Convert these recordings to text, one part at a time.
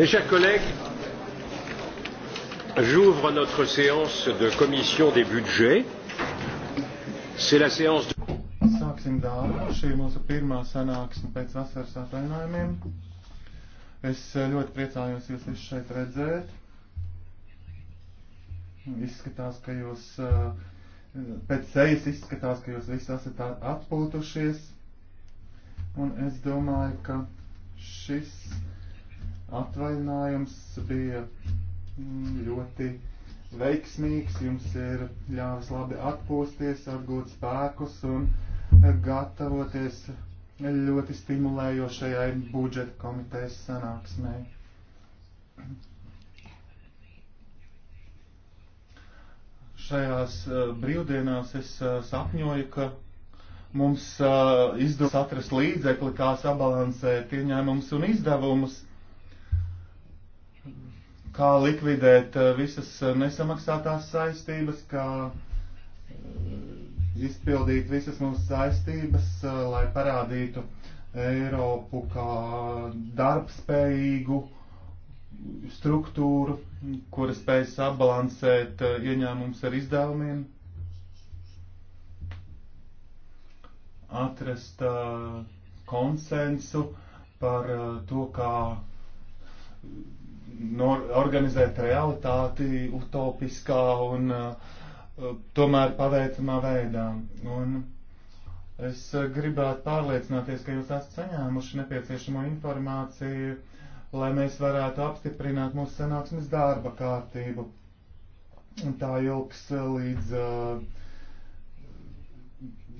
Mes chers collègues, j'ouvre notre séance de commission des budgets. C'est la séance de. Sāksim darbu. Šī ir mūsu pirmā sanāksme pēc vasaras atvainājumiem. Es eh, ļoti priecājos jūs visus šeit redzēt. Izskatās, ka jūs eh, pēc sejas izskatās, ka jūs visi esat atpūtušies. Un es domāju, ka šis atvaļinājums bija mm, ļoti veiksmīgs, jums ir ļāvis labi atpūsties, atgūt spēkus un gatavoties ļoti stimulējošajai budžeta komitejas sanāksmē. Šajās uh, brīvdienās es uh, sapņoju, ka mums uh, eh, izdodas atrast līdzekli, kā sabalansēt ieņēmumus un izdevumus kā likvidēt eh, visas eh, nesamaksātās saistības, kā eh, izpildīt visas mūsu saistības, lai parādītu Eiropu kā darbspējīgu struktūru, kura spēj sabalansēt ieņēmumus ar izdevumiem, atrast konsensu par to, kā organizēt realitāti utopiskā un uh, tomēr paveicamā veidā. Un es eh, gribētu pārliecināties, ka jūs esat saņēmuši nepieciešamo informāciju, lai mēs varētu apstiprināt mūsu sanāksmes darba kārtību. Un tā ilgs eh, līdz uh,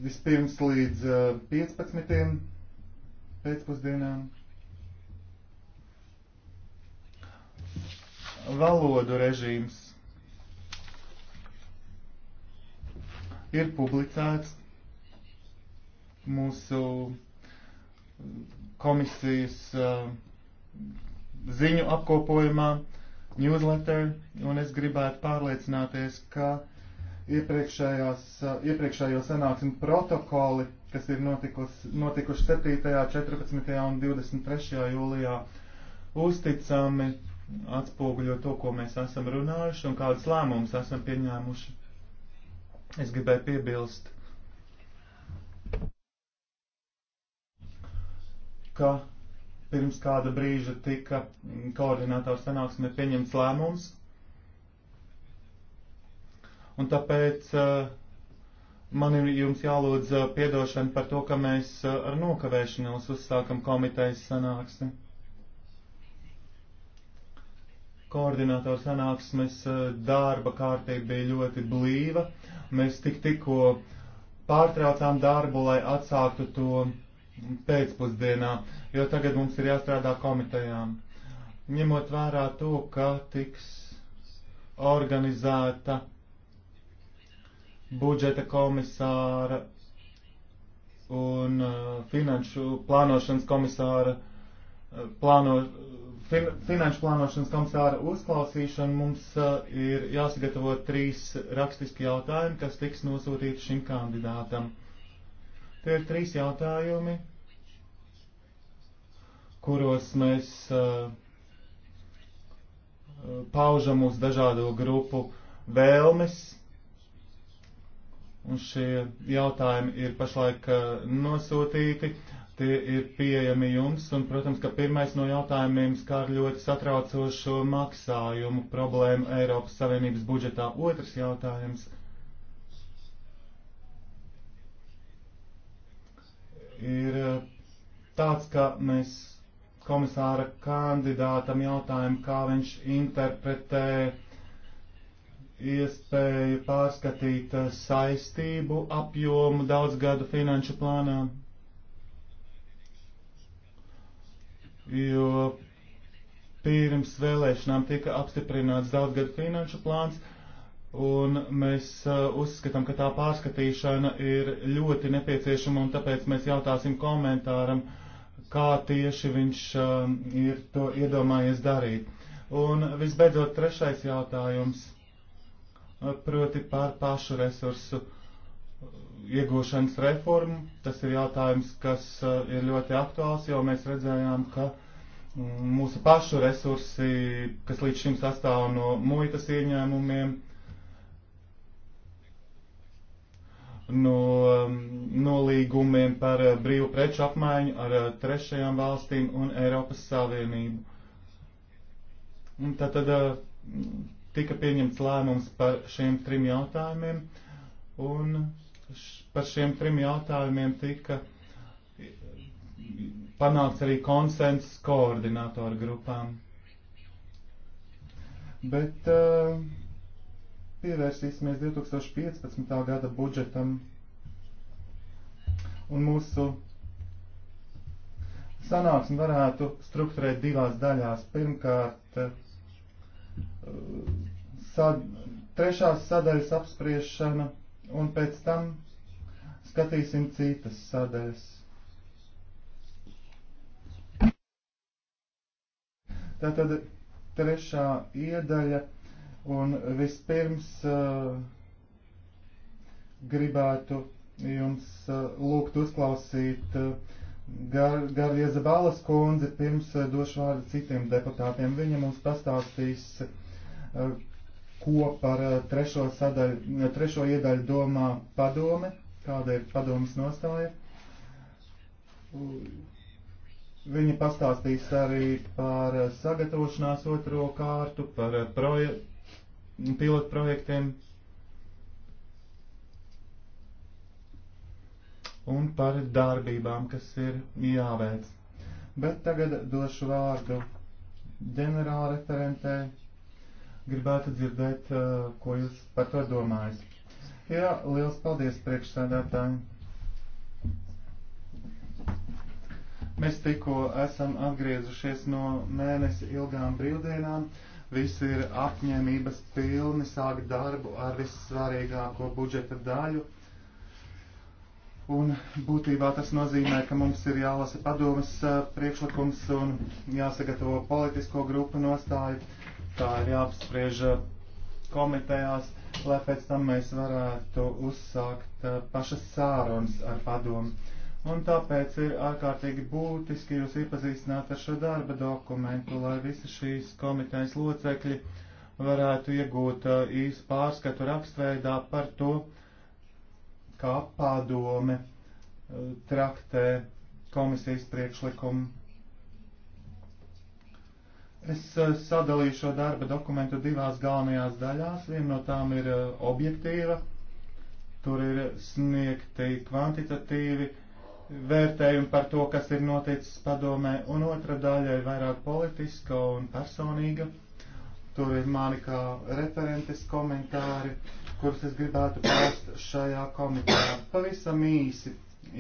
vispirms līdz uh, 15. pēcpusdienām valodu režīms ir publicēts mūsu komisijas uh, ziņu apkopojumā, newsletter, un es gribētu pārliecināties, ka uh, iepriekšējo sanāksmu protokoli, kas ir notikus, notikuši 7., 14. un 23. jūlijā, uzticami atspoguļo to, ko mēs esam runājuši un kādas lēmumus esam pieņēmuši. Es gribēju piebilst, ka pirms kāda brīža tika koordinātāra sanāksmē pieņemts lēmums, un tāpēc uh, man ir jums jālūdz eh, piedošana par to, ka mēs eh, ar nokavēšanos uzsākam komitejas sanāksmi koordinātoru sanāksmes eh, darba kārtība bija ļoti blīva. Mēs tik tikko pārtraucām darbu, lai atsāktu to pēcpusdienā, jo tagad mums ir jāstrādā komitejām. Ņemot vērā to, ka tiks organizēta budžeta komisāra un uh, finanšu plānošanas komisāra uh, plāno, uh, Fin finanšu plānošanas komisāra uzklausīšanu mums uh, ir jāsagatavo trīs rakstiski jautājumi, kas tiks nosūtīti šim kandidātam. Tie ir trīs jautājumi, kuros mēs uh, uh paužam uz dažādu grupu vēlmes. Un šie jautājumi ir pašlaik uh, nosūtīti. Uh, Tie ir pieejami jums, un, protams, ka pirmais no jautājumiem skār ļoti satraucošo maksājumu problēmu Eiropas Savienības budžetā. Otrs jautājums ir eh, tāds, ka mēs komisāra kandidātam jautājumu, kā viņš interpretē iespēju pārskatīt eh, saistību apjomu daudzgadu finanšu plānām. jo pirms vēlēšanām tika apstiprināts daudzgadu finanšu plāns, un mēs uh, uzskatām, ka tā pārskatīšana ir ļoti nepieciešama, un tāpēc mēs jautāsim komentāram, kā tieši viņš uh, ir to iedomājies darīt. Un visbeidzot, trešais jautājums, uh, proti par pašu resursu iegūšanas reformu. Tas ir jautājums, kas eh, ir ļoti aktuāls, jo mēs redzējām, ka mm, mūsu pašu resursi, kas līdz šim sastāv no muitas ieņēmumiem, no mm, nolīgumiem par eh, brīvu preču apmaiņu ar eh, trešajām valstīm un Eiropas Savienību. Un tad, tad tika pieņemts lēmums par šiem trim jautājumiem, un par šiem trim jautājumiem tika panāks arī konsensus koordinātoru grupām. Bet uh, pievērsīsimies 2015. gada budžetam un mūsu sanāksmi varētu strukturēt divās daļās. Pirmkārt, uh, sad, trešās sadaļas apspriešana un pēc tam Skatīsim citas sadaļas. Tātad trešā iedaļa un vispirms uh, gribētu jums uh, lūgt uzklausīt uh, Gar, Garjeza Balas kundzi, pirms uh, došu vārdu citiem deputātiem. Viņa mums pastāstīs, uh, ko par uh, trešo, sadaļu, trešo iedaļu domā padome kāda ir padomas nostāja. Viņa pastāstīs arī par sagatavošanās otro kārtu, par proje pilotu projektiem un par darbībām, kas ir jāveic. Bet tagad došu vārdu ģenerālreferentē. Gribētu dzirdēt, eh, ko jūs par to domājat. Jā, liels paldies priekšsēdētājiem. Mēs tikko esam atgriezušies no mēnesi ilgām brīvdienām. Visi ir apņēmības pilni sākt darbu ar vissvarīgāko budžeta daļu. Un būtībā tas nozīmē, ka mums ir jālasa padomas priekšlikums un jāsagatavo politisko grupu nostāju. Tā ir jāapspriež komitejās lai pēc tam mēs varētu uzsākt pašas sārunas ar padomu. Un tāpēc ir ārkārtīgi būtiski jūs iepazīstināt ar šo darba dokumentu, lai visi šīs komitejas locekļi varētu iegūt īsu pārskatu rakstveidā par to, kā padome traktē komisijas priekšlikumu Es eh, sadalīju šo darba dokumentu divās galvenajās daļās. Viena no tām ir eh, objektīva. Tur ir sniegti kvantitatīvi vērtējumi par to, kas ir noticis padomē, un otra daļa ir vairāk politiska un personīga. Tur ir mani kā referentes komentāri, kurus es gribētu paust šajā komitejā. Pavisam īsi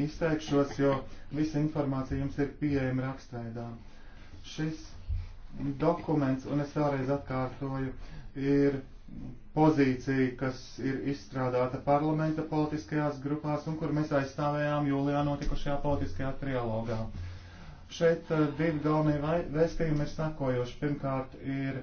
izteikšos, jo visa informācija jums ir pieejama rakstveidā. Šis dokuments, un es vēlreiz atkārtoju, ir pozīcija, kas ir izstrādāta parlamenta politiskajās grupās un kur mēs aizstāvējām jūlijā notikušajā politiskajā trialogā. Šeit uh, divi galvenie vēstījumi ir sakojoši. Pirmkārt, ir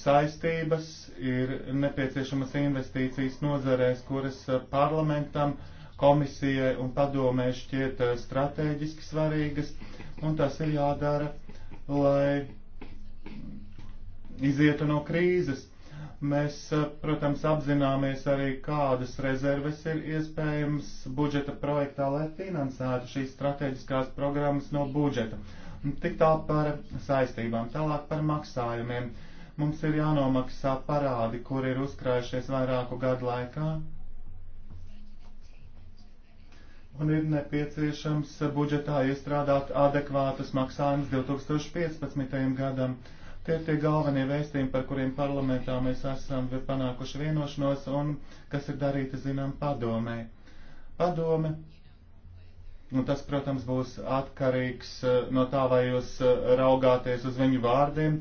saistības, ir nepieciešamas investīcijas nozarēs, kuras uh, parlamentam, komisijai un padomē šķiet uh, strateģiski svarīgas, un tas ir jādara, lai izietu no krīzes. Mēs, eh, protams, apzināmies arī, kādas rezerves ir iespējams budžeta projektā, lai finansētu šīs strateģiskās programmas no budžeta. Tik tā par saistībām, tālāk par maksājumiem. Mums ir jānomaksā parādi, kur ir uzkrājušies vairāku gadu laikā. Un ir nepieciešams budžetā iestrādāt adekvātus maksājumus 2015. gadam Tie ir tie galvenie vēstījumi, par kuriem parlamentā mēs esam panākuši vienošanos un kas ir darīti, zinām, padomē. Padome. Un tas, protams, būs atkarīgs eh, no tā, vai jūs eh, raugāties uz viņu vārdiem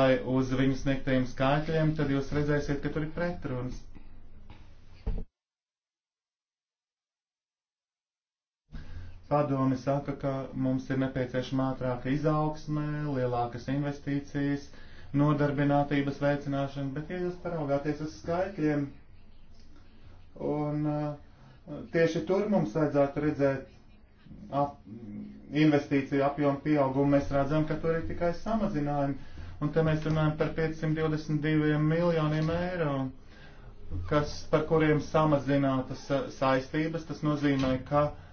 vai uz viņu sniegtajiem skaitļiem, tad jūs redzēsiet, ka tur ir pretrunas. Padomi saka, ka mums ir nepieciešama ātrāka izaugsme, lielākas investīcijas, nodarbinātības veicināšana, bet ja jūs paraugāties uz skaitļiem, un uh, tieši tur mums vajadzētu redzēt ap, investīciju apjomu pieaugumu, mēs redzam, ka tur ir tikai samazinājumi, un te mēs runājam par 522 miljoniem eiro kas, par kuriem samazinātas uh, saistības, tas nozīmē, ka uh,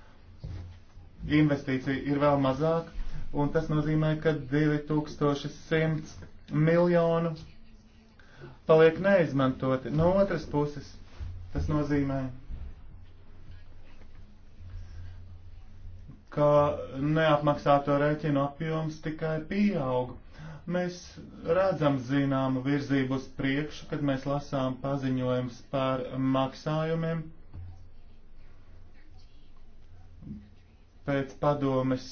investīciju ir vēl mazāk, un tas nozīmē, ka 2100 miljonu paliek neizmantoti. No otras puses, tas nozīmē, ka neapmaksāto rēķinu apjoms tikai pieaug. Mēs redzam zināmu virzību uz priekšu, kad mēs lasām paziņojums par maksājumiem pēc padomes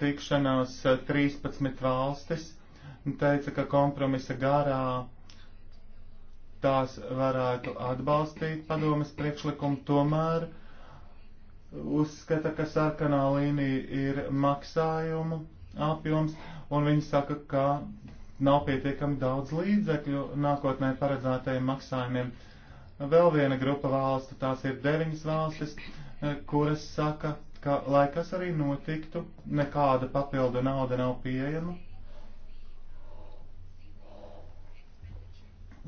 tikšanās 13 valstis teica, ka kompromisa garā tās varētu atbalstīt padomes priekšlikumu, tomēr uzskata, ka sarkanā līnija ir maksājumu apjoms, un viņi saka, ka nav pietiekami daudz līdzekļu nākotnē paredzētajiem maksājumiem. Vēl viena grupa valstu, tās ir deviņas valstis, kuras saka, ka, lai kas arī notiktu, nekāda papildu nauda nav pieejama.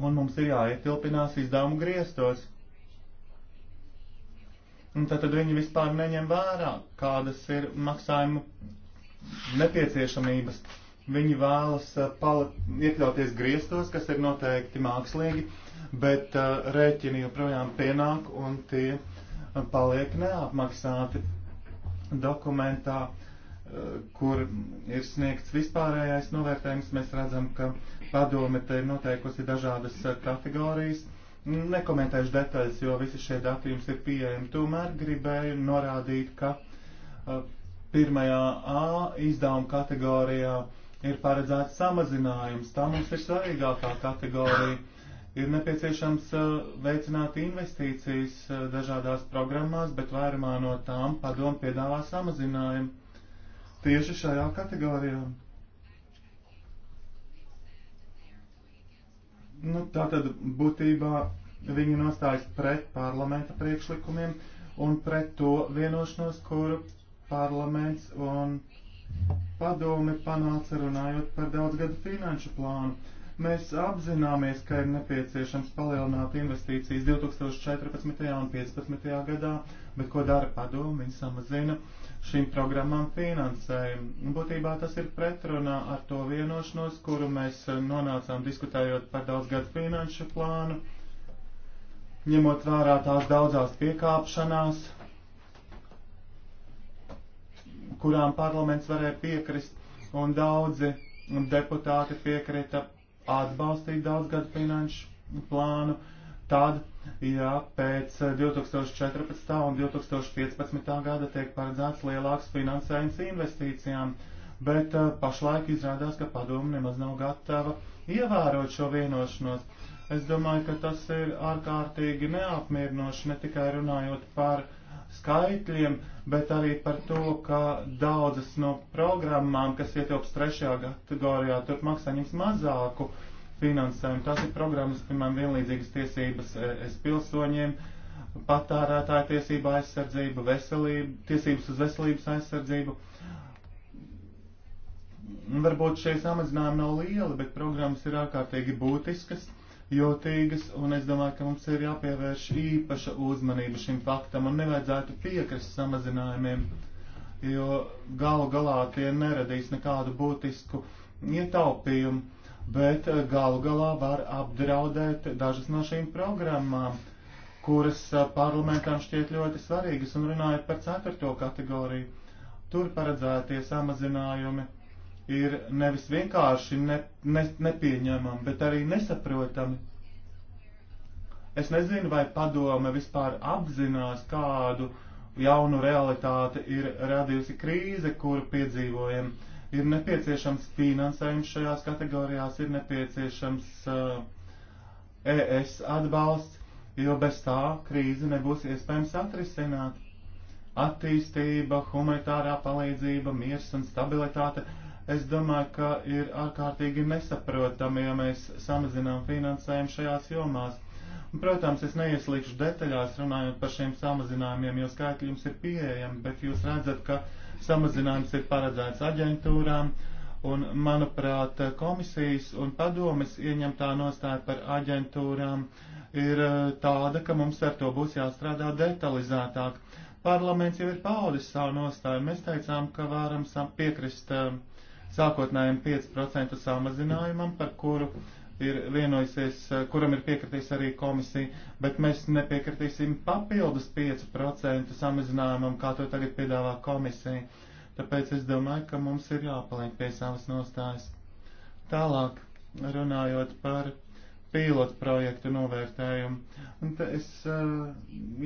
Un mums ir jāietilpinās izdevumu griestos. Un tad, tad viņi vispār neņem vērā, kādas ir maksājumu nepieciešamības. Viņi vēlas uh, pala, iekļauties griestos, kas ir noteikti mākslīgi, bet uh, rēķini joprojām pienāk un tie uh, paliek neapmaksāti dokumentā, eh, kur ir sniegts vispārējais novērtējums, mēs redzam, ka padome te ir noteikusi dažādas eh, kategorijas. Nekomentēšu detaļas, jo visi šie dati jums ir pieejami. Tomēr gribēju norādīt, ka eh, pirmajā A izdevuma kategorijā ir paredzēts samazinājums. Tā mums ir svarīgākā kategorija Ir nepieciešams eh, veicināt investīcijas eh, dažādās programmās, bet vairumā no tām padomu piedāvā samazinājumu tieši šajā kategorijā. Nu, tā tad būtībā viņi nostājas pret parlamenta priekšlikumiem un pret to vienošanos, kuru parlaments un padomi panāca runājot par daudzgadu finanšu plānu. Mēs apzināmies, ka ir nepieciešams palielināt investīcijas 2014. un 2015. gadā, bet ko dara padomu, viņi samazina šīm programmām finansējumu. Būtībā tas ir pretrunā ar to vienošanos, kuru mēs nonācām diskutējot par daudzgadu finanšu plānu, ņemot vērā tās daudzās piekāpšanās, kurām parlaments varēja piekrist, un daudzi deputāti piekrita atbalstīt daudzgadu finanšu plānu, tad, ja pēc 2014. un 2015. gada tiek paredzēts lielāks finansējums investīcijām, bet uh, pašlaik izrādās, ka padomu nemaz nav gatava ievērot šo vienošanos. Es domāju, ka tas ir ārkārtīgi neapmierinoši, ne tikai runājot par uh, skaitļiem, bet arī par to, ka daudzas no programmām, kas ietilps trešajā kategorijā, turpmāk saņems mazāku finansējumu. Tās ir programmas, piemēram, vienlīdzīgas tiesības e, es pilsoņiem, patērētāja tiesība aizsardzība, veselība, tiesības uz veselības aizsardzību. Varbūt šie samazinājumi nav lieli, bet programmas ir ārkārtīgi būtiskas jūtīgas, un es domāju, ka mums ir jāpievērš īpaša uzmanība šim faktam un nevajadzētu piekrist samazinājumiem, jo galu galā tie neradīs nekādu būtisku ietaupījumu, bet eh, galu galā var apdraudēt dažas no šīm programmām, kuras eh, parlamentam šķiet ļoti svarīgas, un runājot par ceturto kategoriju, tur paredzētie samazinājumi ir nevis vienkārši ne, ne, nepieņemami, bet arī nesaprotami. Es nezinu, vai padome vispār apzinās, kādu jaunu realitāti ir radījusi krīze, kuru piedzīvojam. Ir nepieciešams finansējums šajās kategorijās, ir nepieciešams uh, ES atbalsts, jo bez tā krīze nebūs iespējams atrisināt. Attīstība, humanitārā palīdzība, miers un stabilitāte Es domāju, ka ir ārkārtīgi nesaprotami, ja mēs samazinām finansējumu šajās jomās. Un, protams, es neieslīgšu detaļās runājot par šiem samazinājumiem, jo skaitļi jums ir pieejami, bet jūs redzat, ka samazinājums ir paredzēts aģentūrām, un, manuprāt, komisijas un padomis ieņemtā nostāja par aģentūrām ir eh, tāda, ka mums ar to būs jāstrādā detalizētāk. Parlaments jau ir paudis savu nostāju, mēs teicām, ka varam piekrist um, sākotnējiem 5% samazinājumam, par kuru ir vienojusies, eh, kuram ir piekritīs arī komisija, bet mēs nepiekritīsim papildus 5% samazinājumam, kā to tagad piedāvā komisija. Tāpēc es domāju, ka mums ir jāpaliek pie savas nostājas. Tālāk, runājot par pilotu projektu novērtējumu, Un te es eh,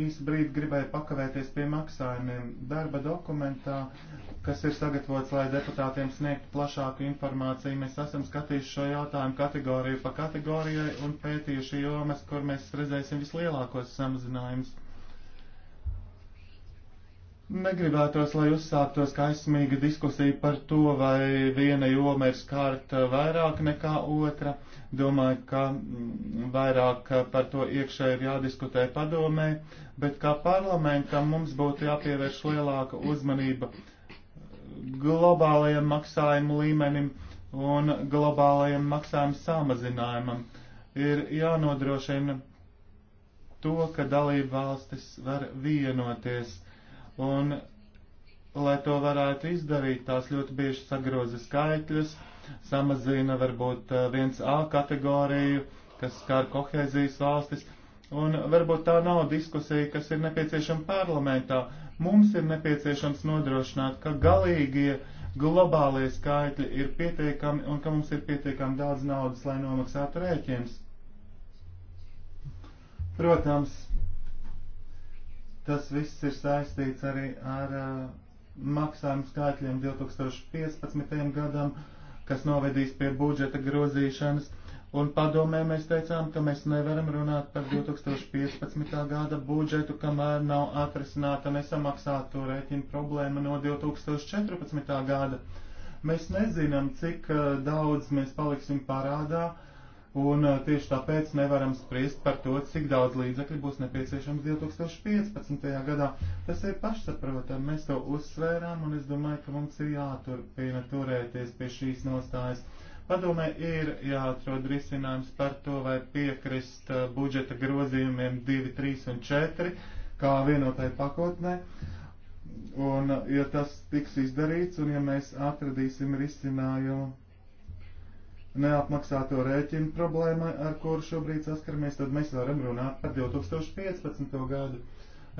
īsu brīdi gribēju pakavēties pie maksājumiem. Darba dokumentā, kas ir sagatavots, lai deputātiem sniegtu plašāku informāciju, mēs esam skatījuši šo jautājumu kategoriju pa kategorijai un pētījuši jomas, kur mēs redzēsim vislielākos samazinājumus. Negribētos, lai uzsāktos kaismīga diskusija par to, vai viena joma ir skārta vairāk nekā otra. Domāju, ka mm, vairāk par to iekšē ir jādiskutē padomē, bet kā parlamentam mums būtu jāpievērš lielāka uzmanība globālajiem maksājumu līmenim un globālajiem maksājumu samazinājumam. Ir jānodrošina to, ka dalība valstis var vienoties un, lai to varētu izdarīt, tās ļoti bieži sagroza skaitļus, samazina varbūt 1A eh, kategoriju, kas skar kohēzijas valstis, un varbūt tā nav diskusija, kas ir nepieciešama parlamentā. Mums ir nepieciešams nodrošināt, ka galīgie globālie skaitļi ir pietiekami un ka mums ir pietiekami daudz naudas, lai nomaksātu rēķins. Protams, Tas viss ir saistīts arī ar uh, maksājumu skaitļiem 2015. gadam, kas novedīs pie budžeta grozīšanas. Un padomē mēs teicām, ka mēs nevaram runāt par 2015. gada budžetu, kamēr nav atrisināta nesamaksāto rēķinu problēma no 2014. gada. Mēs nezinām, cik uh, daudz mēs paliksim parādā, uh, Un uh, tieši tāpēc nevaram spriest par to, cik daudz līdzekļu būs nepieciešams 2015. gadā. Tas ir pašsaprotami, mēs to uzsvērām un es domāju, ka mums ir jāturpina turēties pie šīs nostājas. Padomē ir jāatrod risinājums par to, vai piekrist uh, budžeta grozījumiem 2, 3 un 4 kā vienotai pakotnē. Un ja tas tiks izdarīts un ja mēs atradīsim risinājumu neapmaksāto rēķinu problēma, ar kuru šobrīd saskaramies, tad mēs varam runāt par 2015. gadu.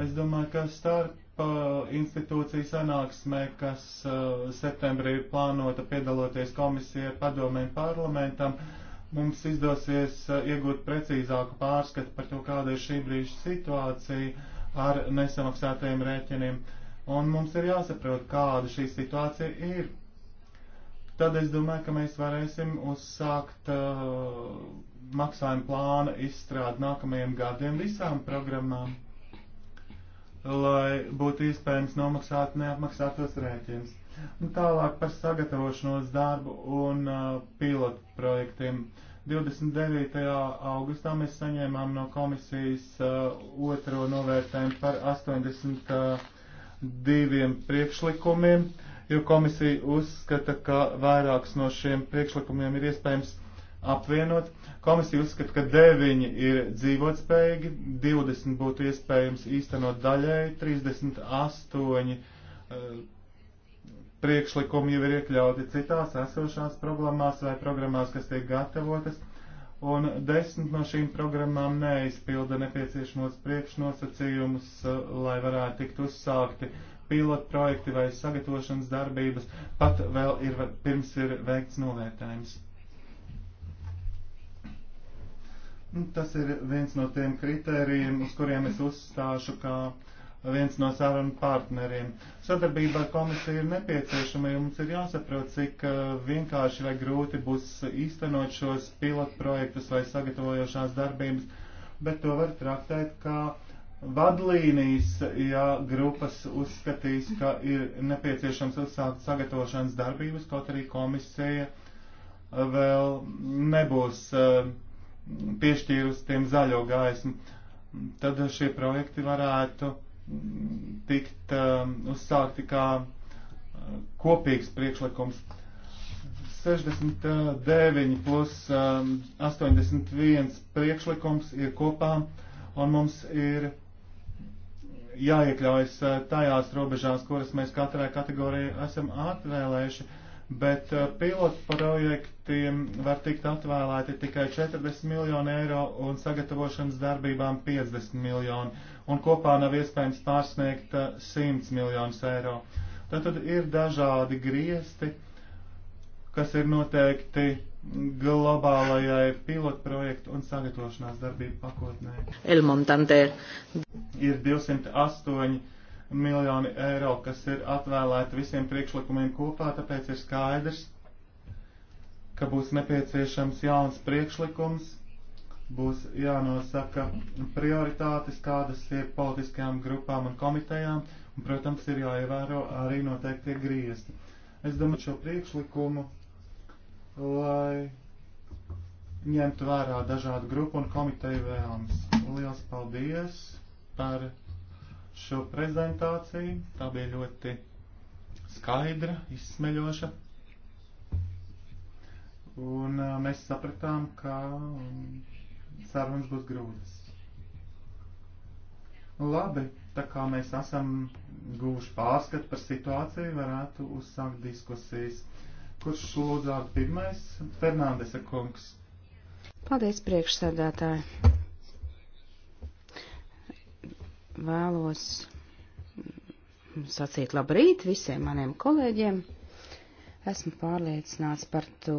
Es domāju, ka starp uh, institūciju sanāksmē, kas uh, septembrī ir plānota piedaloties komisijai, padomēm, parlamentam, mums izdosies uh, iegūt precīzāku pārskatu par to, kāda ir šī brīža situācija ar nesamaksātajiem rēķiniem. Un mums ir jāsaprot, kāda šī situācija ir tad es domāju, ka mēs varēsim uzsākt uh, maksājuma plāna izstrādi nākamajiem gadiem visām programmām, lai būtu iespējams nomaksāt neapmaksātos rēķinus. Un nu, tālāk par sagatavošanos darbu un uh, pilotu projektiem. 29. augustā mēs saņēmām no komisijas uh, otro novērtējumu par 82 uh, priekšlikumiem. Uh, jo komisija uzskata, ka vairākus no šiem priekšlikumiem ir iespējams apvienot. Komisija uzskata, ka 9 ir dzīvotspējīgi, 20 būtu iespējams īstenot daļēji, 38 eh, priekšlikumi jau ir iekļauti citās esošās programmās vai programmās, kas tiek gatavotas, un 10 no šīm programmām neizpilda nepieciešamos priekšnosacījumus, eh, lai varētu tikt uzsākti uh, pilotprojekti vai sagatavošanas darbības, pat vēl ir, pirms ir veikts novērtējums. Nu, tas ir viens no tiem kritērijiem, uz kuriem es uzstāšu, kā viens no sarunu partneriem. Sadarbība ar komisiju ir nepieciešama, jo mums ir jāsaprot, cik uh, vienkārši vai grūti būs īstenot šos pilotprojektus vai sagatavojošās darbības, bet to var traktēt kā vadlīnijas, ja grupas uzskatīs, ka ir nepieciešams uzsākt sagatavošanas darbības, kaut arī komisija vēl nebūs eh, piešķīrusi tiem zaļo gaismu, tad šie projekti varētu tikt eh, uzsākti kā eh, kopīgs priekšlikums. 69 plus 81 priekšlikums ir kopā, un mums ir jāiekļaujas eh, tajās robežās, kuras mēs katrai kategorijai esam atvēlējuši, bet eh, pilotu projektiem var tikt atvēlēti tikai 40 miljoni eiro un sagatavošanas darbībām 50 miljoni, un kopā nav iespējams pārsniegt 100 eh, miljonus eiro. Tad, tad ir dažādi griesti, kas ir noteikti globālajai pilotprojektu un sagatavošanās darbību pakotnē. El Montante. Ir 208 miljoni eiro, kas ir atvēlēti visiem priekšlikumiem kopā, tāpēc ir skaidrs, ka būs nepieciešams jauns priekšlikums, būs jānosaka prioritātes, kādas ir politiskajām grupām un komitejām, un, protams, ir jāievēro arī noteiktie griezti. Es domāju, šo priekšlikumu lai ņemtu vērā dažādu grupu un komiteju vēlmes. Lielas paldies par šo prezentāciju. Tā bija ļoti skaidra, izsmeļoša. Un mēs sapratām, ka sarunas būs grūtas. Labi, tā kā mēs esam gūši pārskatu par situāciju, varētu uzsākt diskusijas. Kurš lūdzāk pirmais? Fernandesa kungs. Paldies, priekšsēdētāji. Vēlos sacīt labrīt visiem maniem kolēģiem. Esmu pārliecināts par to,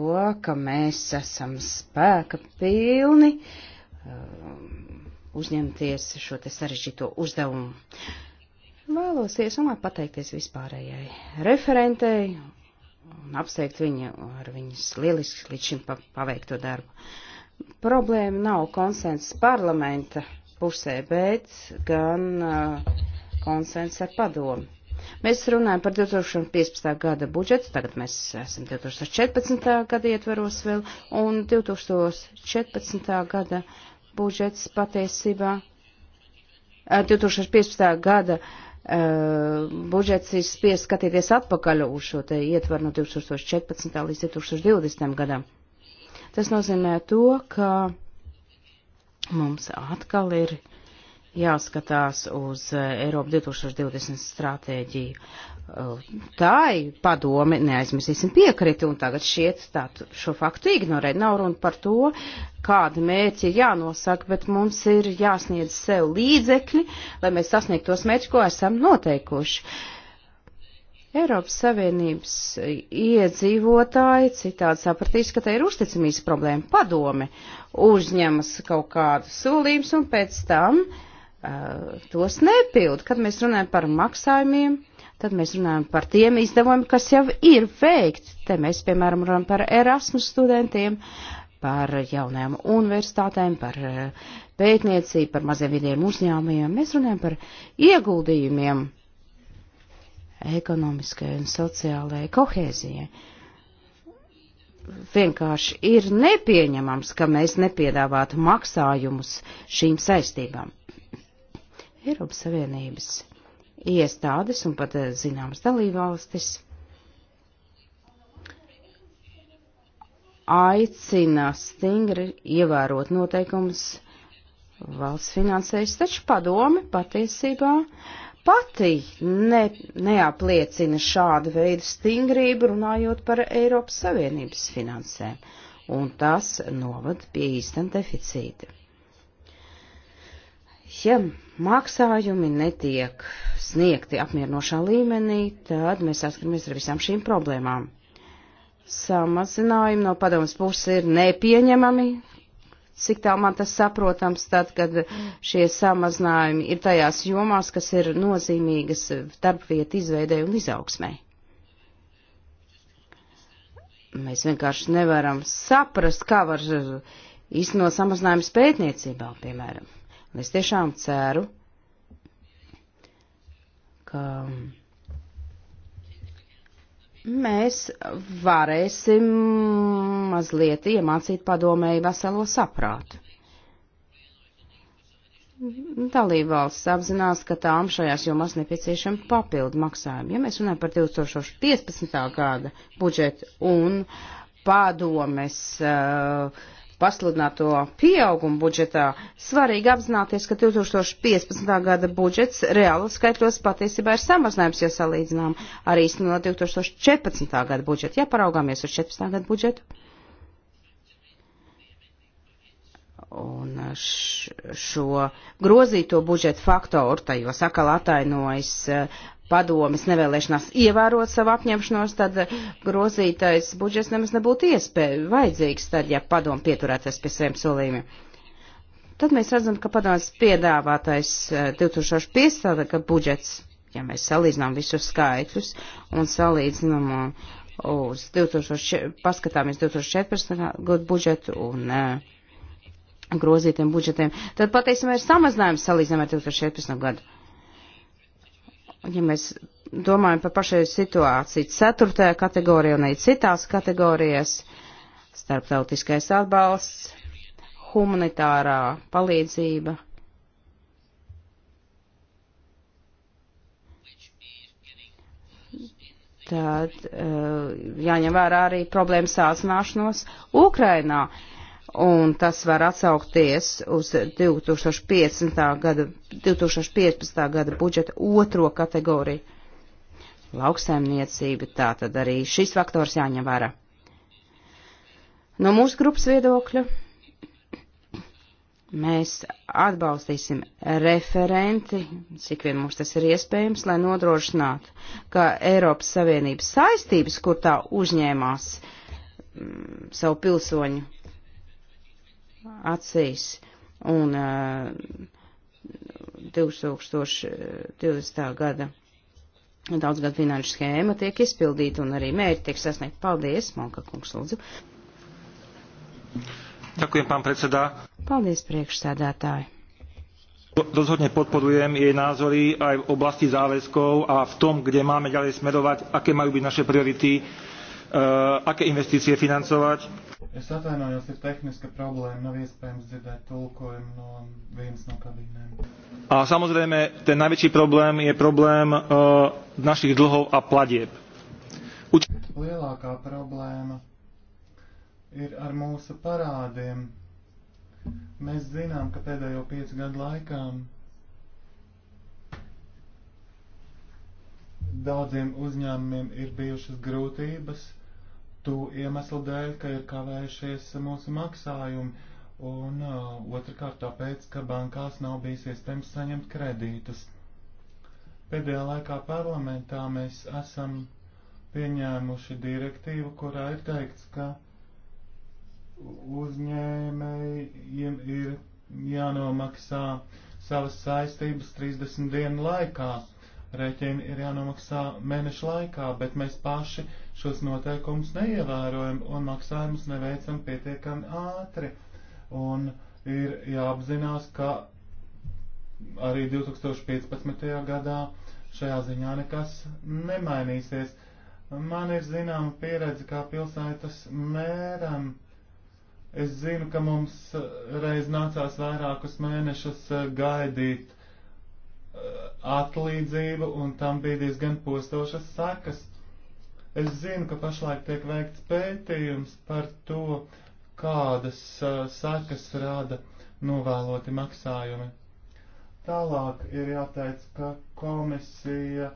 ka mēs esam spēka pilni um, uzņemties šo te sarežģīto uzdevumu. Vēlos iesumā pateikties vispārējai referentei un apsveikt viņu ar viņas lieliski līdz šim paveikto darbu. Problēma nav konsensus parlamenta pusē, bet gan uh, konsensus ar padomu. Mēs runājam par 2015. gada budžetu, tagad mēs esam 2014. gada ietveros vēl, un 2014. gada budžets patiesībā, 2015. Uh, gada uh, Uh, budžets ir spiest skatīties atpakaļ uz šo te ietvaru no 2014. līdz 2020. gadam. Tas nozīmē to, ka mums atkal ir jāskatās uz eh, Eiropu 2020 stratēģiju. Eh, tā ir padome, neaizmirsīsim piekriti, un tagad šiet tā, šo faktu ignorē. Nav runa par to, kāda mērķi ir jānosaka, bet mums ir jāsniedz sev līdzekļi, lai mēs sasniegtu tos mērķus, ko esam noteikuši. Eiropas Savienības iedzīvotāji citādi sapratīs, ka te ir uzticamības problēma. Padome uzņemas kaut kādu solījumus un pēc tam uh, Eh, tos nepild. Kad mēs runājam par maksājumiem, tad mēs runājam par tiem izdevumiem, kas jau ir veikti. Te mēs, piemēram, runājam par Erasmus studentiem, par jaunajām universitātēm, par eh, pētniecību, par maziem vidiem uzņēmumiem. Mēs runājam par ieguldījumiem ekonomiskajai un sociālajai kohēzijai. Vienkārši ir nepieņemams, ka mēs nepiedāvātu maksājumus šīm saistībām. Eiropas Savienības iestādes un pat eh, zināmas dalībvalstis aicina stingri ievērot noteikumus valsts finansējas, taču padome patiesībā pati ne, neapliecina šādu veidu stingrību runājot par Eiropas Savienības finansēm, un tas novad pie īsten deficīta. Ja maksājumi netiek sniegti apmierinošā līmenī, tad mēs saskaramies ar visām šīm problēmām. Samazinājumi no padomas puses ir nepieņemami, cik tā man tas saprotams, tad, kad šie samazinājumi ir tajās jomās, kas ir nozīmīgas darbvietu izveidē un izaugsmē. Mēs vienkārši nevaram saprast, kā var iznot samazinājumus pētniecībā, piemēram. Un es tiešām ceru, ka mēs varēsim mazliet iemācīt padomēji veselo saprātu. Dalībvalsts apzinās, ka tām šajās jomās nepieciešama papildu maksājumi. Ja mēs runājam par 2015. gada budžetu un padomes uh, pasludināto pieaugumu budžetā, svarīgi apzināties, ka 2015. gada budžets reāli skaitļos patiesībā ir samazinājums, ja salīdzinām ar īstenot 2014. gada budžetu. Ja paraugāmies uz 14. gada budžetu, un šo grozīto budžetu faktoru tajos atkal atainojas padomas nevēlēšanās ievērot savu apņemšanos, tad eh, grozītais budžets nemaz nebūtu iespēja vajadzīgs, tad, ja padoma pieturēties pie saviem solījumiem. Tad mēs redzam, ka padomas piedāvātais 2015. Eh, gada budžets, ja mēs salīdzinām visus skaitļus un salīdzinām eh, uz 2000, paskatāmies 2014. gadu budžetu un grozītiem budžetiem, tad patiesībā ir samazinājums salīdzinām ar 2014. gadu ja mēs domājam par pašēju situāciju, ceturtajā kategorijā un arī citās kategorijās, starptautiskais atbalsts, humanitārā palīdzība. Tad eh, jāņem vērā arī problēmas sācināšanos Ukrainā. Uh, un tas var atsaukties uz 2015. gada, 2015. gada budžeta otro kategoriju. Lauksaimniecība tā tad arī šis faktors jāņem vērā. No mūsu grupas viedokļa mēs atbalstīsim referenti, cik vien mums tas ir iespējams, lai nodrošinātu, ka Eiropas Savienības saistības, kur tā uzņēmās m, mm, savu pilsoņu acīs. Un uh, eh, 2020. Eh, gada daudzgad finanšu schēma tiek izpildīta un arī mērķi tiek sasniegt. Paldies, Monka kungs, lūdzu. Ďakujem, pán predsedá. Paldies, priekšsēdētāji. Rozhodne podporujem jej názory aj v oblasti záväzkov a v tom, kde máme ďalej smerovať, aké majú byť naše priority, uh, aké investície financovať Es atvainojos, ir tehniska problēma, nav iespējams dzirdēt tulkojumu no vienas no kabīnēm. A, samozrejme, ten najväčší problém je problém uh, našich dlhov a platieb. Uč... Lielākā problēma ir ar mūsu parādiem. Mēs zinām, ka pēdējo piecu gadu laikā daudziem uzņēmumiem ir bijušas grūtības to iemeslu dēļ, ka ir kavējušies mūsu maksājumi, un uh, otrkārt tāpēc, ka bankās nav bijis iespējams saņemt kredītus. Pēdējā laikā parlamentā mēs esam pieņēmuši direktīvu, kurā ir teikts, ka uzņēmējiem ir jānomaksā savas saistības 30 dienu laikā Rēķini ir jānomaksā mēneša laikā, bet mēs paši šos noteikumus neievērojam un maksājumus neveicam pietiekami ātri. Un ir jāapzinās, ka arī 2015. gadā šajā ziņā nekas nemainīsies. Man ir zināma pieredze kā pilsētas mēram. Es zinu, ka mums reiz nācās vairākus mēnešus gaidīt atlīdzību, un tam bija diezgan postošas sekas. Es zinu, ka pašlaik tiek veikts pētījums par to, kādas uh, sekas rada novēloti maksājumi. Tālāk ir jāteic, ka komisija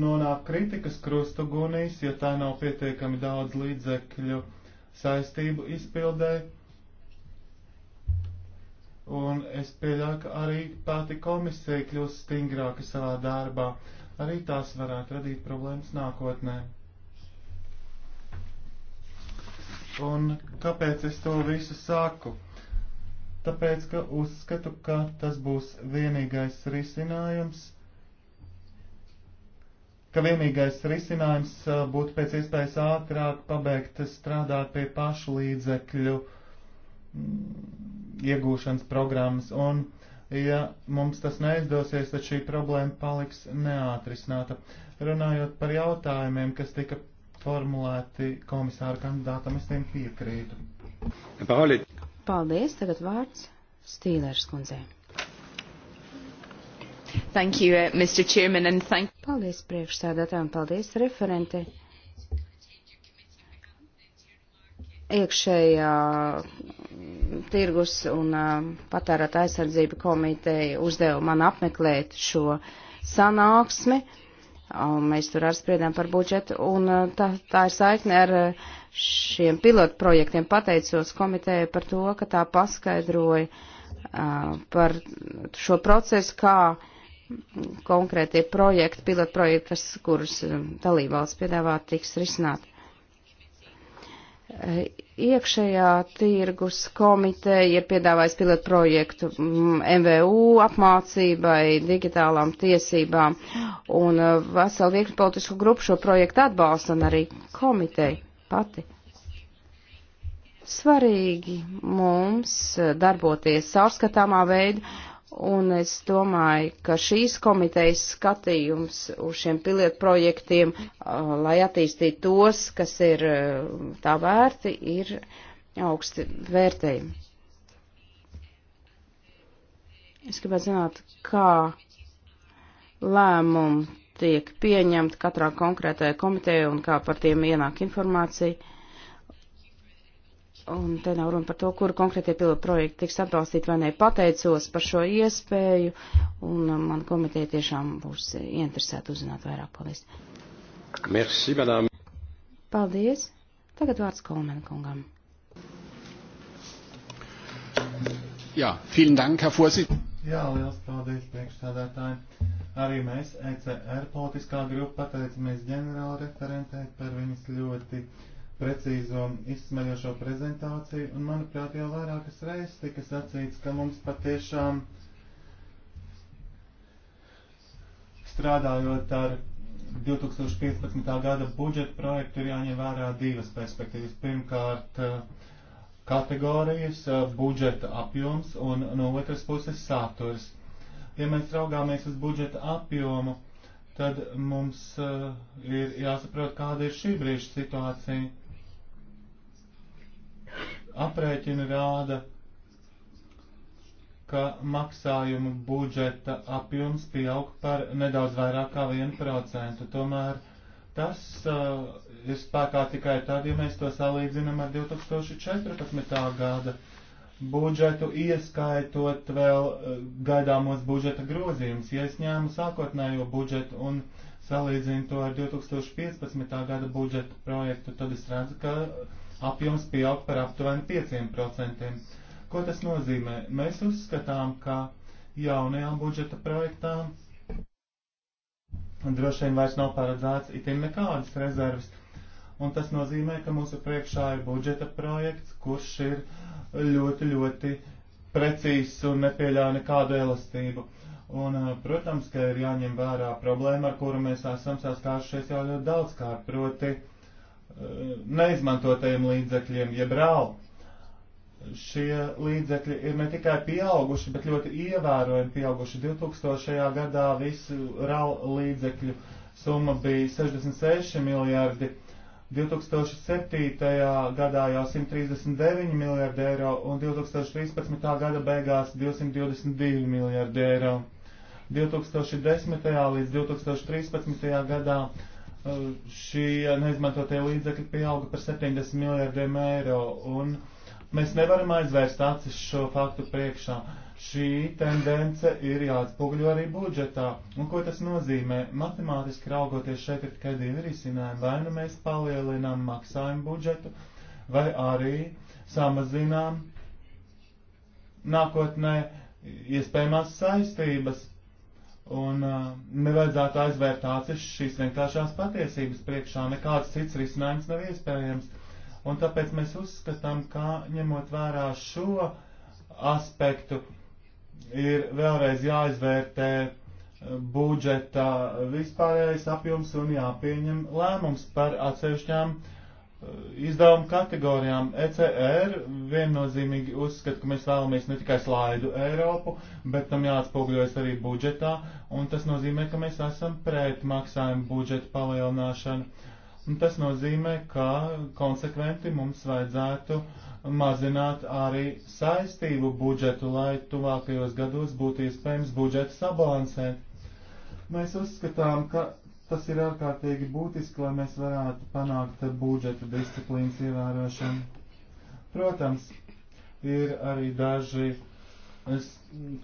nonāk kritikas krustu gunīs, jo tā nav pietiekami daudz līdzekļu saistību izpildēji Un es pieļauju, ka arī pati komisija kļūs stingrāka savā darbā. Arī tās varētu radīt problēmas nākotnē. Un kāpēc es to visu saku? Tāpēc, ka uzskatu, ka tas būs vienīgais risinājums, ka vienīgais risinājums uh, būtu pēc iespējas ātrāk pabeigt strādāt pie pašu līdzekļu uh, Mm, iegūšanas programmas. Un, ja mums tas neizdosies, tad šī problēma paliks neatrisināta. Runājot par jautājumiem, kas tika formulēti komisāra kandidātam, es tiem piekrītu. Pauli. Paldies, tagad vārds Stīlērs kundzei. Thank you, uh, Mr. Chairman, and thank. Paldies priekšsēdētājiem, paldies referentei. iekšējā tirgus un patērata aizsardzība komiteja uzdeva man apmeklēt šo sanāksmi. Mēs tur arī spriedām par budžetu, un tā, tā ir saikne ar šiem pilotu projektiem. Pateicos komiteja par to, ka tā paskaidroja par šo procesu, kā konkrētie projekti, pilotu projekti, kas, kurus dalībvalsts piedāvā, tiks risināt. Iekšējā tirgus komiteja ir piedāvājis pilotu projektu MVU mm, apmācībai, digitālām tiesībām, un uh, veseli virkni politisku grupu šo projektu atbalsta un arī komiteja pati. Svarīgi mums uh, darboties caurskatāmā veidā Un es domāju, ka šīs komitejas skatījums uz šiem pilietu projektiem, uh, lai attīstītu tos, kas ir uh, tā vērti, ir augsti vērtējumi. Es gribētu zināt, kā lēmumi tiek pieņemti katrā konkrētajā komiteja un kā par tiem ienāk informācija. Un te nav runa par to, kur konkrētie pilotu projekti tiks atbalstīti vai nē. Pateicos par šo iespēju, un um, man komiteja tiešām būs interesēta uzzināt vairāk. Paldies! Merci, madame! Paldies! Tagad vārds Kolmena kungam. Jā, vielen dank, Herr Vorsitz. Jā, liels paldies, priekšstādātāji. Arī mēs, ECR politiskā grupa, pateicamies ģenerāla referentē par viņas ļoti precīzo izsmeļošo prezentāciju, un manuprāt jau vairākas reizes tika sacīts, ka mums patiešām strādājot ar 2015. gada budžeta projektu ir jāņem vērā divas perspektīvas. Pirmkārt, kategorijas, budžeta apjoms un no otras puses saturs. Ja mēs raugāmies uz budžeta apjomu, tad mums eh, ir jāsaprot, kāda ir šī brīža situācija. Aprēķini rāda, ka maksājumu budžeta apjoms pieaug par nedaudz vairāk kā 1%. Tomēr tas uh, ir spēkā tikai tad, ja mēs to salīdzinām ar 2014. gada budžetu, ieskaitot vēl uh, gaidāmos budžeta grozījumus. Ja es ņēmu sākotnējo budžetu un salīdzinu to ar 2015. gada budžeta projektu, tad es redzu, ka. Uh, apjoms pieaug par aptuveni 5%. Ko tas nozīmē? Mēs uzskatām, ka jaunajām budžeta projektām droši vien vairs nav paredzēts itin nekādas rezerves. Un tas nozīmē, ka mūsu priekšā ir budžeta projekts, kurš ir ļoti, ļoti precīzs un nepieļauj nekādu elastību. Un, eh, protams, ka ir jāņem vērā problēma, ar kuru mēs esam saskārušies jau ļoti daudz kārt, proti Eh, neizmantotajiem līdzekļiem, jeb rālu. Šie līdzekļi ir ne tikai pieauguši, bet ļoti ievērojami pieauguši. 2000. gadā visu rālu līdzekļu summa bija 66 miljardi, 2007. gadā jau 139 miljardi eiro un 2013. gada beigās 222 miljardi eiro. 2010. līdz 2013. gadā Uh, šie neizmantotie līdzekļi pieauga par 70 miljārdiem eiro, un mēs nevaram aizvērst acis šo faktu priekšā. Šī tendence ir jāatspūgļo arī budžetā. Un ko tas nozīmē? Matemātiski raugoties šeit ir tikai divi risinājumi. Vai nu mēs palielinām maksājumu budžetu, vai arī samazinām nākotnē iespējamās saistības Un uh, nevajadzētu aizvērt acis šīs vienkāršās patiesības priekšā, nekāds cits risinājums nav iespējams. Un tāpēc mēs uzskatām, ka ņemot vērā šo aspektu, ir vēlreiz jāizvērtē uh, budžeta vispārējais apjoms un jāpieņem lēmums par atsevišķām uh, Eh, izdevumu kategorijām ECR viennozīmīgi uzskata, ka mēs vēlamies ne tikai slaidu Eiropu, bet tam jāatspūgļojas arī budžetā, un tas nozīmē, ka mēs esam pret maksājumu budžeta palielināšanu. Un tas nozīmē, ka konsekventi mums vajadzētu mazināt arī saistību budžetu, lai tuvākajos gados būtu iespējams budžetu sabalansēt. Mēs uzskatām, ka Tas ir ārkārtīgi būtiski, lai mēs varētu panākt budžeta disciplīnas ievērošanu. Protams, ir arī daži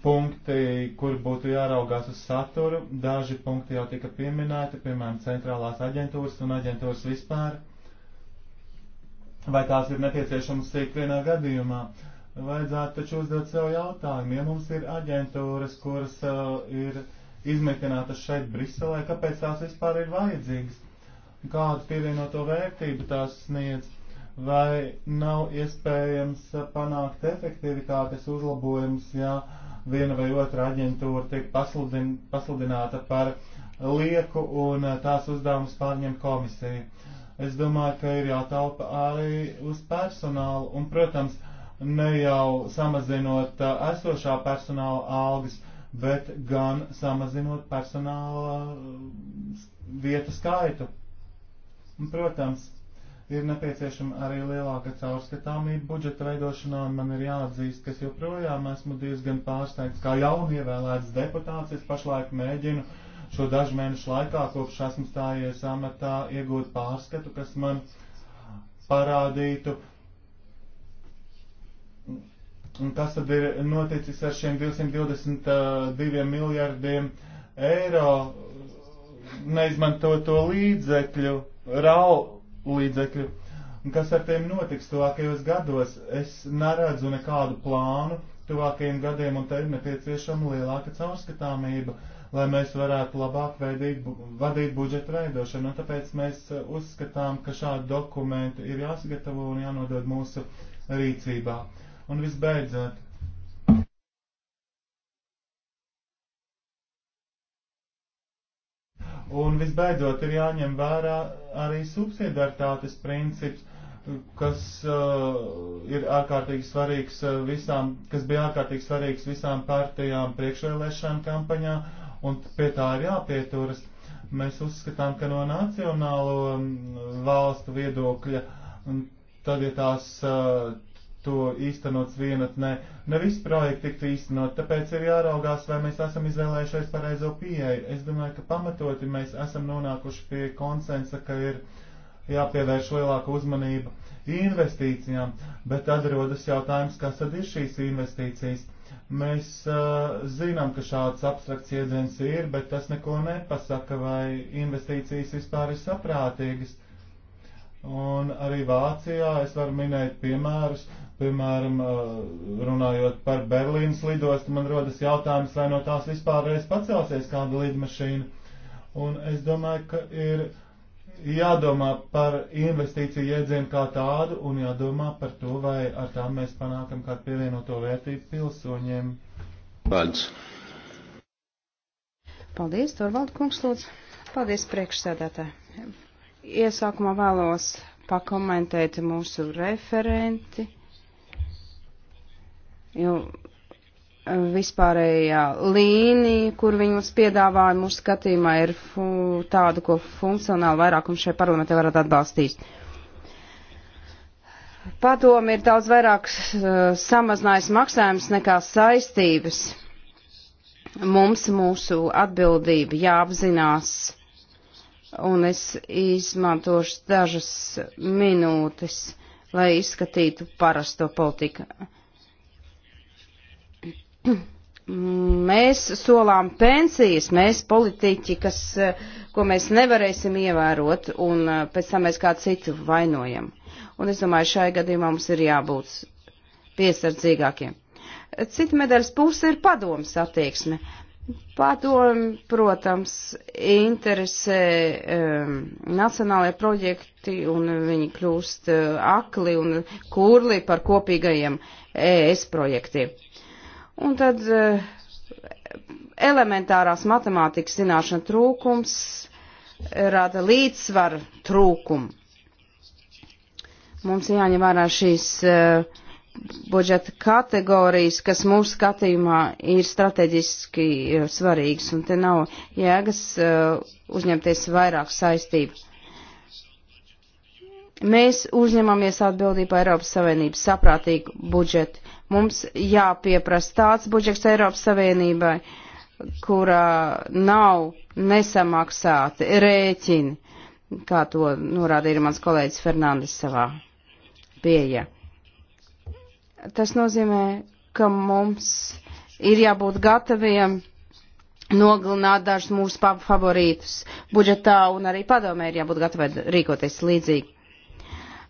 punkti, kur būtu jāraugās uz saturu. Daži punkti jau tika pieminēti, piemēram, centrālās aģentūras un aģentūras vispār. Vai tās ir nepieciešamas ikvienā gadījumā? Vajadzētu taču uzdot sev jautājumu, ja mums ir aģentūras, kuras uh, ir izmetinātas šeit Briselē, kāpēc tās vispār ir vajadzīgas, kādu pievienoto vērtību tās sniedz, vai nav iespējams panākt efektivitātes uzlabojums, ja viena vai otra aģentūra tiek pasludin, pasludināta par lieku un tās uzdevums pārņem komisija. Es domāju, ka ir jātaupa arī uz personālu un, protams, ne jau samazinot esošā personāla algas, bet gan samazinot personāla uh, vietu skaitu. Un, protams, ir nepieciešama arī lielāka caurskatāmība budžeta veidošanā, un man ir jāatzīst, ka es joprojām esmu diezgan pārsteigts, kā jaunievēlēts deputāts, es pašlaik mēģinu šo dažu mēnešu laikā, kopš esmu stājies amatā, iegūt pārskatu, kas man parādītu, Un kas tad ir noticis ar šiem 222 uh, miljardiem eiro neizmantoto līdzekļu, rau līdzekļu? Un kas ar tiem notiks tuvākajos gados? Es neredzu nekādu plānu tuvākajiem gadiem, un te ir nepieciešama lielāka caurskatāmība, lai mēs varētu labāk veidīt, vadīt budžetu veidošanu. Un tāpēc mēs uh, uzskatām, ka šādi dokumenti ir jāsagatavo un jānodod mūsu rīcībā. Uh, Un visbeidzot, Un visbeidzot ir jāņem vērā arī subsidiaritātes princips, kas uh, ir ārkārtīgi svarīgs uh, visām, kas bija ārkārtīgi svarīgs visām partijām priekšvēlēšana kampaņā, un pie tā ir jāpieturas. Mēs uzskatām, ka no nacionālo um, valstu viedokļa, tad, ja tās uh, tiktu īstenots vienatnē. Ne visi projekti tiktu īstenot, tāpēc ir jāraugās, vai mēs esam izvēlējušies pareizo pieeju. Es domāju, ka pamatoti mēs esam nonākuši pie konsensa, ka ir jāpievērš lielāka uzmanība investīcijām, bet tad rodas jautājums, kas tad ir šīs investīcijas. Mēs uh, zinām, ka šāds abstrakts jēdziens ir, bet tas neko nepasaka, vai investīcijas vispār ir saprātīgas. Un arī Vācijā es varu minēt piemērus, Piemēram, eh, runājot par Berlīnas lidostu, man rodas jautājums, vai no tās vispārreiz pacelsies kāda lidmašīna. Un es domāju, ka ir jādomā par investīciju iedzienu kā tādu un jādomā par to, vai ar tām mēs panākam kādu pievienoto vērtību pilsoņiem. Paldies. Paldies, Torvalda kungs, lūdzu. Paldies, priekšsēdētāji. Iesākumā vēlos pakomentēt mūsu referenti jo e, vispārējā līnija, kur viņi mums piedāvāja, mūsu skatījumā ir tāda, ko funkcionāli vairākums šai parlamentē varētu atbalstīt. Padomi ir daudz vairāk uh, samazinājis maksājums nekā saistības. Mums mūsu atbildība jāapzinās, un es izmantošu dažas minūtes, lai izskatītu parasto politiku Mēs solām pensijas, mēs politiķi, kas, ko mēs nevarēsim ievērot, un eh, pēc tam mēs kā citu vainojam. Un es domāju, šai gadījumā mums ir jābūt piesardzīgākiem. Cita medaļas puse ir padomas attieksme. Padomi, protams, interesē um, nacionālajie projekti un viņi kļūst uh, akli un kurli par kopīgajiem ES projektiem. Un tad eh, elementārās matemātikas zināšana trūkums eh, rada līdzsvaru trūkumu. Mums jāņem vērā šīs uh, budžeta kategorijas, kas mūsu skatījumā ir strateģiski svarīgas, un te nav jēgas uh, uzņemties vairāk saistību. Mēs uzņemamies atbildību Eiropas Savienības saprātīgu budžetu Mums jāpieprasa tāds budžets Eiropas Savienībai, kurā nav nesamaksāti rēķini, kā to norādīja mans kolēģis Fernandes savā pieeja. Tas nozīmē, ka mums ir jābūt gataviem nogalināt dažus mūsu favorītus budžetā, un arī padomē ir jābūt gatavai rīkoties līdzīgi.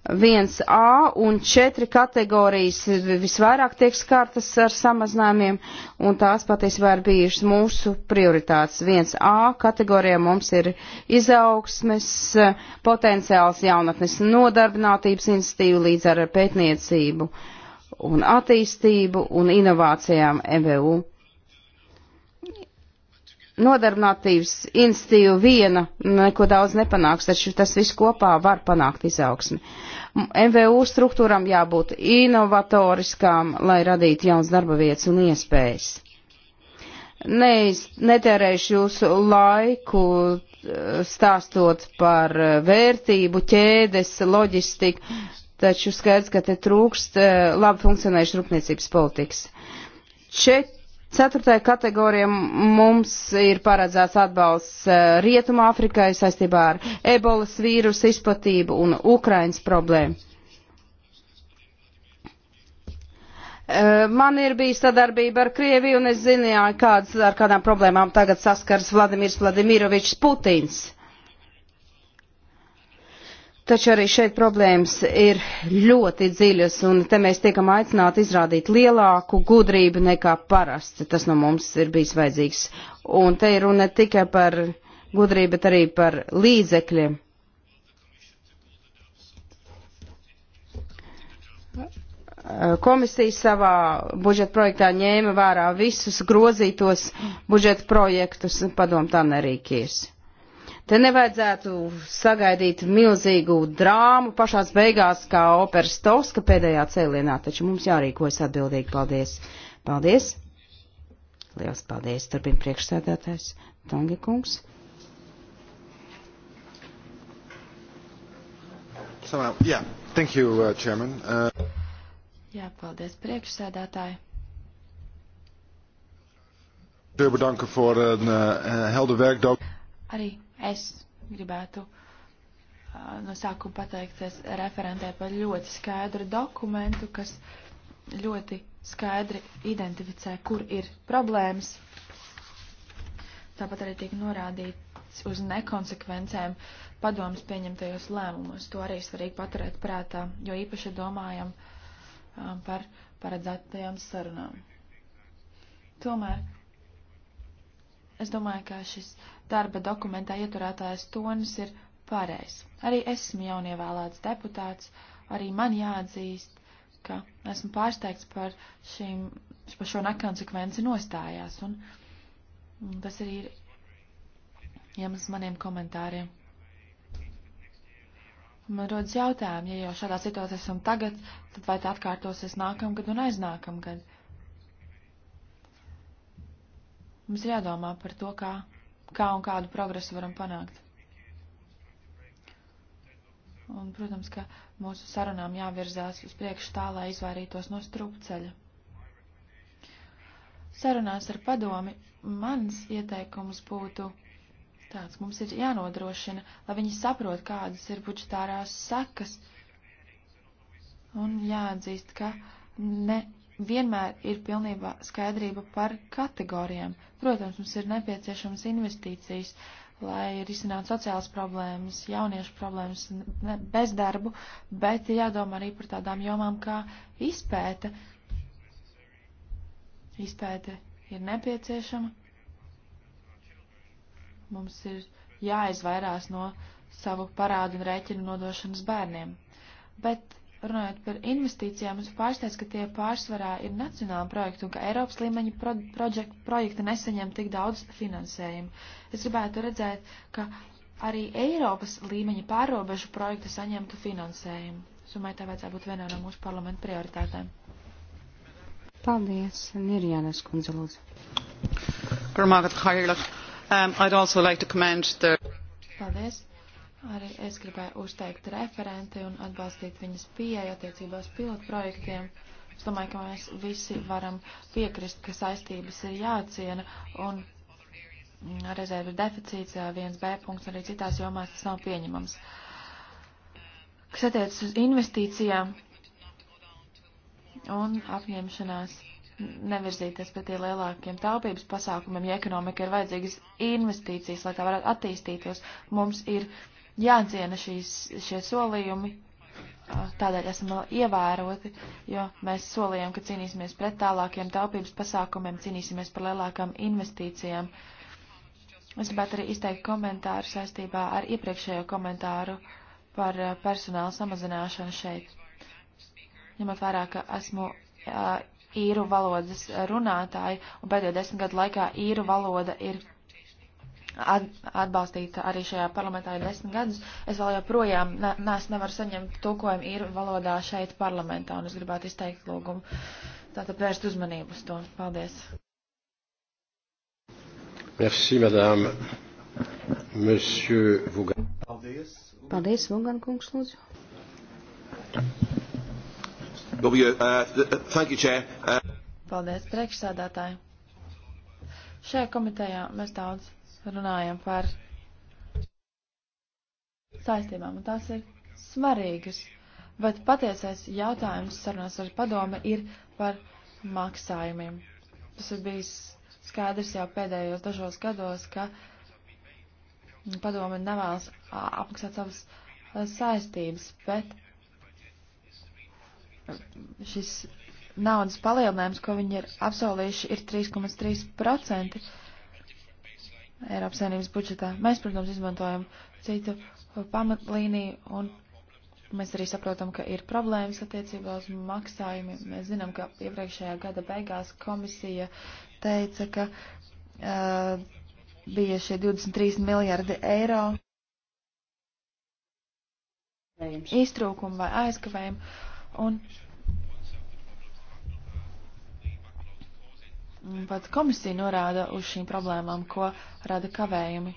1A un 4 kategorijas visvairāk tiek skartas ar samazinājumiem, un tās patiesībā ir bijušas mūsu prioritātes. 1A kategorijā mums ir izaugsmes, potenciāls jaunatnes nodarbinātības institīva līdz ar pētniecību un attīstību un inovācijām MVU e nodarbinātības institīva viena neko daudz nepanāks, taču tas viss kopā var panākt izaugsmi. MVU struktūram jābūt inovatoriskām, lai radītu jauns darba vietas un iespējas. Neiz, netērēšu jūsu laiku eh, stāstot par eh, vērtību, ķēdes, loģistiku, taču skaidrs, ka te trūkst eh, labi funkcionējuši rūpniecības politikas. Čet, Ceturtajai kategorijai mums ir paredzēts atbalsts eh, Rietuma Afrikai saistībā ar ebolas vīrusu izplatību un Ukrainas problēmu. Eh, man ir bijis sadarbība ar Krieviju, un es zināju, kādas, ar kādām problēmām tagad saskars Vladimirs Vladimirovičs Putins Taču arī šeit problēmas ir ļoti dziļas, un te mēs tiekam aicināti izrādīt lielāku gudrību nekā parasti. Tas no mums ir bijis vajadzīgs. Un te ir runa ne tikai par gudrību, bet arī par līdzekļiem. Komisija savā budžeta projektā ņēma vērā visus grozītos budžeta projektus, padom tā nerīkies. Te nevajadzētu sagaidīt milzīgu drāmu pašās beigās, kā operas Tauska pēdējā cēlienā, taču mums jārīkojas atbildīgi. Paldies! Paldies! Liels paldies! Turpin priekšsēdētājs Tongi kungs. Somehow, yeah. Thank you, uh, Chairman. Uh... Jā, paldies priekšsēdētāji. Bedanken voor een uh, helder werkdag. Arī Es gribētu no sākuma pateikties referentē par ļoti skaidru dokumentu, kas ļoti skaidri identificē, kur ir problēmas. Tāpat arī tiek norādīts uz nekonsekvencēm padomus pieņemtajos lēmumos. To arī svarīgi paturēt prātā, jo īpaši domājam par paredzētajām sarunām. Tomēr es domāju, ka šis uh, darba dokumentā ieturētājs tonis ir pareizs. Arī es esmu jaunievēlēts deputāts, arī man jāatzīst, ka esmu pārsteigts par, šīm, par šo nekonsekvenci nostājās, un, un tas arī ir iemesls maniem komentāriem. Man rodas jautājumi, ja jau šādā situācijā esam tagad, tad vai tā atkārtosies nākamgad un aiznākamgad? Mums ir jādomā par to, kā kā un kādu progresu varam panākt. Un, protams, ka mūsu sarunām jāvirzās uz priekšu tā, lai izvairītos no strupceļa. Sarunās ar padomi mans ieteikums būtu tāds, mums ir jānodrošina, lai viņi saprot, kādas ir budžetārās sekas. Un jāatzīst, ka ne vienmēr ir pilnībā skaidrība par kategorijām. Protams, mums ir nepieciešamas investīcijas, lai risinātu sociālas problēmas, jauniešu problēmas, bezdarbu, bet ir jādomā arī par tādām jomām kā izpēte. Izpēte ir nepieciešama. Mums ir jāizvairās no savu parādu un rēķinu nodošanas bērniem. Bet runājot par investīcijām, es pārsteidz, ka tie pārsvarā ir nacionāli projekti un ka Eiropas līmeņa pro projek projekti nesaņem tik daudz finansējumu. Es gribētu redzēt, ka arī Eiropas līmeņa pārrobežu projekti saņemtu finansējumu. Es domāju, tā vajadzētu būt vienā no mūsu parlamenta prioritātēm. Paldies, Nirjānas kundze, lūdzu. Um, Paldies. Arī es gribēju uzteikt referenti un atbalstīt viņas pieeja attiecībās pilotprojektiem. Es domāju, ka mēs visi varam piekrist, ka saistības ir jāciena un rezervi deficīts 1B punkts arī citās jomās tas nav pieņemams. Kas attiecas uz investīcijām un apņemšanās nevirzīties pie tie lielākiem taupības pasākumiem, ja ekonomika ir vajadzīgas investīcijas, lai tā varētu attīstītos, mums ir uh, jāciena šīs, šie solījumi, tādēļ esam ievēroti, jo mēs solījām, ka cīnīsimies pret tālākiem taupības pasākumiem, cīnīsimies par lielākām investīcijām. Es gribētu arī izteikt komentāru saistībā ar iepriekšējo komentāru par personāla samazināšanu šeit. Ņemot vērā, ka esmu īru valodas runātāji, un pēdējo desmit gadu laikā īru valoda ir atbalstīta arī šajā parlamentā ir desmit gadus. Es vēl joprojām nes nevaru saņemt tulkojumu īru valodā šeit parlamentā, un es gribētu izteikt lūgumu. Tātad vērst uzmanību uz to. Paldies. Merci, madame. Monsieur Vugan. Paldies. Paldies, Vugan kungs, lūdzu. Uh, uh, Paldies, priekšsādātāji. Šajā komitejā mēs daudz runājam par saistībām, un tās ir svarīgas. Bet patiesais jautājums sarunās ar padome ir par maksājumiem. Tas ir bijis skaidrs jau pēdējos dažos gados, ka padome nevēlas apmaksāt savas saistības, bet šis naudas palielinājums, ko viņi ir apsolījuši, ir 3,3%. Eiropas Savienības budžetā. Mēs, protams, izmantojam citu pamatlīniju un mēs arī saprotam, ka ir problēmas attiecībā uz maksājumiem. Mēs zinām, ka iepriekšējā gada beigās komisija teica, ka uh, bija šie 23 miljardi eiro iztrūkumu vai aizkavējumu. Un Pat komisija norāda uz šīm problēmām, ko rada kavējumi.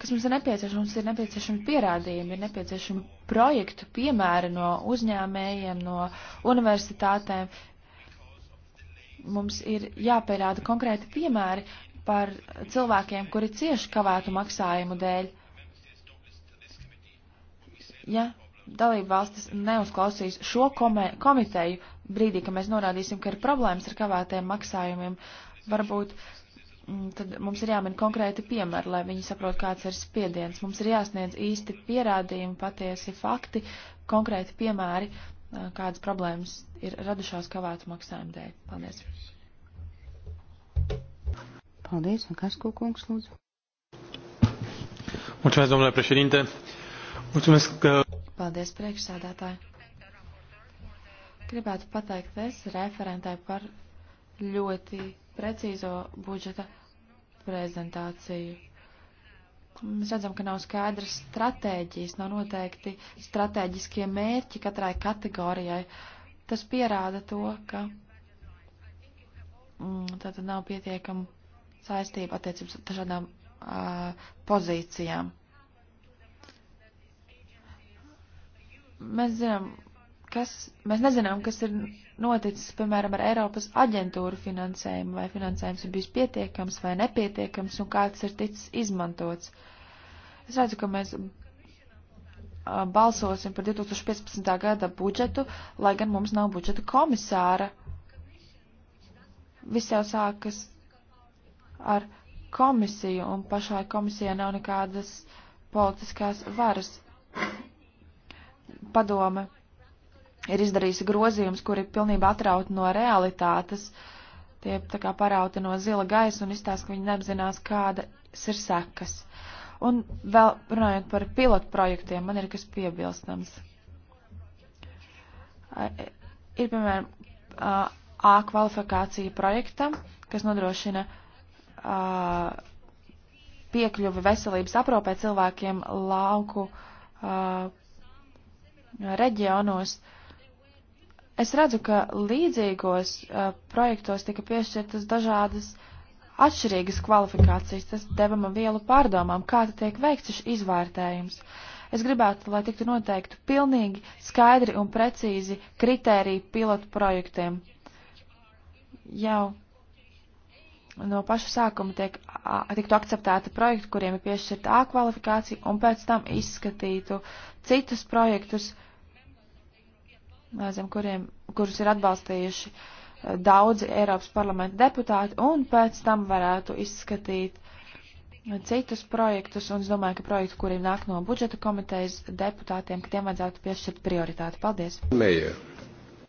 Kas mums ir nepieciešams? Ir nepieciešami pierādījumi, ir nepieciešami projektu piemēri no uzņēmējiem, no universitātēm. Mums ir jāpierāda konkrēti piemēri par cilvēkiem, kuri cieši kavētu maksājumu dēļ. Ja dalību valstis neuzklausīs šo komiteju, brīdī, kad mēs norādīsim, ka ir problēmas ar kavētiem maksājumiem, varbūt mm, tad mums ir jāmin konkrēti piemēri, lai viņi saprot, kāds ir spiediens. Mums ir jāsniedz īsti pierādījumi, patiesi fakti, konkrēti piemēri, kādas problēmas ir radušās kavētu maksājumu dēļ. Paldies! Paldies, un kas kungs lūdzu? Mulțumesc, domnule președinte. Mulțumesc că... Paldies, priekšsādātāji. Gribētu pateikties referentai par ļoti precīzo budžeta prezentāciju. Mēs redzam, ka nav skaidras stratēģijas, nav noteikti stratēģiskie mērķi katrai kategorijai. Tas pierāda to, ka mm, tātad nav pietiekama saistība attiecības dažādām uh, pozīcijām. Mēs zinām, kas, mēs nezinām, kas ir noticis, piemēram, ar Eiropas aģentūru finansējumu, vai finansējums ir bijis pietiekams vai nepietiekams, un kā tas ir ticis izmantots. Es redzu, ka mēs balsosim par 2015. gada budžetu, lai gan mums nav budžeta komisāra. Viss jau sākas ar komisiju, un pašai komisijai nav nekādas politiskās varas. Padome ir izdarījusi grozījums, kuri pilnībā atrauti no realitātes, tie tā kā parauti no zila gaisa un izstāsta, ka viņi neapzinās, kādas ir sekas. Un vēl runājot par pilotu projektiem, man ir kas piebilstams. E, ir, piemēram, A kvalifikācija projektam, kas nodrošina piekļuvi veselības aprūpē cilvēkiem lauku reģionos. Uh, reģionos, Es redzu, ka līdzīgos uh, projektos tika piešķirtas dažādas atšķirīgas kvalifikācijas. Tas deva man vielu pārdomām, kā tiek veikts šis izvērtējums. Es gribētu, lai tiktu noteikti pilnīgi skaidri un precīzi kritēriji pilotu projektiem. Jau no paša sākuma tiek, a, tiktu akceptēti projekti, kuriem ir piešķirta A kvalifikācija, un pēc tam izskatītu citus projektus, uh, zem kuriem, kurus ir atbalstījuši eh, daudzi Eiropas parlamenta deputāti, un pēc tam varētu izskatīt eh, citus projektus, un es domāju, ka projektu, kuri nāk no budžeta komitejas deputātiem, ka tiem vajadzētu piešķirt prioritāti. Paldies! Mēja.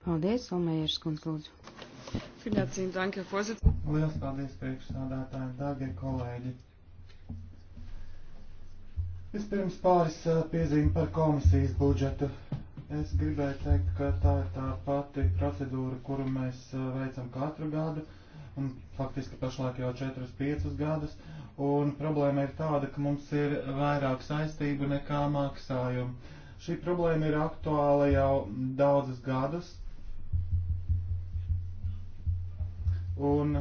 Paldies, Olmējers kundz, lūdzu. Lielas paldies priekšsādātājiem, dārgie kolēģi! Vispirms pāris eh, piezīmi par komisijas budžetu. Es gribēju teikt, ka tā ir tā pati procedūra, kuru mēs veicam katru gadu, un faktiski pašlaik jau 4-5 gadus, un problēma ir tāda, ka mums ir vairāk saistību nekā maksājumu. Šī problēma ir aktuāla jau daudzus gadus, un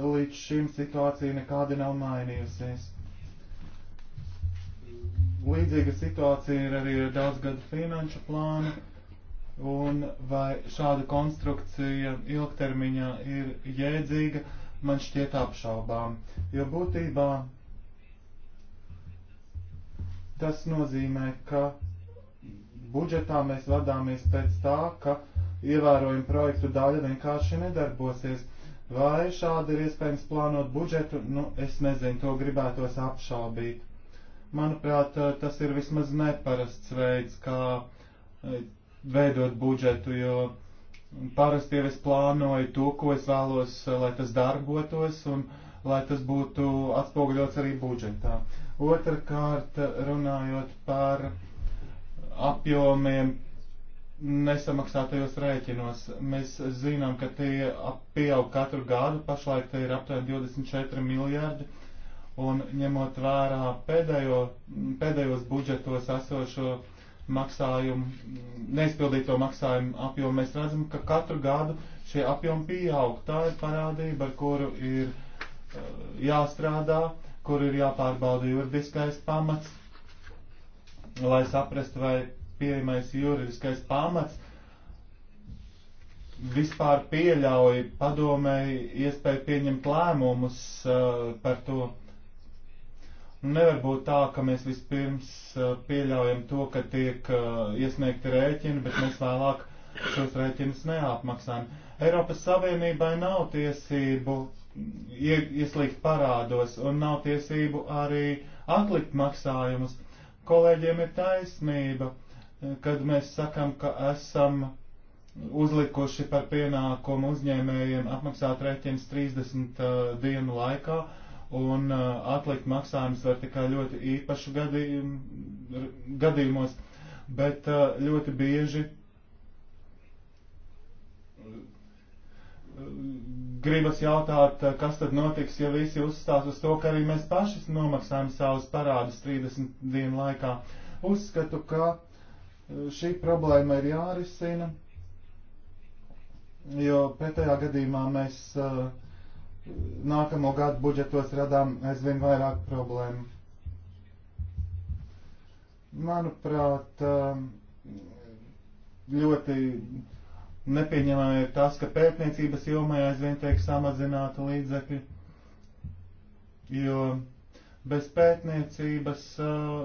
līdz šim situācija nekādi nav mainījusies. Līdzīga situācija ir arī ar daudzgadu finanšu plānu, un vai šāda konstrukcija ilgtermiņā ir jēdzīga, man šķiet apšaubām, jo būtībā tas nozīmē, ka budžetā mēs vadāmies pēc tā, ka ievērojama projektu daļa vienkārši nedarbosies. Vai šādi ir iespējams plānot budžetu? Nu, es nezinu, to gribētos apšaubīt. Manuprāt, eh, tas ir vismaz neparasts veids, kā eh, veidot budžetu, jo parasti jau es plānoju to, ko es vēlos, eh, lai tas darbotos un lai tas būtu atspoguļots arī budžetā. Otrakārt, runājot par apjomiem nesamaksātajos rēķinos, mēs zinām, ka tie pieaug katru gadu, pašlaik tie ir aptuveni 24 miljārdi un ņemot vērā pēdējo, pēdējos budžetos esošo maksājumu, neizpildīto maksājumu apjomu, mēs redzam, ka katru gadu šie apjomi pieaug. Tā ir parādība, ar kuru ir eh, jāstrādā, kur ir jāpārbauda juridiskais pamats, lai saprastu, vai pieejamais juridiskais pamats vispār pieļauj padomēji iespēju pieņemt lēmumus uh, par to Nevar būt tā, ka mēs vispirms eh, pieļaujam to, ka tiek eh, iesniegti rēķini, bet mēs vēlāk šos rēķinus neapmaksājam. Eiropas Savienībai nav tiesību ieslīgt parādos un nav tiesību arī atlikt maksājumus. Kolēģiem ir taisnība, eh, kad mēs sakam, ka esam uzlikuši par pienākumu uzņēmējiem apmaksāt rēķinus 30 uh, dienu laikā un uh, atlikt maksājumus var tikai ļoti īpašu gadījum, gadījumos, bet uh, ļoti bieži uh, gribas jautāt, kas tad notiks, ja visi uzstās uz to, ka arī mēs paši nomaksājam savus parādus 30 dienu laikā. Uzskatu, ka šī problēma ir jārisina, jo pretējā gadījumā mēs uh, nākamo gadu budžetos radām aizvien vairāk problēmu. Manuprāt, um, ļoti nepieņemami ir tas, ka pētniecības jomai aizvien tiek samazināta līdzekļi, jo bez pētniecības uh,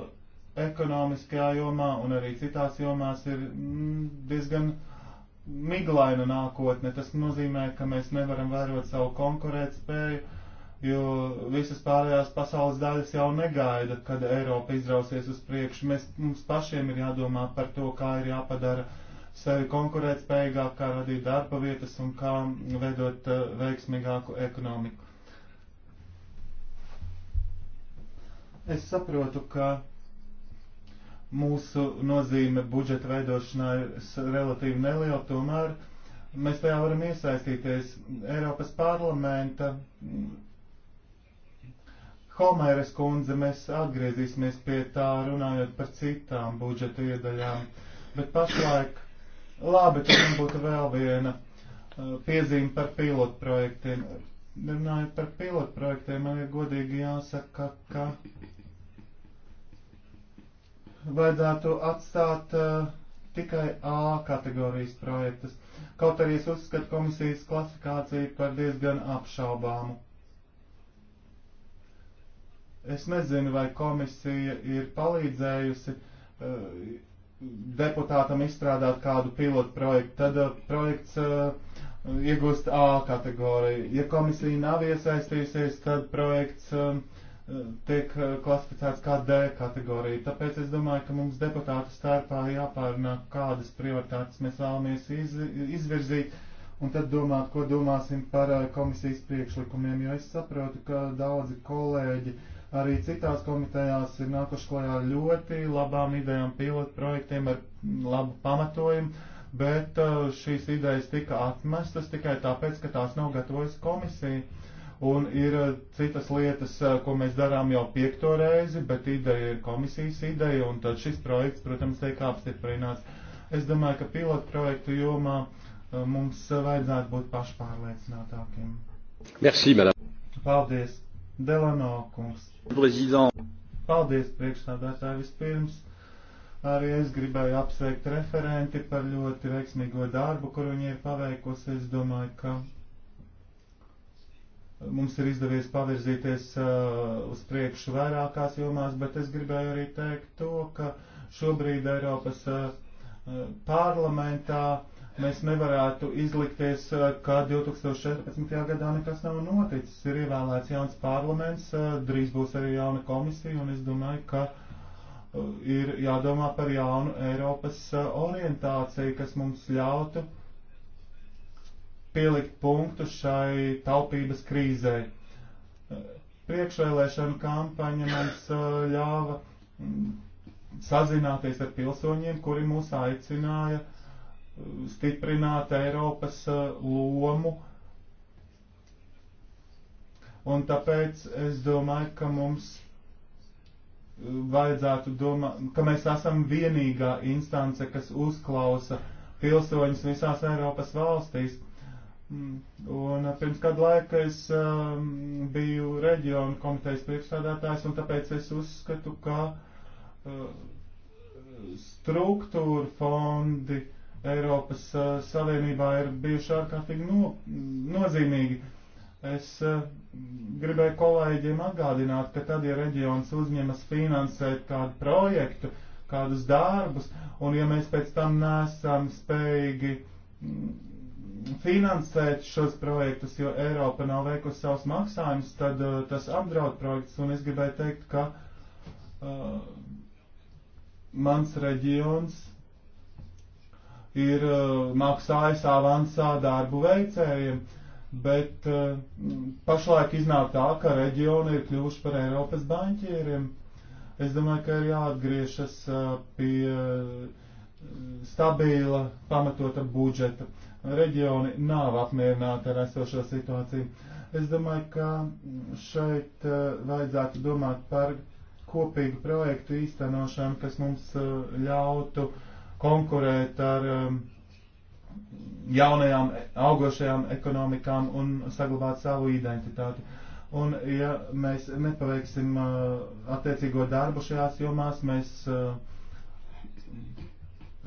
ekonomiskajā jomā un arī citās jomās ir mm, diezgan mm, miglaina nākotne. Tas nozīmē, ka mēs nevaram vērot savu konkurētspēju, jo visas pārējās pasaules daļas jau negaida, kad Eiropa izrausies uz priekšu. Mēs, mums pašiem ir jādomā par to, kā ir jāpadara sevi konkurētspējīgāk, kā radīt darba vietas un kā veidot uh, veiksmīgāku ekonomiku. Es saprotu, ka mūsu nozīme budžeta veidošanā ir relatīvi neliela, tomēr mēs tajā varam iesaistīties. Eiropas parlamenta mm, Homēras kundze, mēs atgriezīsimies pie tā, runājot par citām budžeta iedaļām, bet pašlaik labi, tad būtu vēl viena uh, piezīme par pilotprojektiem. Runājot par pilotprojektiem, man ir godīgi jāsaka, ka vajadzētu atstāt uh, tikai A kategorijas projektus, kaut arī es uzskatu komisijas klasifikāciju par diezgan apšaubāmu. Es nezinu, vai komisija ir palīdzējusi uh, deputātam izstrādāt kādu pilotu projektu, tad uh, projekts uh, iegūst A kategoriju. Ja komisija nav iesaistījusies, tad projekts uh, tiek eh, klasificēts kā D kategorija. Tāpēc es domāju, ka mums deputātu starpā jāpārunā, kādas prioritātes mēs vēlamies iz, izvirzīt, un tad domāt, ko domāsim par eh, komisijas priekšlikumiem, jo es saprotu, ka daudzi kolēģi arī citās komitejās ir nākuši klajā ļoti labām idejām, pilotprojektiem ar labu pamatojumu bet eh, šīs idejas tika atmestas tikai tāpēc, ka tās nav gatavojusi komisija. Un ir eh, citas lietas, eh, ko mēs darām jau piekto reizi, bet ideja ir komisijas ideja, un tad šis projekts, protams, tiek apstiprināts. Es domāju, ka pilotu projektu jomā eh, mums vajadzētu būt pašpārliecinātākiem. Merci, madame. Paldies, Delano kungs. Prezident. Paldies, priekšstādātāji, vispirms. Arī es gribēju apsveikt referenti par ļoti veiksmīgo darbu, kuru viņi ir paveikusi. Es domāju, ka Mums ir izdevies pavirzīties uh, uz priekšu vairākās jomās, bet es gribēju arī teikt to, ka šobrīd Eiropas uh, uh parlamentā mēs nevarētu izlikties, uh, ka 2014. gadā nekas nav noticis. Ir ievēlēts jauns parlaments, uh, drīz būs arī jauna komisija, un es domāju, ka uh, ir jādomā par jaunu Eiropas uh, orientāciju, kas mums ļautu pielikt punktu šai taupības krīzē. Priekšvēlēšana kampaņa mums ļāva mm, sazināties ar pilsoņiem, kuri mūs aicināja stiprināt Eiropas lomu. Un tāpēc es domāju, ka mums vajadzētu domāt, ka mēs esam vienīgā instance, kas uzklausa pilsoņus visās Eiropas valstīs Mm. Un uh, pirms kādu laiku es um, biju reģionu komitejas priekšstādātājs, un tāpēc es uzskatu, ka uh, struktūra fondi Eiropas uh, Savienībā ir bijuši ārkārtīgi no, nozīmīgi. Es uh, gribēju kolēģiem atgādināt, ka tad, ja reģions uzņemas finansēt kādu projektu, kādus darbus, un ja mēs pēc tam nesam spējīgi mm, finansēt šos projektus, jo Eiropa nav veikusi savus maksājumus, tad uh, tas apdraud projekts. Un es gribēju teikt, ka uh, mans reģions ir uh, maksājis avansā darbu veicējiem, bet uh, pašlaik iznāk tā, ka reģioni ir kļuvuši par Eiropas baņķieriem. Es domāju, ka ir jāatgriežas uh, pie uh, stabila, pamatota budžeta. Uh, reģioni nav apmierināti ar esošo situāciju. Es domāju, ka šeit eh, vajadzētu domāt par kopīgu projektu īstenošanu, kas mums eh, ļautu konkurēt ar ehm, jaunajām augošajām ekonomikām un saglabāt savu identitāti. Un ja mēs nepaveiksim eh, attiecīgo darbu šajās jomās, mēs uh,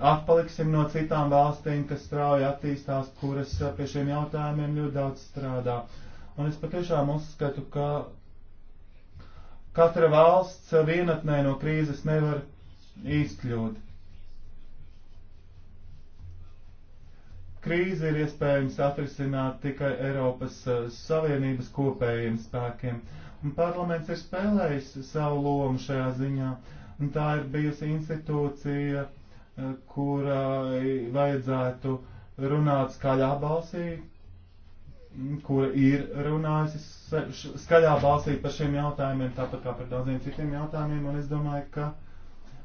atpaliksim no citām valstīm, kas strauji attīstās, kuras eh, pie šiem jautājumiem ļoti daudz strādā. Un es patiešām uzskatu, ka katra valsts vienatnē no krīzes nevar izkļūt. Krīze ir iespējams atrisināt tikai Eiropas eh, Savienības kopējiem spēkiem, un parlaments ir spēlējis savu lomu šajā ziņā, un tā ir bijusi institūcija, uh, kurai vajadzētu runāt skaļā balsī, kura ir runājusi skaļā balsī par šiem jautājumiem, tāpat kā par daudziem citiem jautājumiem, un es domāju, ka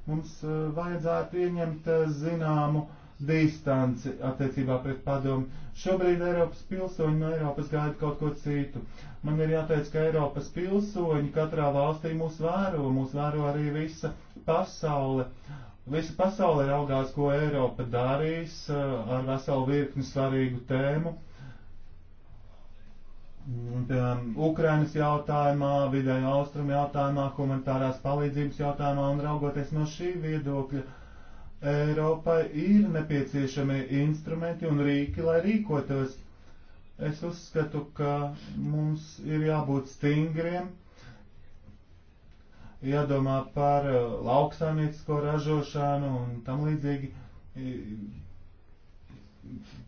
mums e, vajadzētu ieņemt e, zināmu distanci attiecībā pret padomu. Šobrīd Eiropas pilsoņi no Eiropas gaida kaut ko citu. Man ir jāteic, ka Eiropas pilsoņi katrā valstī mūs vēro, mūs vēro arī visa pasaule. Visa pasaule raugās, ko Eiropa darīs eh, ar veselu virkni svarīgu tēmu. Piemēram, Ukrainas jautājumā, vidēja austrumu jautājumā, humanitārās palīdzības jautājumā un raugoties no šī viedokļa, Eiropai ir nepieciešami instrumenti un rīki, lai rīkotos. Es uzskatu, ka mums ir jābūt stingriem jādomā par eh, lauksaimniecisko ražošanu un tam līdzīgi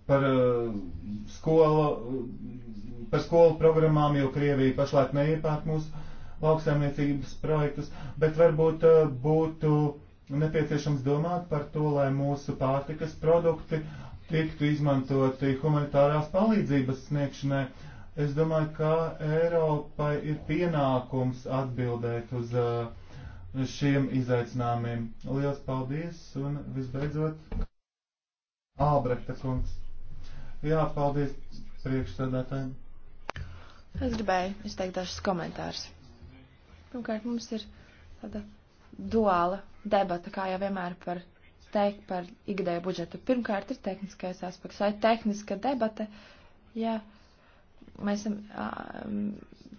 par eh, skolu, par skolu programmām, jo Krievija pašlaik neiepērk mūsu lauksaimniecības projektus, bet varbūt eh, būtu nepieciešams domāt par to, lai mūsu pārtikas produkti tiktu izmantoti humanitārās palīdzības sniegšanai Es domāju, ka Eiropai ir pienākums atbildēt uz eh, šiem izaicinājumiem. Lielas paldies un visbeidzot Ābrekta kungs. Jā, paldies priekšsēdētājiem. Es gribēju izteikt dažus komentārus. Pirmkārt, mums ir tāda duāla debata, kā jau vienmēr par, teik, par ikdēju budžetu. Pirmkārt, ir tehniskais aspekts vai tehniska debata. Jā. Ja Mēs esam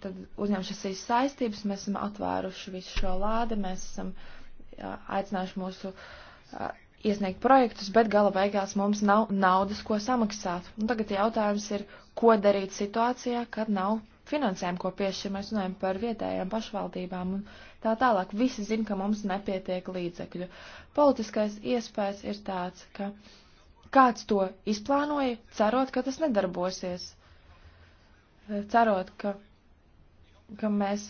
uh, uzņēmušies šīs saistības, mēs esam atvēruši visu šo lādi, mēs esam uh, aicinājuši mūsu uh, iesniegt projektus, bet gala beigās mums nav naudas, ko samaksāt. Un tagad jautājums ir, ko darīt situācijā, kad nav finansējumu, ko piešķir, mēs runājam par vietējām pašvaldībām un tā tālāk. Visi zin, ka mums nepietiek līdzekļu. Politiskais iespējas ir tāds, ka kāds to izplānoja, cerot, ka tas nedarbosies cerot, ka, ka mēs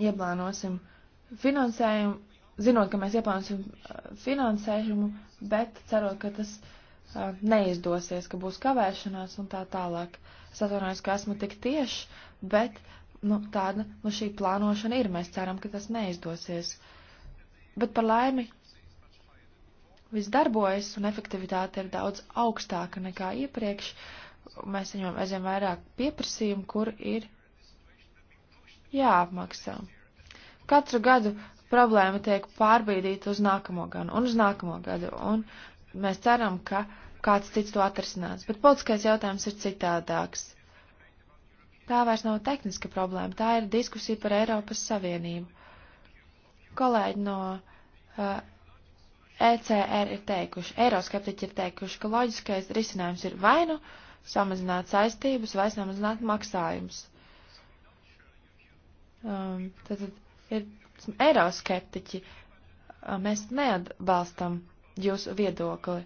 ieplānosim finansējumu, zinot, ka mēs ieplānosim uh, finansējumu, bet cerot, ka tas uh, neizdosies, ka būs kavēšanās un tā tālāk. Es atvainojos, ka esmu tik tieši, bet nu, tāda nu, šī plānošana ir. Mēs ceram, ka tas neizdosies. Bet par laimi viss darbojas un efektivitāte ir daudz augstāka nekā iepriekš. Uh, Mēs saņemam aizvien vairāk pieprasījumu, kur ir jāapmaksā. Katru gadu problēma tiek pārbīdīta uz nākamo gadu un uz nākamo gadu, un mēs ceram, ka kāds cits to atrisinās. Bet politiskais jautājums ir citādāks. Tā vairs nav tehniska problēma, tā ir diskusija par Eiropas Savienību. Kolēģi no uh, ECR ir teikuši, eiroskeptiķi ir teikuši, ka loģiskais risinājums ir vai nu samazināt saistības vai samazināt maksājumus. Um, tad ir eiroskeptiķi. Uh, mēs neatbalstam jūsu viedokli.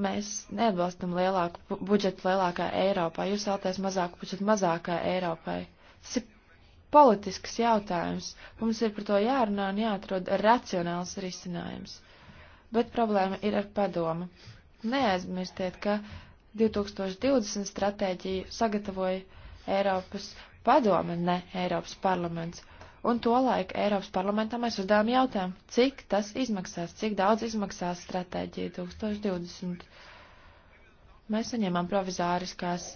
Mēs neatbalstam lielāku budžetu lielākā Eiropā. Jūs vēlaties mazāku budžetu mazākā Eiropai. Tas ir politisks jautājums. Mums ir par to jārunā un jāatrod racionāls risinājums. Bet problēma ir ar padomu. Neaizmirstiet, ka uh, 2020 stratēģiju sagatavoja Eiropas padome, ne Eiropas parlaments. Un tolaik Eiropas parlamentā mēs uzdevām jautājumu, cik tas izmaksās, cik daudz izmaksās stratēģija 2020. Mēs saņēmām provizāriskās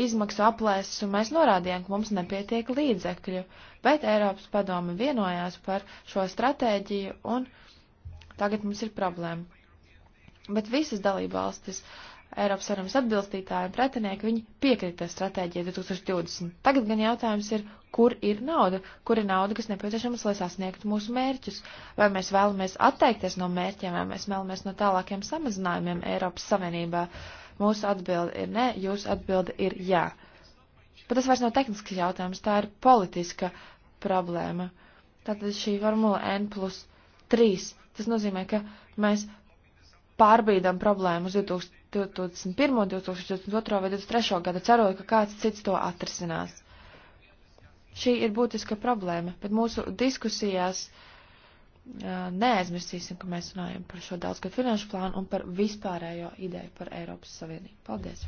izmaksu aplēses un mēs norādījām, ka mums nepietiek līdzekļu, bet Eiropas padome vienojās par šo stratēģiju un tagad mums ir problēma. Bet visas dalībvalstis Eiropas Savienības atbilstītāji un pretinieki, viņi piekrita stratēģijai 2020. Tagad gan jautājums ir, kur ir nauda, kur ir nauda, kas nepieciešamas, lai sasniegtu mūsu mērķus, vai mēs vēlamies atteikties no mērķiem, vai mēs vēlamies no tālākiem samazinājumiem Eiropas Savienībā. Mūsu atbilde ir nē, jūsu atbilde ir jā. Bet tas vairs nav tehnisks jautājums, tā ir politiska problēma. Tātad šī formula N plus 3, tas nozīmē, ka mēs pārbīdam problēmu uz 2000, 2021, 2022 vai 2023 gada, cerot, ka kāds cits to atrisinās. Šī ir būtiska problēma, bet mūsu diskusijās uh, neaizmirsīsim, ka mēs runājam par šo daudzgad finanšu plānu un par vispārējo ideju par Eiropas Savienību. Paldies!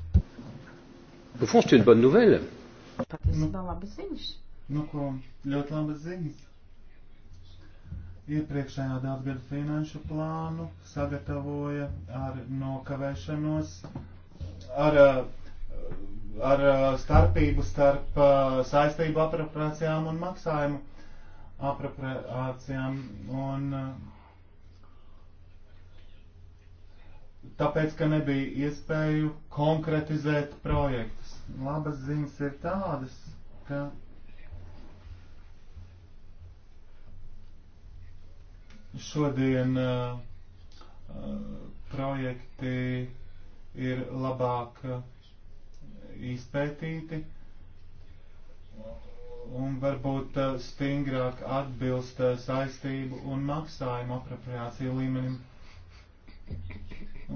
Nu, Patiesībā labas ziņas. Nu, ko ļoti labas ziņas. Iepriekšējā daudzgadu finanšu plānu sagatavoja ar nokavēšanos, ar, ar starpību starp uh, saistību apropriācijām un maksājumu apropriācijām. Un, uh, tāpēc, ka nebija iespēju konkretizēt projektus. Labas ziņas ir tādas, ka Šodien uh, projekti ir labāk izpētīti un varbūt stingrāk atbilst saistību un maksājumu apropriāciju līmenim.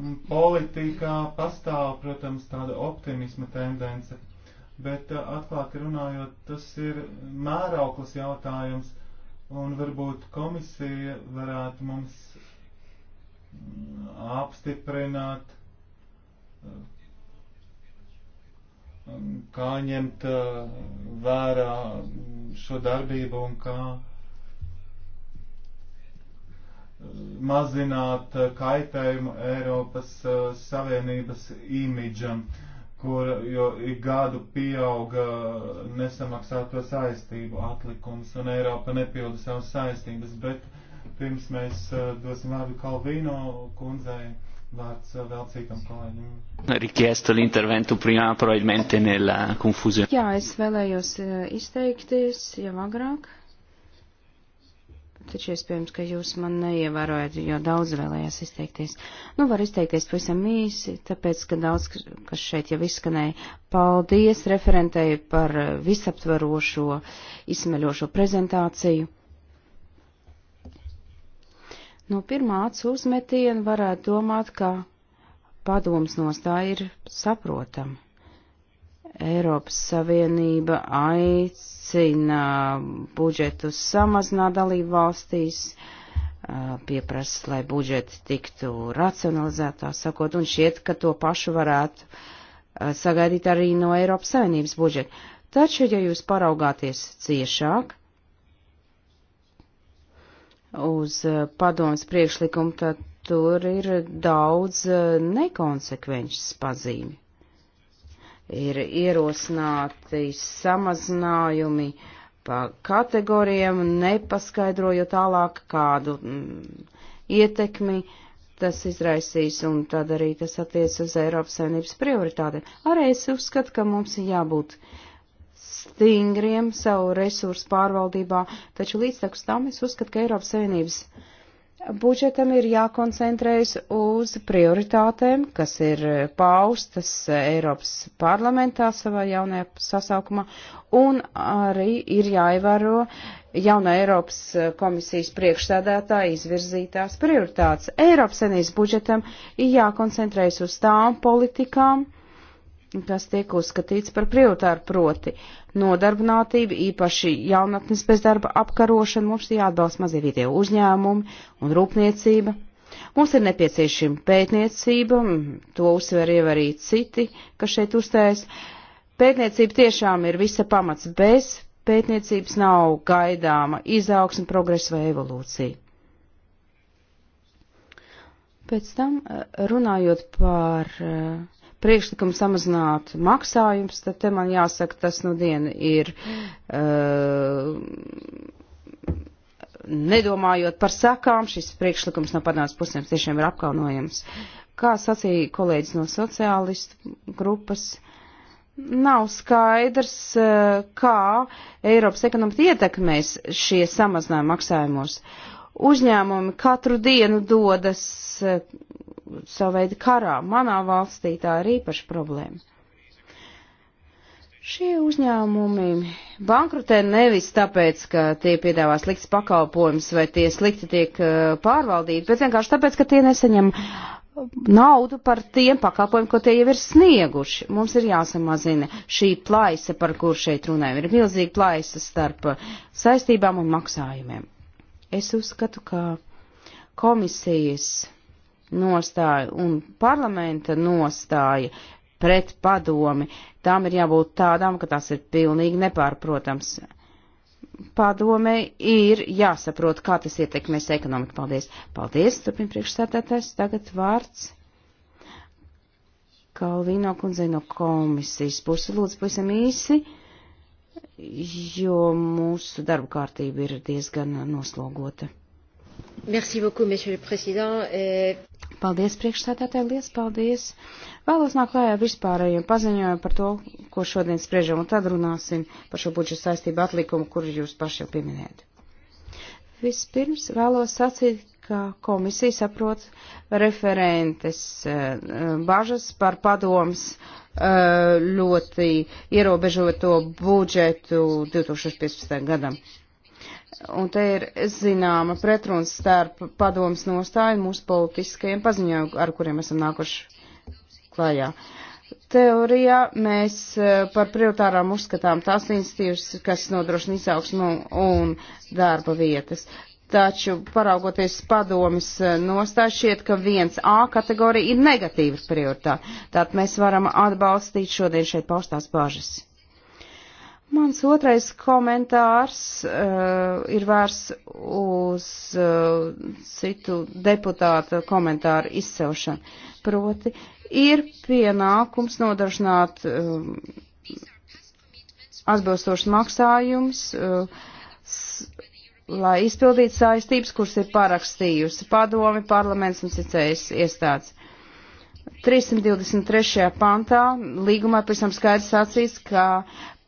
Un politikā pastāv, protams, tāda optimisma tendence, bet atklāti runājot, tas ir mērauklas jautājums un varbūt komisija varētu mums mm, apstiprināt, mm, kā ņemt mm, vērā šo darbību un kā mazināt kaitējumu Eiropas Savienības imidžam. Uh, kur jo ik gadu pieauga nesamaksāto saistību atlikums un Eiropa nepilda savas saistības, bet pirms mēs eh, dosim vārdu Kalvīno kundzei, vārds eh, vēl citam kolēģim. Richiesto l'intervento prima probabilmente nella confusione. Jā, es vēlējos eh, izteikties jau agrāk taču iespējams, ka jūs man neievērojat, jo daudz vēlējās izteikties. Nu, var izteikties pavisam īsi, tāpēc, ka daudz, kas šeit jau izskanēja, paldies referentei par visaptvarošo, izsmeļošo prezentāciju. No pirmā acu uzmetiena varētu domāt, ka padoms nostāja ir saprotama. Eiropas Savienība aic aicina budžetus samazināt dalību valstīs, pieprasa, lai budžeti tiktu racionalizētā sakot, un šķiet, ka to pašu varētu sagaidīt arī no Eiropas Savienības budžeta. Taču, ja jūs paraugāties ciešāk uz padomas priekšlikumu, tad tur ir daudz nekonsekvenčas pazīmi ir ierosināti samazinājumi pa kategorijiem, nepaskaidrojot tālāk kādu mm, ietekmi tas izraisīs, un tad arī tas attiec uz Eiropas saimnības prioritātēm. Arī es uzskatu, ka mums ir jābūt stingriem savu resursu pārvaldībā, taču līdz tam es uzskatu, ka Eiropas saimnības prioritātēm budžetam ir jākoncentrējas uz prioritātēm, kas ir paustas Eiropas parlamentā savā jaunajā sasaukumā, un arī ir jāievēro jauna Eiropas komisijas priekšsēdētā izvirzītās prioritātes. Eiropas senīs budžetam ir jākoncentrējas uz tām politikām, kas tiek uzskatīts par prioritāru proti nodarbinātību, īpaši jaunatnes bezdarba apkarošana, mums ir jāatbalsta mazie vidēji uzņēmumi un rūpniecība. Mums ir nepieciešama pētniecība, to uzsver jau arī citi, kas šeit uzstājas. Pētniecība tiešām ir visa pamats, bez pētniecības nav gaidāma izaugsme, progresa vai evolūcija. Pēc tam eh, runājot par uh, priekšlikumu samazināt maksājums, tad te man jāsaka, tas nu diena ir uh, nedomājot par sakām, šis priekšlikums no padāmas pusēm tiešām ir apkaunojams. Kā sacīja kolēģis no sociālistu grupas, nav skaidrs, uh, kā Eiropas ekonomika ietekmēs šie samazinājumi maksājumos uzņēmumi katru dienu dodas eh, savu veidu karā. Manā valstī tā ir īpaša problēma. Šie uzņēmumi bankrutē nevis tāpēc, ka tie piedāvā slikts pakalpojums vai tie slikti tiek uh, pārvaldīti, bet vienkārši tāpēc, ka tie nesaņem naudu par tiem pakalpojumiem, ko tie jau ir snieguši. Mums ir jāsamazina šī plaisa, par kur šeit runājam. Ir milzīga plaisa starp saistībām un maksājumiem. Es uzskatu, ka komisijas nostāja un parlamenta nostāja pret padomi, tām ir jābūt tādām, ka tas ir pilnīgi nepārprotams. Padome ir jāsaprot, kā tas ietekmēs ekonomiku. Paldies! Paldies, turpin priekšsēdētājs. Tagad vārds Kalvino kundzei no komisijas puses. Lūdzu, pavisam īsi, jo mūsu darba kārtība ir diezgan noslogota. Merci beaucoup, monsieur le président. Et... Eh, Paldies priekšsētātājiem, liels paldies. Vēlos nāk klājā vispārējiem paziņojumu par to, ko šodien spriežam, un tad runāsim par šo budžeta saistību atlikumu, kuru jūs paši jau pieminējat. Vispirms vēlos sacīt, ka komisija saprot referentes eh, bažas par padoms eh, ļoti ierobežoto budžetu 2015. gadam. Un te ir zināma pretruns starp padomas nostāju un mūsu politiskajiem paziņojumiem, ar kuriem esam nākuši klājā. Teorijā mēs e, par prioritārām uzskatām tās institīvas, kas nodrošina izaugsmu un darba vietas. Taču, paraugoties padomas e, nostāju, šķiet, ka viens A kategorija ir negatīvas prioritāte. Tātad mēs varam atbalstīt šodien šeit paustās bažas. Mans otrais komentārs uh, ir vērs uz uh, citu deputātu komentāru izcelšanu. Proti, ir pienākums nodrošināt um, atbilstošs maksājums, uh, lai izpildītu saistības, kuras ir parakstījusi padomi, parlaments un citējas iestādes. 323. pantā līgumā pēc tam skaidrs sacīts, ka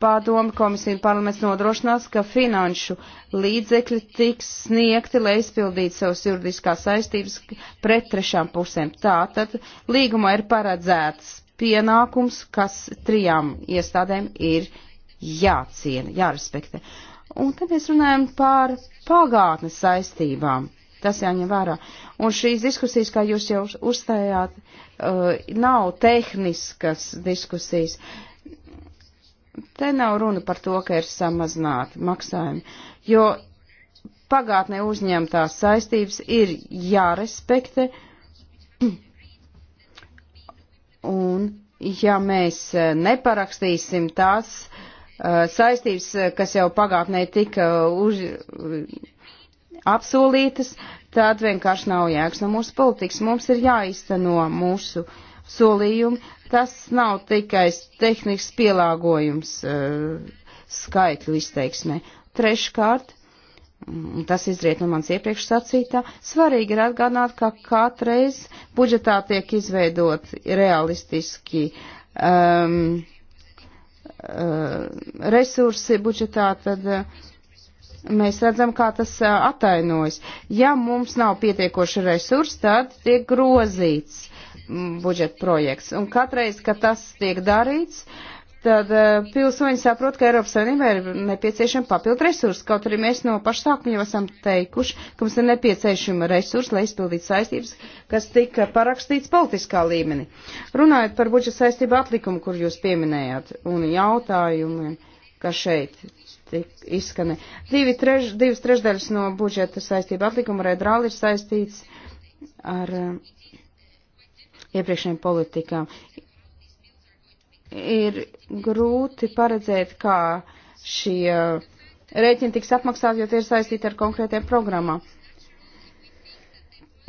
pārdomu komisija un parlaments nodrošinās, ka finanšu līdzekļi tiks sniegti, lai izpildītu savas juridiskās saistības pret trešām pusēm. Tātad līgumā ir paredzēts pienākums, kas trijām iestādēm ir jāciena, jārespektē. Un tad mēs runājam par pagātnes saistībām. Tas jāņem vērā. Un šīs diskusijas, kā jūs jau uzstājāt, eh, nav tehniskas diskusijas. Te nav runa par to, ka ir samazināti maksājumi, jo pagātnē uzņemtās saistības ir jārespekte. Un ja mēs eh, neparakstīsim tās eh, saistības, kas jau pagātnē tika uz, apsolītas, tad vienkārši nav jēgas no mūsu politikas. Mums ir jāizteno mūsu solījumi. Tas nav tikai tehnikas pielāgojums eh, skaitļu izteiksmē. Treškārt, tas izriet no mans iepriekš sacītā, svarīgi ir atgādināt, ka katreiz budžetā tiek izveidot realistiski um, uh, resursi budžetā, tad uh, mēs redzam, kā tas atainojas. Ja mums nav pietiekoši resursi, tad tiek grozīts budžeta projekts. Un katreiz, kad tas tiek darīts, tad pilsoņi saprot, ka Eiropas Savienībā ir nepieciešama papildu resursi. Kaut arī mēs no paša sākuma jau esam teikuši, ka mums ir nepieciešama resursi, lai izpildītu saistības, kas tika parakstīts politiskā līmenī. Runājot par budžeta saistību atlikumu, kur jūs pieminējāt, un jautājumiem, kas šeit izskanē. Divi trež, divas trešdaļas no budžeta saistība atlikuma ar Edrali ir saistīts ar eh, iepriekšējiem politikām. Ir grūti paredzēt, kā šie rēķini tiks apmaksāti, jo tie ir saistīti ar konkrētiem programmām.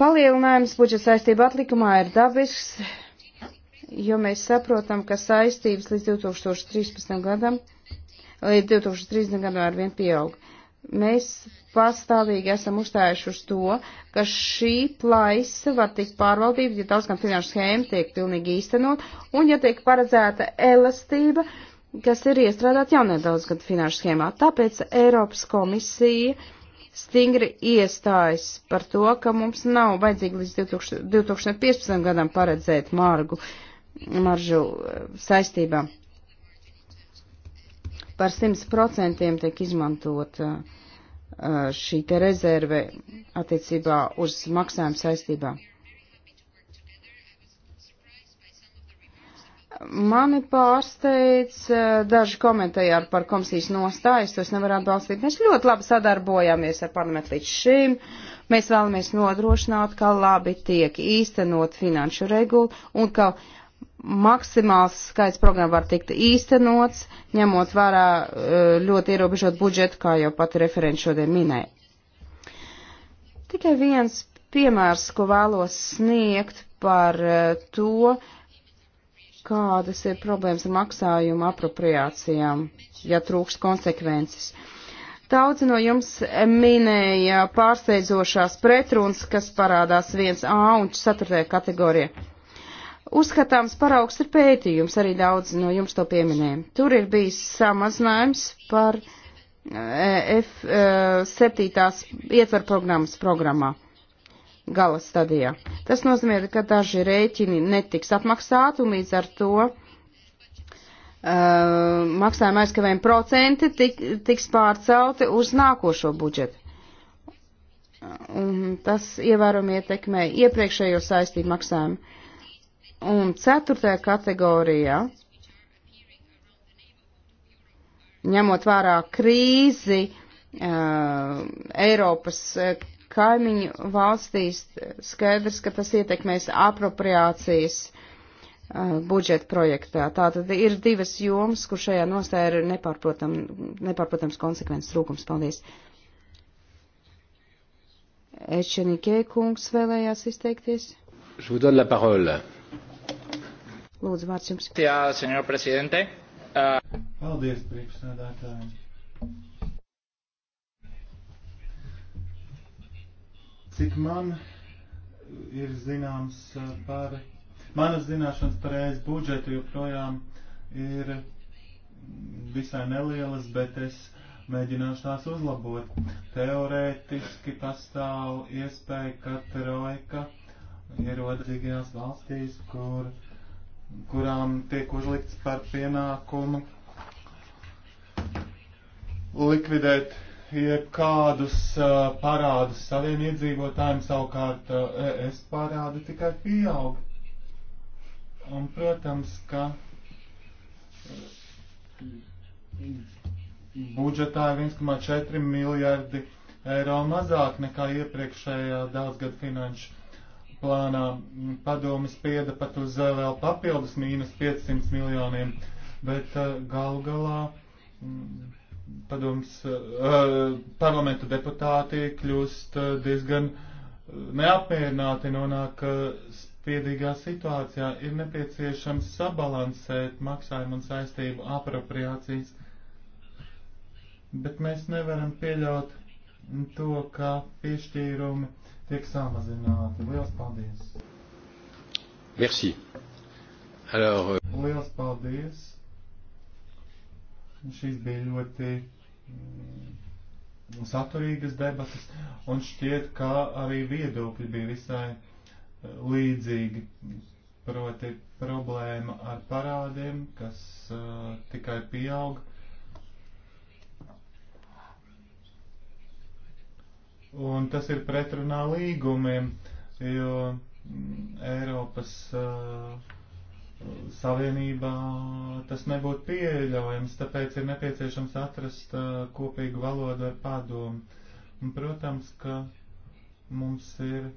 Palielinājums budžeta saistība atlikumā ir dabisks, jo mēs saprotam, ka saistības līdz 2013. gadam līdz 2030. gadam ar vien pieaug. Mēs pastāvīgi esam uzstājuši uz to, ka šī plaisa var tikt pārvaldīta, ja daudzkam finanšu schēma tiek pilnīgi īstenot, un ja tiek paredzēta elastība, kas ir iestrādāt jaunajā daudzgadu finanšu schēmā. Tāpēc Eiropas komisija stingri iestājas par to, ka mums nav vajadzīgi līdz 2000, 2015. gadam paredzēt margu, maržu eh, saistībām par 100% tiek izmantot uh, uh, šī te rezerve attiecībā uz maksājumu saistībā. Mani pārsteidz uh, daži komentāri par komisijas nostājas, tos nevar atbalstīt. Mēs ļoti labi sadarbojāmies ar parlamentu līdz šim. Mēs vēlamies nodrošināt, ka labi tiek īstenot finanšu regulu un ka uh, maksimāls skaits programmu var tikt īstenots, ņemot vērā e, ļoti ierobežot budžetu, kā jau pati referents šodien minēja. Tikai viens piemērs, ko vēlos sniegt par e, to, kādas ir problēmas ar maksājumu apropriācijām, ja trūks konsekvences. Daudzi no jums minēja pārsteidzošās pretrunas, kas parādās 1A un 4. kategorijā Uzskatāms paraugs ir pētījums, arī daudz no jums to pieminēja. Tur ir bijis samazinājums par eh, F7 eh, ietver programmas programmā gala stadijā. Tas nozīmē, ka daži rēķini netiks apmaksāti un līdz ar to uh, maksājuma aizkavējuma procenti tik, tiks pārcelti uz nākošo budžetu. Un tas ievērumi ietekmē iepriekšējo saistību maksājumu. Uh, Un ceturtajā kategorijā, ņemot vērā krīzi uh, Eiropas kaimiņu valstīs, skaidrs, ka tas ietekmēs apropriācijas uh, budžeta projektā. Tātad ir divas jomas, kur šajā nostā ir nepārprotam, nepārprotams konsekvences trūkums. Paldies! Ečenikē kungs vēlējās izteikties. Je vous donne la parole. Lūdzu, vārds jums. Jā, senjor prezidente. Uh... Paldies, priekšsēdētāji. Cik man ir zināms uh, par, manas zināšanas par ēst budžetu joprojām ir visai nelielas, bet es mēģināšu tās uzlabot. Teorētiski pastāv iespēja, ka trojka ierodzīgajās valstīs, kur uh, kurām tiek uzlikts par pienākumu likvidēt jebkādus uh, parādus saviem iedzīvotājiem, savukārt uh, es parādu tikai pieaug. Un, protams, ka budžetā ir 1,4 miljardi eiro mazāk nekā iepriekšējā daudzgad finanšu plānā. Mm, Padomi spieda pat uz eh, vēl papildus mīnus 500 miljoniem, bet eh, galu galā mm, padoms, eh, parlamenta deputāti kļūst diezgan neapmierināti, nonāk spiedīgā situācijā. Ir nepieciešams sabalansēt maksājumu un saistību apropriācijas, bet mēs nevaram pieļaut to, ka piešķīrumi tiek samazināti. Lielas paldies! Merci. Alors, euh... Lielas paldies! Šīs bija ļoti mm, saturīgas debatas, un šķiet, ka arī viedokļi bija visai eh, līdzīgi. Proti problēma ar parādiem, kas uh, tikai pieauga un tas ir pretrunā līgumiem, jo mm, Eiropas uh, Savienībā tas nebūtu pieļaujams, tāpēc ir nepieciešams atrast uh, kopīgu valodu ar padomu. Un, protams, ka mums ir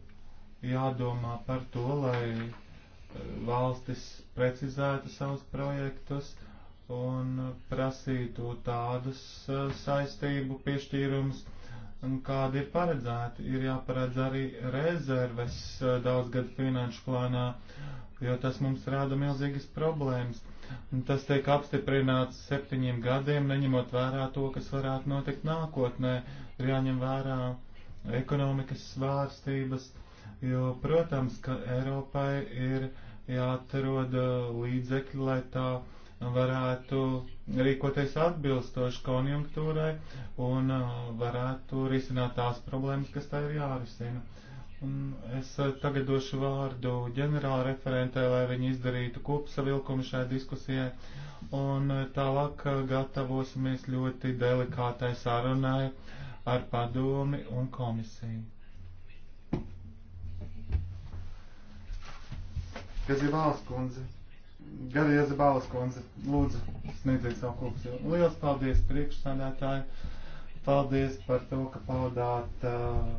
jādomā par to, lai uh, valstis precizētu savus projektus un uh, prasītu tādas uh, saistību piešķīrumus, uh, kādi ir paredzēti. Ir jāparedz arī rezerves eh, daudzgadu finanšu plānā, jo tas mums rāda milzīgas problēmas. Un tas tiek apstiprināts septiņiem gadiem, neņemot vērā to, kas varētu notikt nākotnē. Ir jāņem vērā ekonomikas svārstības, jo, protams, ka Eiropai ir jāatrod eh, līdzekļi, lai tā varētu rīkoties atbilstoši konjunktūrai un uh, varētu risināt tās problēmas, kas tā ir jārisina. Un es uh, tagad došu vārdu ģenerāla referentē, lai viņi izdarītu kopsavilkumu šai diskusijai, un uh, tālāk gatavosimies ļoti delikātai sarunai ar padomi un komisiju. Kas ir valsts kundze? Gadieza Balaskundze, lūdzu, sniedziet savu kopsi. Lielas paldies priekšsādātāji, paldies par to, ka paudāt uh,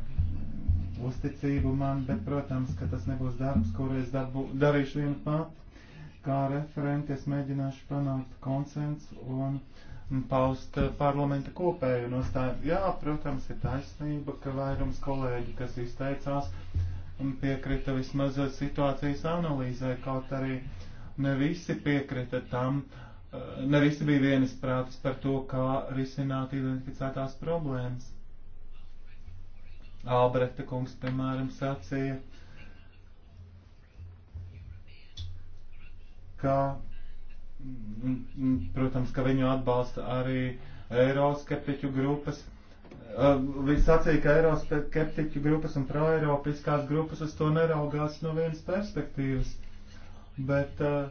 uzticību man, bet, protams, ka tas nebūs darbs, kuru es darbu, darīšu vienu pat. Kā referenti es mēģināšu panākt konsensu un paust uh, parlamenta kopēju nostāju. Jā, protams, ir taisnība, ka vairums kolēģi, kas izteicās, piekrita vismaz uh, situācijas analīzē, kaut arī Ne visi piekrita tam, eh, ne visi bija vienas prātas par to, kā risināt identificētās problēmas. Albrehta kungs, piemēram, sacīja, ka, mm, mm, protams, ka viņu atbalsta arī eiroskeptiķu grupas. Eh, viņš sacīja, ka eiroskeptiķu grupas un proeiropiskās grupas uz to neraugās no vienas perspektīvas. Uh, bet uh,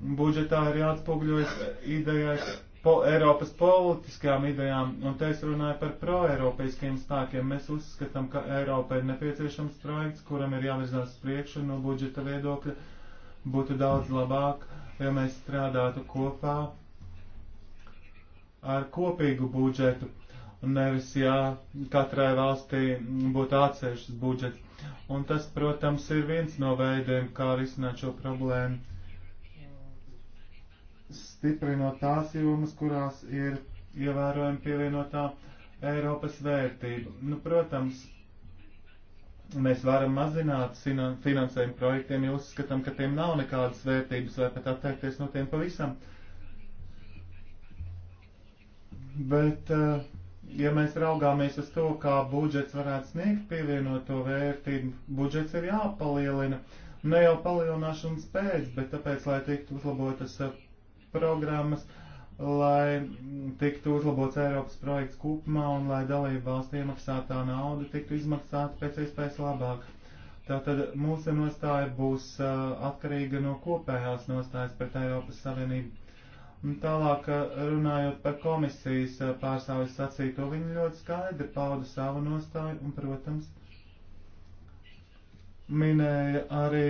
budžetā arī atspogļojas idejas po Eiropas politiskajām idejām, un te es runāju par proeiropeiskiem spēkiem. Mēs uzskatām, ka Eiropai ir nepieciešams projekts, kuram ir jāvirzās priekšu no budžeta viedokļa. Būtu daudz labāk, ja mēs strādātu kopā ar kopīgu budžetu, un nevis, ja katrai valstī būtu atsevišķs budžets Un tas, protams, ir viens no veidiem, kā risināt šo problēmu, stiprinot tās jomas, kurās ir ievērojami pievienotā Eiropas vērtība. Nu, protams, mēs varam mazināt finansējumu projektiem, ja uzskatām, ka tiem nav nekādas vērtības vai pat atteikties no tiem pavisam. Bet uh, ja mēs raugāmies uz to, kā budžets varētu sniegt pievienoto vērtību, budžets ir jāpalielina. Ne jau palielināšanas pēc, bet tāpēc, lai tiktu uzlabotas eh, programmas, lai tiktu uzlabots Eiropas projekts kopumā un lai dalību valsts iemaksātā nauda tiktu izmaksāta pēc iespējas labāk. Tātad mūsu nostāja būs uh, atkarīga no kopējās nostājas pret Eiropas Savienību Tālāk, eh, runājot par komisijas eh, pārstāvis sacīto, viņi ļoti skaidri pauda savu nostāju un, protams, minēja arī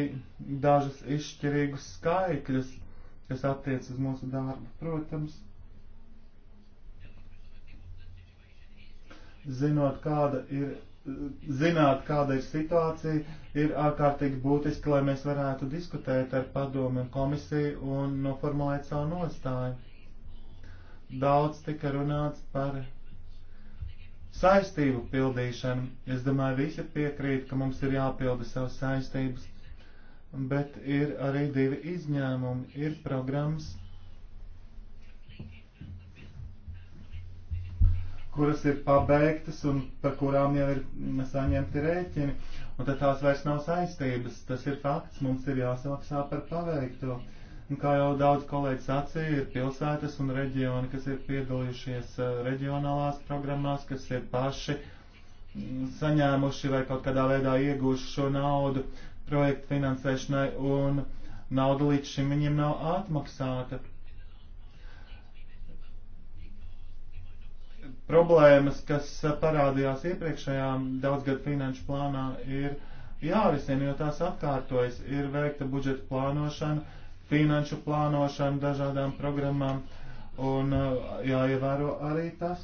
dažus izšķirīgus skaitļus, kas attiec uz mūsu darbu, protams. Zinot, kāda ir zināt, kāda ir situācija, ir ārkārtīgi būtiski, lai mēs varētu diskutēt ar padomu un komisiju un noformulēt savu nostāju. Daudz tika runāts par saistību pildīšanu. Es domāju, visi piekrīt, ka mums ir jāpilda savas saistības, bet ir arī divi izņēmumi. Ir programmas, kuras ir pabeigtas un par kurām jau ir saņemti rēķini, un tad tās vairs nav saistības. Tas ir fakts, mums ir jāsamaksā par paveikto. Un kā jau daudz kolēģi sacīja, ir pilsētas un reģioni, kas ir piedalījušies eh, reģionālās programmās, kas ir paši mm, saņēmuši vai kaut kādā veidā iegūši šo naudu projektu finansēšanai, un nauda līdz šim viņiem nav atmaksāta problēmas, kas eh, parādījās iepriekšējā daudzgadu finanšu plānā, ir jārisina, jo tās atkārtojas. Ir veikta budžeta plānošana, finanšu plānošana dažādām programmām, un eh, jāievēro arī tas.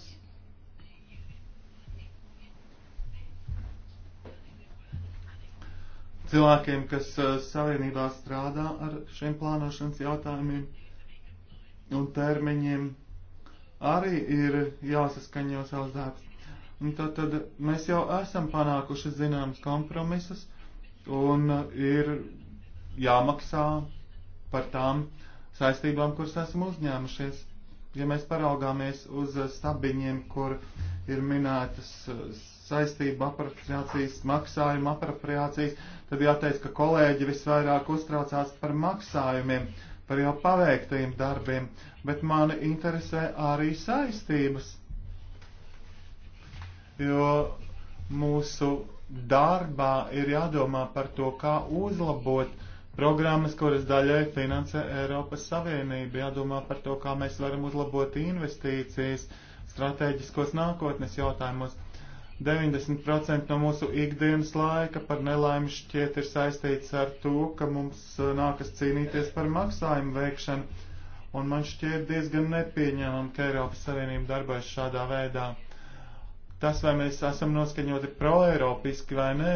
Cilvēkiem, kas eh, savienībā strādā ar šiem plānošanas jautājumiem un termiņiem, arī ir jāsaskaņo savs darbs. Un tad, tad mēs jau esam panākuši zināmas kompromisus un ir jāmaksā par tām saistībām, kuras esam uzņēmušies. Ja mēs paraugāmies uz stabiņiem, kur ir minētas saistību apropriācijas, maksājuma apropriācijas, tad jāteic, ka kolēģi visvairāk uztraucās par maksājumiem, par jau paveiktajiem darbiem. Uh, bet mani interesē arī saistības. Jo mūsu darbā ir jādomā par to, kā uzlabot programmas, kuras daļai finansē Eiropas Savienība, jādomā par to, kā mēs varam uzlabot investīcijas stratēģiskos nākotnes jautājumos. 90% no mūsu ikdienas laika par nelaimi šķiet ir saistīts ar to, ka mums eh, nākas cīnīties par maksājumu veikšanu un man šķiet diezgan nepieņemam, ka Eiropas Savienība darbojas šādā veidā. Tas, vai mēs esam noskaņoti proeiropiski vai nē,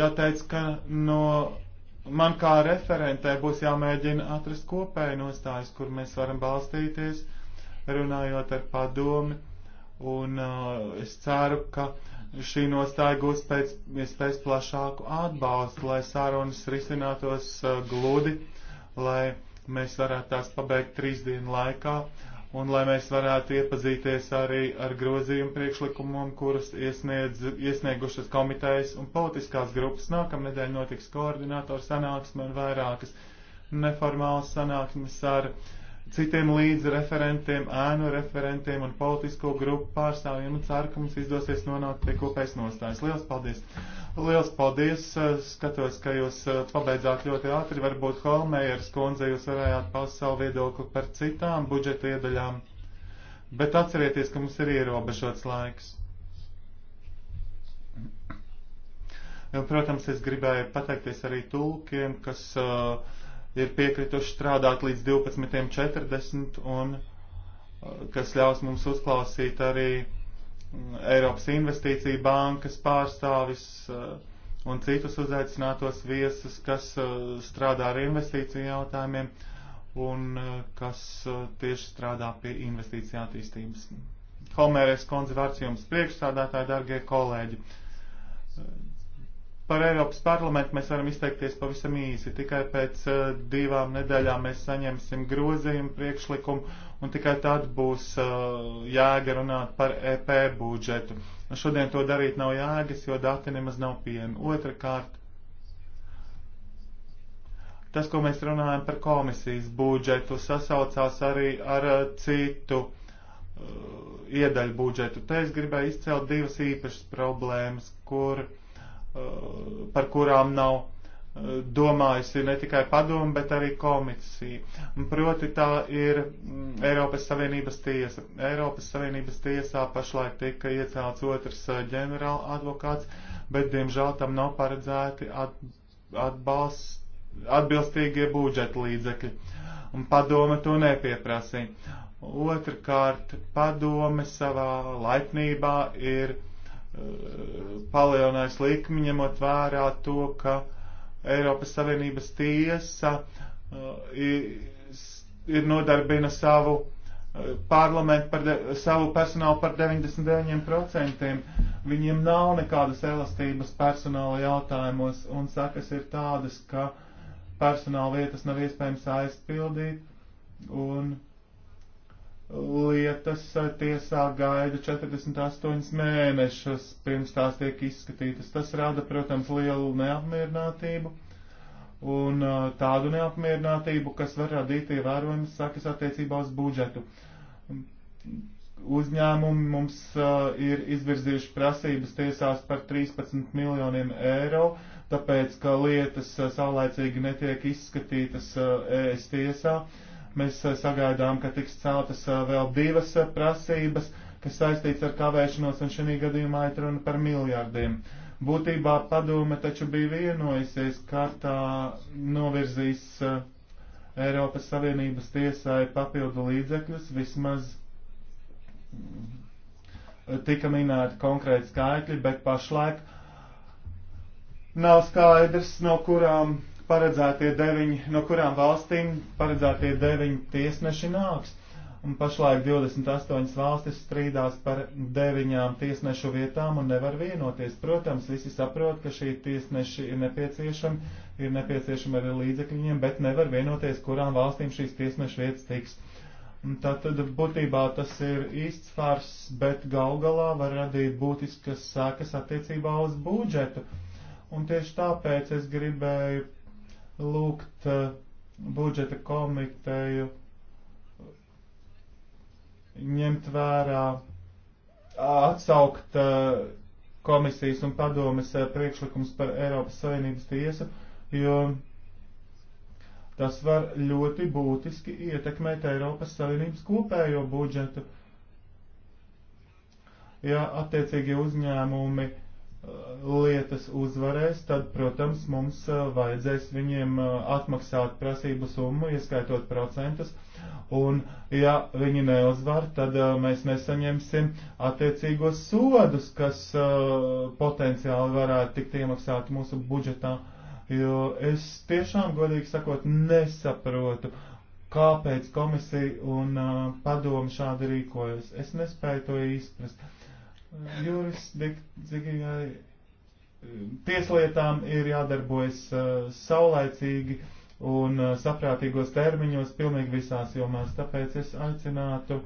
jāteic, ka no man kā referentē būs jāmēģina atrast kopēju nostājus, kur mēs varam balstīties, runājot ar padomi, un uh, es ceru, ka šī nostāja gūs pēc iespējas plašāku atbalstu, lai sarunas risinātos uh, gludi, lai uh, mēs varētu tās pabeigt trīs dienu laikā, un lai mēs varētu iepazīties arī ar grozījumu priekšlikumiem, kurus iesniedz, iesniegušas komitejas un politiskās grupas. Nākamnedēļ notiks koordinātoru sanāksme un vairākas neformālas sanāksmes ar uh, citiem līdzreferentiem, ēnu referentiem un politisko grupu pārstāvjiem un ceru, ka mums izdosies nonākt pie kopējas nostājas. Lielas paldies! Lielas paldies! Skatos, ka jūs eh, pabeidzāt ļoti ātri. Varbūt Holmējers kundze jūs varējāt paust savu viedokli par citām budžeta iedaļām. Bet atcerieties, ka mums ir ierobežots laiks. Protams, es gribēju pateikties arī tulkiem, kas uh, ir piekrituši strādāt līdz 12.40 un eh, kas ļaus mums uzklausīt arī mm, Eiropas investīcija bankas pārstāvis eh, un citus uzaicinātos viesus, kas eh, strādā ar investīciju jautājumiem un kas tieši strādā pie investīciju attīstības. Homērēs kundze vārds jums priekšstādātāji, dargie kolēģi. Par Eiropas parlamentu mēs varam izteikties pavisam īsi. Tikai pēc uh, divām nedēļām mēs saņemsim grozījumu priekšlikumu, un tikai tad būs uh, jēga runāt par EP budžetu. Un nu, šodien to darīt nav jēgas, jo dati nemaz nav pieejami. Otrakārt, tas, ko mēs runājam par komisijas budžetu, sasaucās arī ar uh, citu uh, iedaļu budžetu. Te es gribēju izcelt divas īpašas problēmas, kur uh, Eh, par kurām nav eh, domājusi ne tikai padomu, bet arī komisija. Proti tā ir mm, Eiropas Savienības tiesa. Eiropas Savienības tiesā pašlaik tika iecelts otrs eh, ģenerāla advokāts, bet diemžēl tam nav paredzēti at, atbalsts, atbilstīgie budžeta līdzekļi. Un padome to nepieprasīja. Otrkārt, padome savā laipnībā ir palielinājis likmi, ņemot vērā to, ka Eiropas Savienības tiesa uh, ir nodarbina savu uh, parlamentu par de, savu personālu par 99%. Viņiem nav nekādas elastības personāla jautājumos, un sakas ir tādas, ka personāla vietas nav iespējams aizpildīt, un lietas eh, tiesā gaida 48 mēnešus, pirms tās tiek izskatītas. Tas rada, protams, lielu neapmierinātību un eh, tādu neapmierinātību, kas var radīt ievērojamas sakas attiecībā uz budžetu. Uzņēmumi mums eh, ir izvirzījuši prasības tiesās par 13 miljoniem eiro, tāpēc, ka lietas saulēcīgi netiek izskatītas ES tiesā. Uh, Mēs eh, sagaidām, ka tiks celtas eh, vēl divas eh, prasības, kas saistīts ar kavēšanos, un šī gadījumā ir runa par miljārdiem. Būtībā padome taču bija vienojusies, ka tā novirzīs Eiropas Savienības tiesai papildu līdzekļus vismaz mm, tika minēti konkrēti skaitļi, bet pašlaik nav skaidrs, no kurām paredzētie deviņi, no kurām valstīm paredzētie deviņi tiesneši nāks. Un pašlaik 28 valstis strīdās par deviņām tiesnešu vietām un nevar vienoties. Protams, visi saprot, ka šī tiesneši ir nepieciešami, ir nepieciešami arī līdzekļiem, bet nevar vienoties, kurām valstīm šīs tiesnešu vietas tiks. Tātad būtībā tas ir īsts fars, bet gal galā var radīt būtiskas sākas attiecībā uz budžetu. Un tieši tāpēc es gribēju lūgt eh, budžeta komiteju ņemt vērā, atsaukt eh, komisijas un padomes eh, priekšlikums par Eiropas Savienības tiesu, jo tas var ļoti būtiski ietekmēt Eiropas Savienības kopējo budžetu. Ja attiecīgi uzņēmumi uh, lietas uzvarēs, tad, protams, mums vajadzēs viņiem atmaksāt prasību summu, ieskaitot procentus, un ja viņi neuzvar, tad mēs nesaņemsim attiecīgos sodus, kas potenciāli varētu tikt iemaksāti mūsu budžetā, jo es tiešām, godīgi sakot, nesaprotu, kāpēc komisija un padomu šādi rīkojas. Es nespēju to izprast jurisdikcijai um, tieslietām ir jādarbojas uh, saulēcīgi un uh, saprātīgos termiņos pilnīgi visās jomās. Tāpēc es aicinātu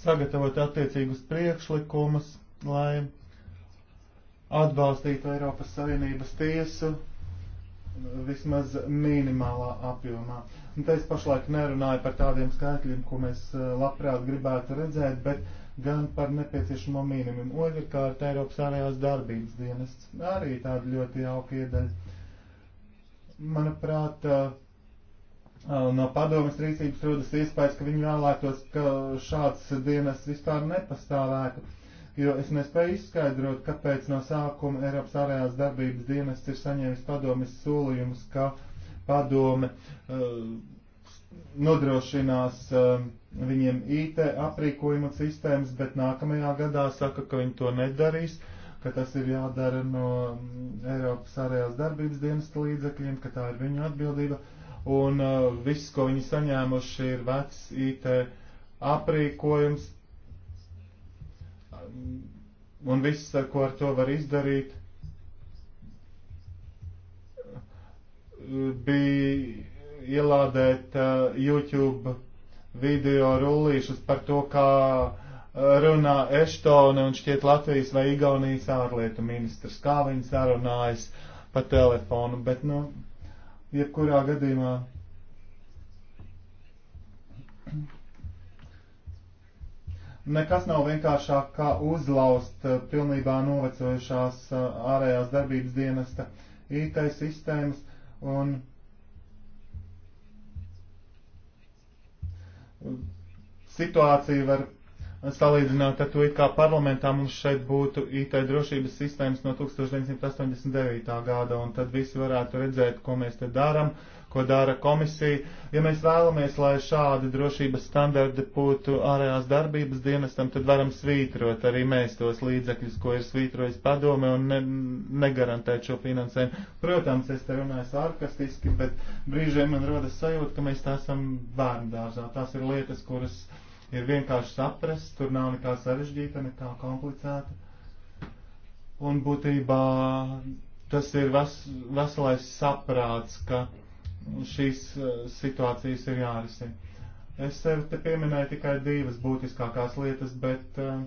sagatavot attiecīgus priekšlikumus, lai atbalstītu Eiropas Savienības tiesu vismaz minimālā apjomā. Uh, Bet es pašlaik nerunāju par tādiem skaitļiem, ko mēs eh, labprāt gribētu redzēt, bet gan par nepieciešamo minimumu. Otrkārt, Eiropas ārējās darbības dienests. Arī tāda ļoti jauka iedaļa. Manuprāt, eh, eh, no padomas rīcības rodas iespējas, ka viņi vēlētos, ka šāds dienests vispār nepastāvētu jo es nespēju izskaidrot, kāpēc no sākuma Eiropas ārējās darbības dienests ir saņēmis padomjas solījumus, ka uh, padome eh, nodrošinās eh, viņiem IT aprīkojuma sistēmas, bet nākamajā gadā saka, ka viņi to nedarīs, ka tas ir jādara no mm, Eiropas ārējās darbības dienesta līdzekļiem, ka tā ir viņu atbildība. Un eh, viss, ko viņi saņēmuši, ir vecs IT aprīkojums, un viss, ko ar to var izdarīt, bija ielādēt uh, YouTube video rullīšus par to, kā uh, runā Eštone un šķiet Latvijas vai Igaunijas ārlietu ministrs, kā viņi sarunājas pa telefonu, bet, nu, jebkurā gadījumā. Nekas nav vienkāršāk kā uzlaust uh, pilnībā novecojušās uh, ārējās darbības dienesta IT sistēmas, un uh, situāciju var salīdzināt ar to, it kā parlamentā mums šeit būtu IT drošības sistēmas no 1989. gada, un tad visi varētu redzēt, ko mēs te darām, uh, ko dara komisija. Ja mēs vēlamies, lai šādi drošības standarti būtu ārējās darbības dienestam, tad varam svītrot arī mēs tos līdzekļus, ko ir svītrojis padome un ne, negarantēt šo finansējumu. Protams, es te runāju sarkastiski, bet brīžiem man rodas sajūta, ka mēs tā esam bērndārzā. Tās ir lietas, kuras ir vienkārši saprast, tur nav nekā sarežģīta, nekā komplicēta. Un būtībā tas ir ves, veselais saprāts, ka šīs eh, situācijas ir jārisina. Es sev te pieminēju tikai divas būtiskākās lietas, bet uh,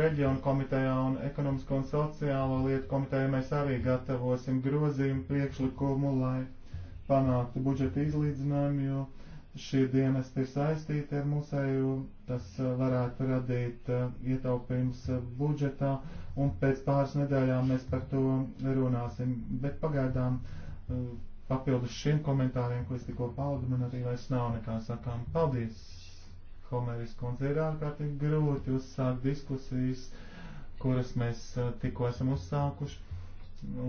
reģionu komitejā un ekonomisko un sociālo lietu komitejā mēs arī gatavosim grozījumu priekšlikumu, lai panāktu budžeta izlīdzinājumu, jo šie dienesti ir saistīti ar musēju, tas eh, varētu radīt uh, ietaupījums budžetā, un pēc pāris nedēļām mēs par to runāsim, bet pagaidām uh, papildus šiem komentāriem, ko es tikko paudu, man arī vairs nav nekā sakām. Paldies, Homeris kundze, ir ārkārtīgi grūti uzsākt diskusijas, kuras mēs eh, tikko esam uzsākuši.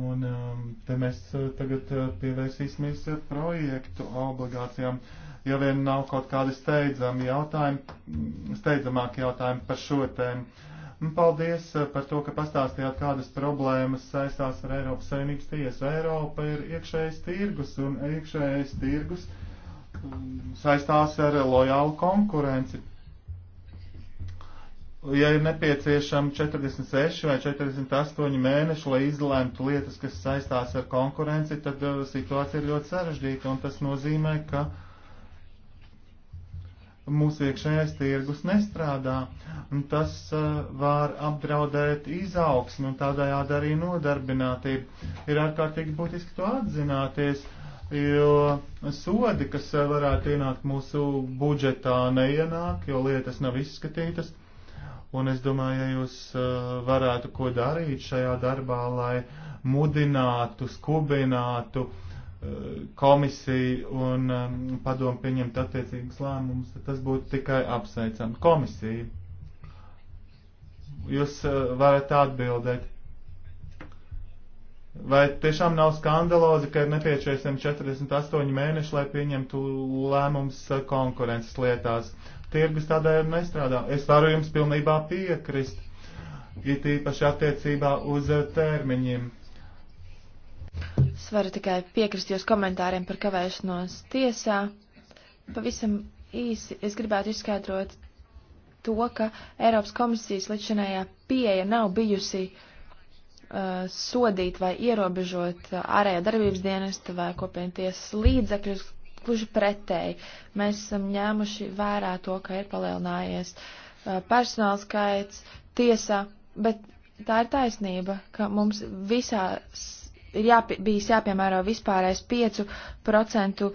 Un um, te mēs eh, tagad eh, pievērsīsimies projektu obligācijām. Ja vien nav kaut kādi steidzami jautājumi, steidzamāki jautājumi par šo tēmu. Paldies eh, par to, ka pastāstījāt, kādas problēmas saistās ar Eiropas Savienības tiesu. Eiropa ir iekšējais tirgus, un iekšējais tirgus mm, saistās ar lojālu konkurenci. Ja ir nepieciešami 46 vai 48 mēneši, lai izlemtu lietas, kas saistās ar konkurenci, tad eh, situācija ir ļoti sarežģīta, un tas nozīmē, ka uh, mūsu iekšējais tirgus nestrādā. Un tas uh, var apdraudēt izaugsmu un tādējādi arī nodarbinātību. Ir ārkārtīgi būtiski to atzināties, jo sodi, kas uh, varētu ienākt mūsu budžetā, neienāk, jo lietas nav izskatītas. Un es domāju, ja jūs uh, varētu ko darīt šajā darbā, lai mudinātu, skubinātu uh, Eh, komisija un eh, padomu pieņemt attiecīgas lēmumus, tad tas būtu tikai apsveicami. Komisija, jūs eh, varat atbildēt. Vai tiešām nav skandalozi, ka ir nepieciešami 48 mēneši, lai pieņemtu lēmums konkurences lietās? Tirgus tādēļ nestrādā. Es varu jums pilnībā piekrist, it īpaši attiecībā uz termiņiem Es varu tikai piekrist jūs komentāriem par kavēšanos tiesā. Pavisam īsi es gribētu izskaidrot to, ka Eiropas komisijas līdzinējā pieeja nav bijusi uh, sodīt vai ierobežot uh, ārējā darbības dienesta vai kopienu tiesas līdzekļus, gluži pretēji. Mēs esam ņēmuši vērā to, ka ir palielinājies uh, personāla skaits tiesā, bet tā ir taisnība, ka mums visās ir jāpie, bijis jāpiemēro vispārējais 5%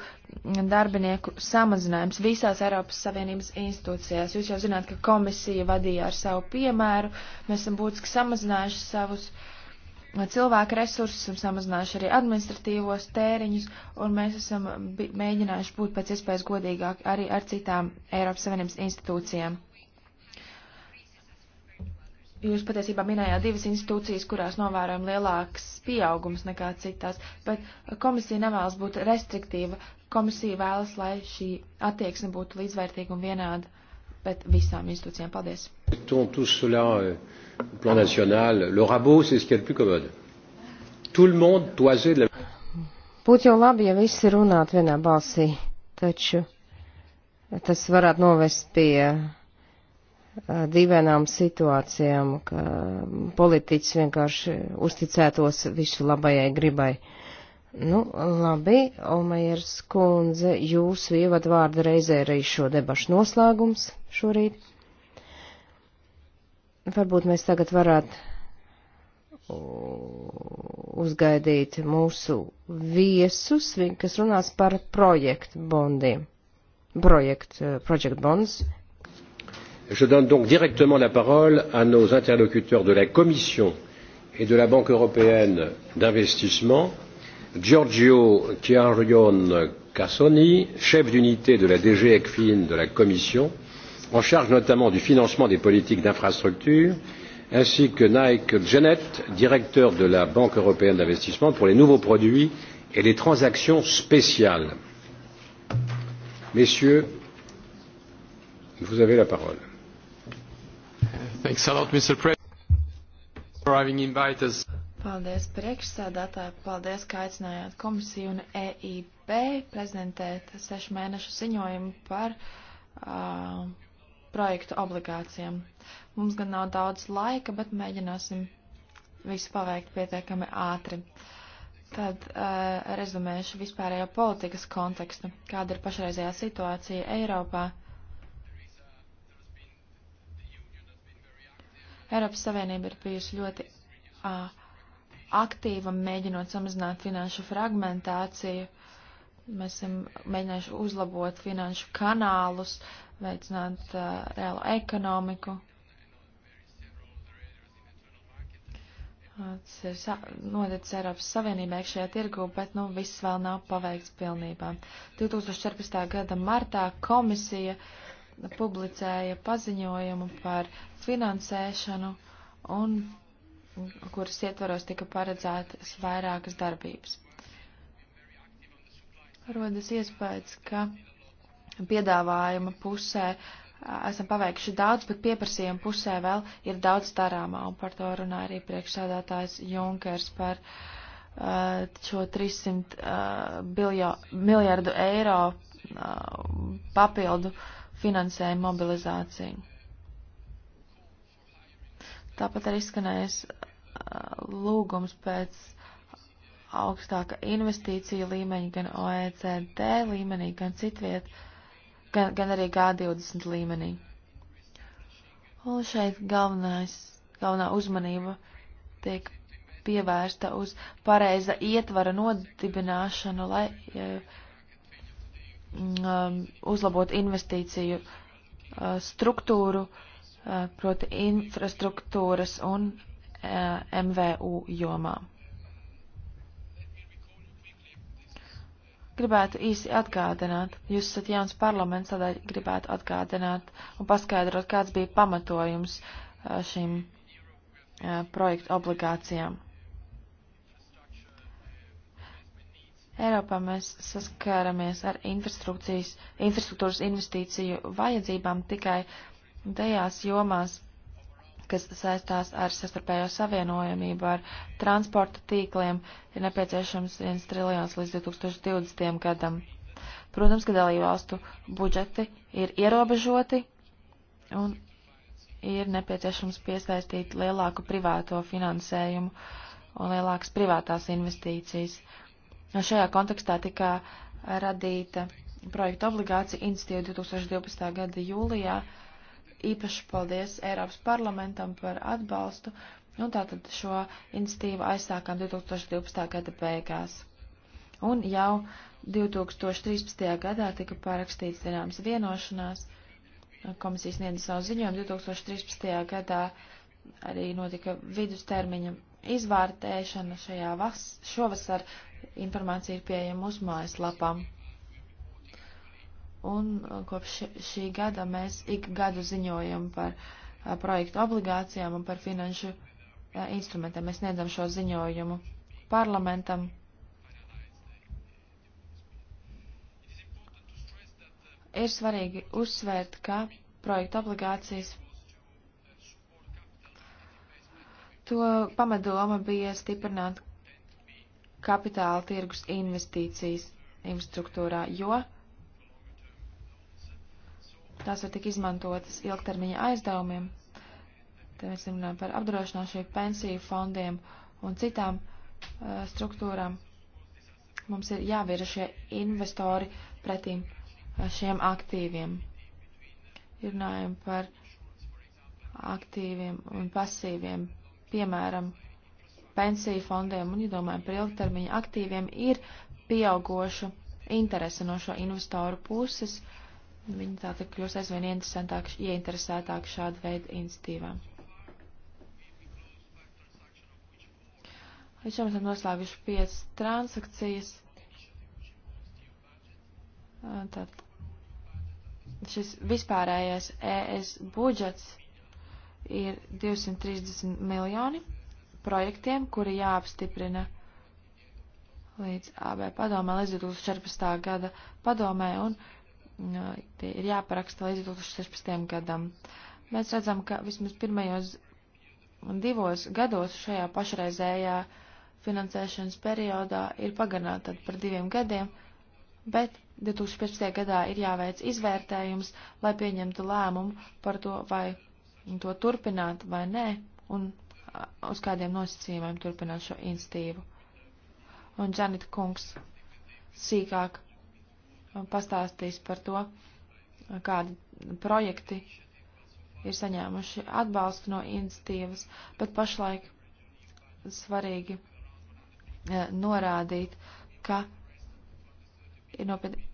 darbinieku samazinājums visās Eiropas Savienības institūcijās. Jūs jau zināt, ka komisija vadīja ar savu piemēru, mēs esam būtiski samazinājuši savus cilvēku resursus, esam samazinājuši arī administratīvos tēriņus, un mēs esam mēģinājuši būt pēc iespējas godīgāk arī ar citām Eiropas Savienības institūcijām. Jūs patiesībā minējāt divas institūcijas, kurās novērojam lielāks pieaugums nekā citās, bet komisija nevēlas būt restriktīva. Komisija vēlas, lai šī attieksme būtu līdzvērtīga un vienāda, bet visām institūcijām. Paldies! Euh, būtu jau labi, ja visi runātu vienā balsī, taču tas varētu novest pie dīvainām situācijām, ka politiķis vienkārši uzticētos visu labajai gribai. Nu, labi, Omejers kundze, jūsu ievadvārda reizē arī šo debašu noslēgums šorīt. Varbūt mēs tagad varētu uzgaidīt mūsu viesus, kas runās par projektu bondiem. Projekt, project bonds, je donne donc directement la parole à nos interlocuteurs de la commission et de la banque européenne d'investissement giorgio chiarion cassoni chef d'unité de la dg ecfin de la commission en charge notamment du financement des politiques d'infrastructures ainsi que nike jennett directeur de la banque européenne d'investissement pour les nouveaux produits et les transactions spéciales. messieurs vous avez la parole. Thanks a lot, Mr. President. Paldies priekšsēdētāji, paldies, ka aicinājāt komisiju un EIB prezentēt sešu mēnešu ziņojumu par uh, projektu obligācijām. Mums gan nav daudz laika, bet mēģināsim visu paveikt pietiekami ātri. Tad uh, rezumēšu vispārējo politikas kontekstu, kāda ir pašreizējā situācija Eiropā. Eiropas Savienība ir bijusi ļoti uh, aktīva, mēģinot samazināt finanšu fragmentāciju. Mēs esam mēģinājuši uzlabot finanšu kanālus, veicināt uh, reālu ekonomiku. Uh, tas ir noticis Eiropas Savienībā iekšējā tirgu, bet nu, viss vēl nav paveikts pilnībā. 2014. gada martā komisija uh, publicēja paziņojumu par finansēšanu un kuras ietvaros tika paredzētas vairākas darbības. Rodas iespējas, ka piedāvājuma pusē esam paveikuši daudz, bet pieprasījuma pusē vēl ir daudz darāmā, un par to runā arī priekšsādātājs Junkers par uh, šo 300 uh, biljo, miljardu eiro uh, papildu uh, finansēja mobilizāciju. Tāpat arī skanējas lūgums pēc augstāka investīcija līmeņa gan OECD līmenī, gan citviet, gan, gan arī G20 līmenī. Un šeit galvenais, galvenā uzmanība tiek pievērsta uz pareiza ietvara nodibināšanu, lai uh, Um, uzlabot investīciju uh, struktūru, uh, proti infrastruktūras un uh, MVU jomā. Gribētu īsi atgādināt, jūs esat jauns parlaments, tādēļ gribētu atgādināt un paskaidrot, kāds bija pamatojums šīm projektu obligācijām. Eiropā mēs saskaramies ar infrastruktūras investīciju vajadzībām tikai tajās jomās, kas saistās ar sastarpējo savienojumību, ar transporta tīkliem, ir nepieciešams 1 triljons līdz 2020. gadam. Protams, ka dalībvalstu budžeti ir ierobežoti un ir nepieciešams piesaistīt lielāku privāto finansējumu un lielākas privātās investīcijas. Uh, Nu, šajā kontekstā tika radīta projekta obligācija institīva 2012. gada jūlijā. Īpaši paldies Eiropas parlamentam par atbalstu. Nu, tātad šo institīvu aizsākām 2012. gada beigās. Un jau 2013. gadā tika pārakstīts zināms vienošanās. Komisijas sniedza savu ziņojumu 2013. gadā arī notika vidustermiņa izvārtēšana šajā vas, šovasar informācija ir pieejama uz mājaslapām. Un uh, kopš šī gada mēs ik gadu ziņojam par uh, projektu obligācijām un par finanšu uh, instrumentiem. Mēs niedzam šo ziņojumu parlamentam. Ir svarīgi uzsvērt, ka projektu obligācijas to pamatdoma bija stiprināt kapitāla tirgus investīcijas infrastruktūrā, jo tās var tik izmantotas ilgtermiņa aizdevumiem. Te mēs runājam par apdrošināšanu, pensiju fondiem un citām uh, struktūrām. Mums ir jāvira šie investori pretīm uh, šiem aktīviem. Runājam par aktīviem un pasīviem. Piemēram, uh, pensiju fondiem un, ja domājam par ilgtermiņa aktīviem, ir pieaugoša interese no šo investoru puses. Viņi tātad kļūs aizvien interesantāk, ieinteresētāk šāda veida institīvām. Līdz šim esam noslēguši piecas transakcijas. Tad šis vispārējais ES budžets ir 230 miljoni projektiem, kuri jāapstiprina līdz AB padomē, līdz 2014. gada padomē, un uh, tie ir jāparaksta līdz 2016. gadam. Mēs redzam, ka vismaz pirmajos divos gados šajā pašreizējā finansēšanas periodā ir pagarināta par diviem gadiem, bet 2015. gadā ir jāveic izvērtējums, lai pieņemtu lēmumu par to, vai to turpināt vai nē, un uz kādiem nosacījumiem turpināt šo institīvu. Un Džanita kungs sīkāk um, pastāstīs par to, kādi projekti ir saņēmuši atbalstu no institīvas, bet pašlaik svarīgi uh, norādīt, ka ir nopietni uh,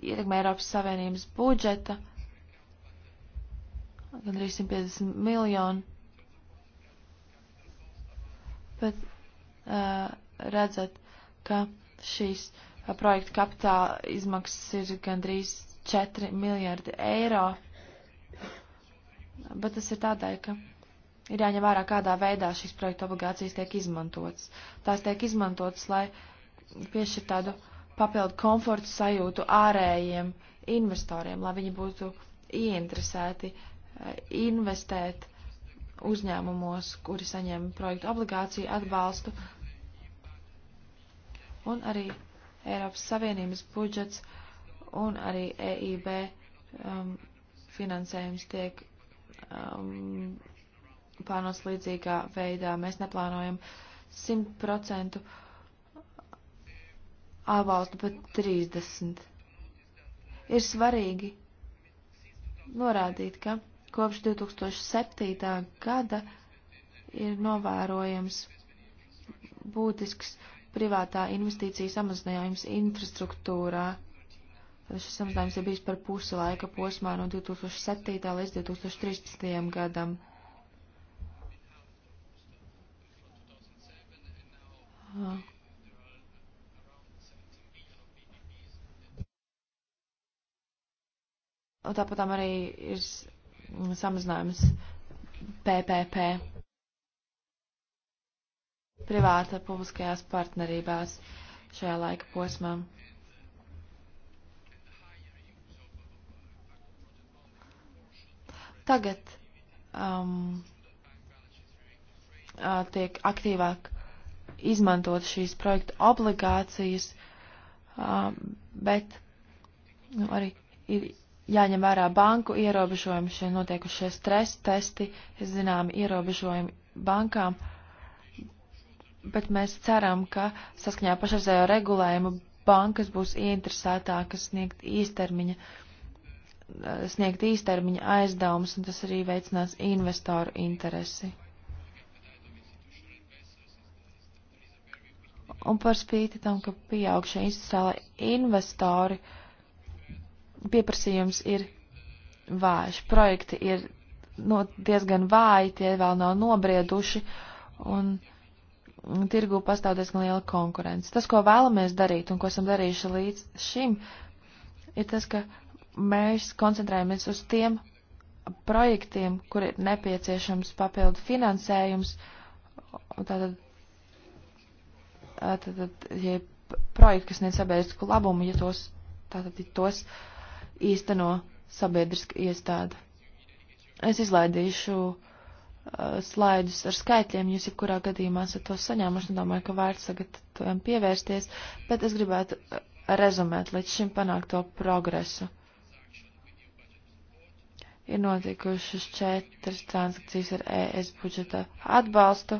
ietekmē Eiropas Savienības budžeta gan 350 miljonu bet uh, redzat, ka šīs uh, projekta kapitāla izmaksas ir gandrīz 4 miljardi eiro. Bet tas ir tādēļ, ka ir jāņem vērā, kādā veidā šīs projekta obligācijas tiek izmantotas. Tās tiek izmantotas, lai piešķirtu tādu papildu komfortu sajūtu ārējiem investoriem, lai viņi būtu ieinteresēti investēt uzņēmumos, kuri saņem projektu obligāciju atbalstu. Un arī Eiropas Savienības budžets un arī EIB um, finansējums tiek um, plānos līdzīgā veidā. Mēs neplānojam 100% atbalstu, bet 30%. Ir svarīgi norādīt, ka Kopš 2007. gada ir novērojams būtisks privātā investīcija samazinājums infrastruktūrā. Šis samazinājums ir bijis par pusi laika posmā no 2007. līdz 2013. gadam. Aha. Un tāpat tam arī ir samazinājumus PPP privāta publiskajās partnerībās šajā laika posmā. Tagad um, tiek aktīvāk izmantot šīs projekta obligācijas, um, bet nu, arī ir jāņem vērā banku ierobežojumi, šie notiekušie stresa testi, zinām, ierobežojumi bankām, bet mēs ceram, ka saskaņā pašreizējo regulējumu bankas būs ieinteresētākas sniegt īstermiņa, eh, sniegt īstermiņa aizdevumus, un tas arī veicinās investoru interesi. Un par spīti tam, ka pieaugšie institucionālai investori uh, pieprasījums ir vājš, projekti ir no, diezgan vāji, tie vēl nav nobrieduši, un tirgu pastāv diezgan liela konkurence. Tas, ko vēlamies darīt un ko esam darījuši līdz šim, ir tas, ka mēs koncentrējamies uz tiem projektiem, kur ir nepieciešams papildu finansējums, tātad, tātad ja projekti, kas nesabiedrisku labumu, ja tos, tātad, ja tos uh, īsteno sabiedriska iestāde. Es izlaidīšu uh, slaidus ar skaitļiem, jūs jebkurā gadījumā esat to saņēmuši, nedomāju, ka vērts tagad tam pievērsties, bet es gribētu uh, rezumēt līdz šim panākto progresu. Ir notikušas četras transakcijas ar ES budžeta atbalstu.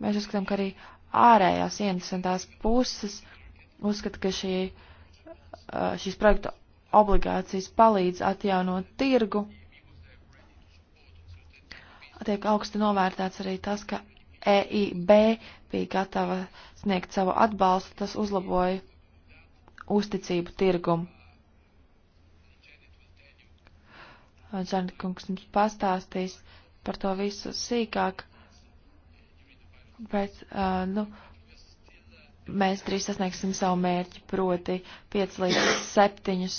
Mēs uzskatām, ka arī ārējās interesantās puses uzskata, ka šī uh, Uh, šīs projekta obligācijas palīdz atjaunot tirgu. Tiek augsti novērtēts arī tas, ka EIB bija gatava sniegt savu atbalstu, tas uzlaboja uzticību tirgumu. Uh, Džanita kungs mums pastāstīs par to visu sīkāk, bet, uh, nu, uh, mēs drīz sasniegsim savu mērķi, proti 5 līdz 7 eh,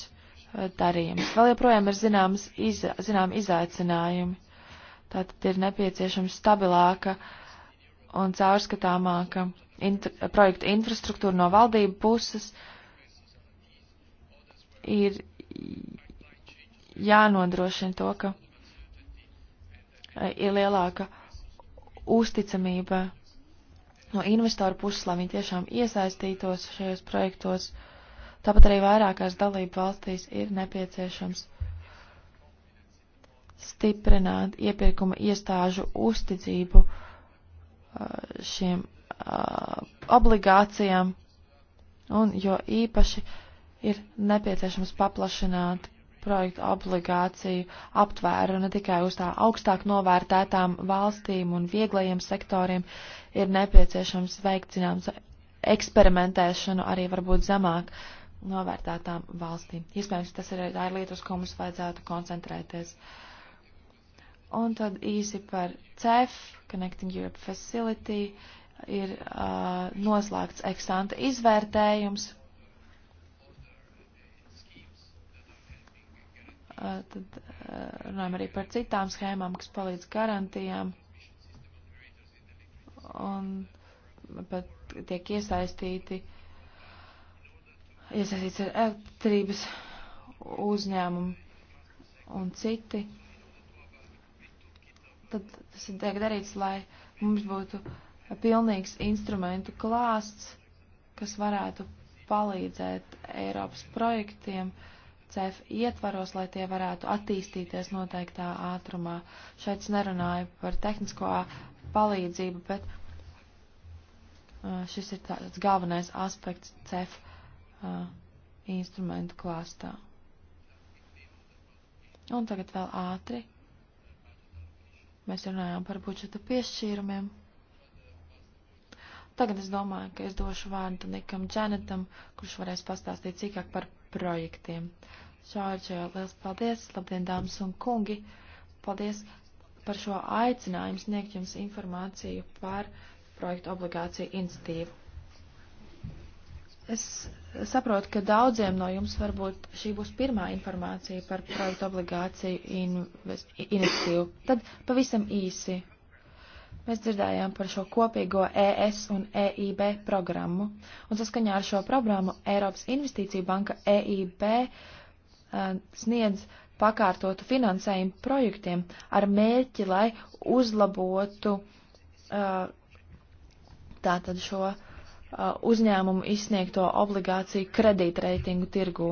darījumus. Vēl joprojām ir zināmas iza, zinām izaicinājumi. Tātad ir nepieciešama stabilāka un caurskatāmāka int projekta infrastruktūra no valdību puses. Ir jānodrošina to, ka eh, ir lielāka uzticamība no investoru puses, lai viņi tiešām iesaistītos šajos projektos. Tāpat arī vairākās dalību valstīs ir nepieciešams stiprināt iepirkuma iestāžu uzticību šiem obligācijām, un jo īpaši ir nepieciešams paplašināt projektu obligāciju aptvēru ne tikai uz tā augstāk novērtētām valstīm un vieglajiem sektoriem, ir nepieciešams veikt zināms eksperimentēšanu arī varbūt zemāk novērtētām valstīm. Iespējams, tas ir tā ir lieta, uz ko mums vajadzētu koncentrēties. Un tad īsi par CEF, Connecting Europe Facility, ir uh, noslēgts eksanta izvērtējums. Uh, tad uh, runājam arī par citām schēmām, kas palīdz garantijām. Uh, un pat tiek iesaistīti, iesaistīts ar elektrības uzņēmumu un citi. Tad tas ir tiek darīts, lai mums būtu pilnīgs instrumentu klāsts, kas varētu palīdzēt Eiropas projektiem CEF ietvaros, lai tie varētu attīstīties noteiktā ātrumā. Šeit es nerunāju par tehnisko palīdzību, bet uh, šis ir tāds galvenais aspekts CEF uh, instrumentu klāstā. Un tagad vēl ātri. Mēs runājām par budžeta piešķīrumiem. Tagad es domāju, ka es došu vārdu Nikam Džanetam, kurš varēs pastāstīt cīkāk par projektiem. Šāģē, liels paldies, labdien, dāmas un kungi! Paldies par šo aicinājumu sniegt jums informāciju par projektu obligāciju institīvu. Es saprotu, ka daudziem no jums varbūt šī būs pirmā informācija par projektu obligāciju iniciatīvu. Tad pavisam īsi. Mēs dzirdējām par šo kopīgo ES un EIB programmu, un saskaņā ar šo programmu Eiropas Investīcija banka EIB uh, eh, sniedz pakārtotu finansējumu projektiem ar mērķi, lai uzlabotu uh, tātad šo uh, uzņēmumu izsniegto obligāciju kredītreitingu tirgū.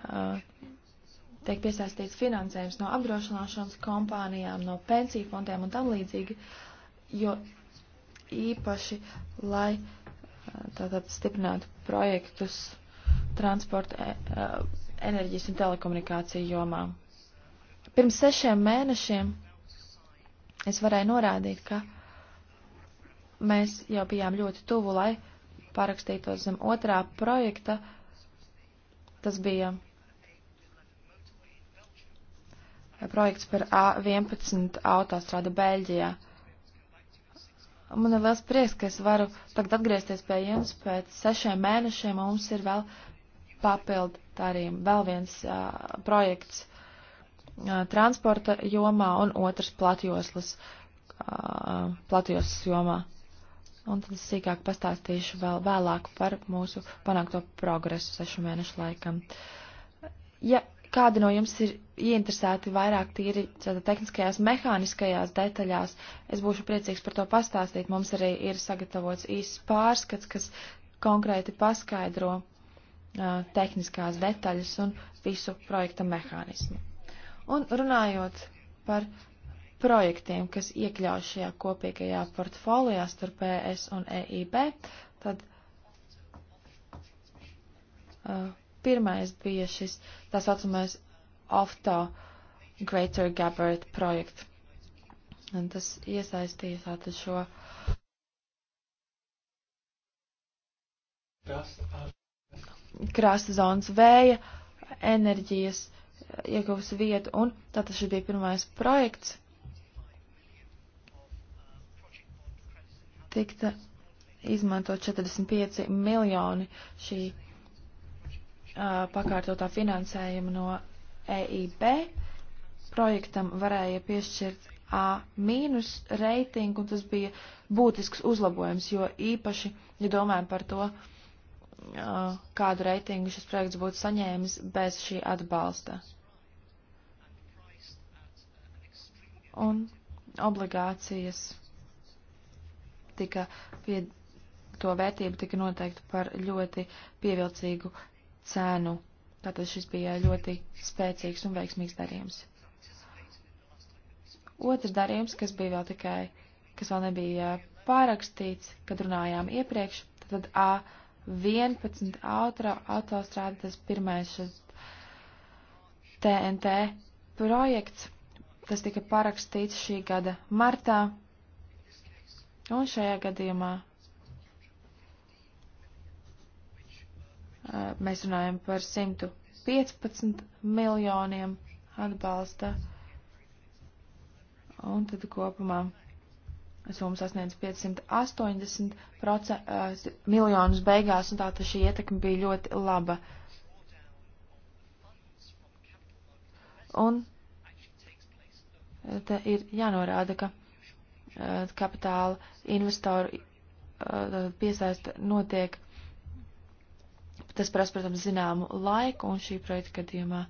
Uh, tiek piesaistīts finansējums no apdrošināšanas kompānijām, no pensiju fondiem un tam līdzīgi, jo īpaši, lai tātad stiprinātu projektus transporta, e, e, enerģijas un telekomunikāciju jomā. Pirms sešiem mēnešiem es varēju norādīt, ka mēs jau bijām ļoti tuvu, lai parakstītos zem otrā projekta. Tas bija projekts par A11 autostrādu Beļģijā. Man ir liels prieks, ka es varu tagad atgriezties pie jums pēc sešiem mēnešiem, un mums ir vēl papildu darījumu. Vēl viens uh, projekts uh, transporta jomā un otrs platjoslas, uh, platjoslas jomā. Un tad es sīkāk pastāstīšu vēl vēlāk par mūsu panākto progresu sešu mēnešu laikam. Ja kādi no jums ir ieinteresēti vairāk tīri tehniskajās, mehāniskajās detaļās, es būšu priecīgs par to pastāstīt. Mums arī ir sagatavots īsts pārskats, kas konkrēti paskaidro uh, tehniskās detaļas un visu projekta mehānismu. Un runājot par projektiem, kas iekļauj šajā kopīgajā portfolijā starp ES un EIB, tad uh, pirmais bija šis tā saucamais OFTO Greater Gabbard projekts. Un tas iesaistīja tātad šo. Just, uh krasta zonas vēja enerģijas eh, ieguvas vietu, un tātad šis bija pirmais projekts. Tikta izmanto 45 miljoni šī uh, pakārtotā finansējuma no EIB. Projektam varēja piešķirt A- reitingu, un tas bija būtisks uzlabojums, jo īpaši, ja domājam par to, uh, kādu reitingu šis projekts būtu saņēmis bez šī atbalsta. Un obligācijas tika pie to vērtību tika noteikta par ļoti pievilcīgu cenu. Tātad šis bija ļoti spēcīgs un veiksmīgs darījums. Otrs darījums, kas bija vēl tikai, kas vēl nebija pārakstīts, kad runājām iepriekš, tad A 11 ātrā autostrāda, tas pirmais šis TNT projekts, tas tika parakstīts šī gada martā, un šajā gadījumā mēs runājam par 115 miljoniem atbalsta, un tad kopumā summa sasniedz 580 procentu, eh, miljonus beigās, un tātad šī ietekme bija ļoti laba. Un eh, te ir jānorāda, ka eh, kapitāla investoru piesaista notiek. Tas prasa, protams, zināmu laiku, un šī projekta gadījumā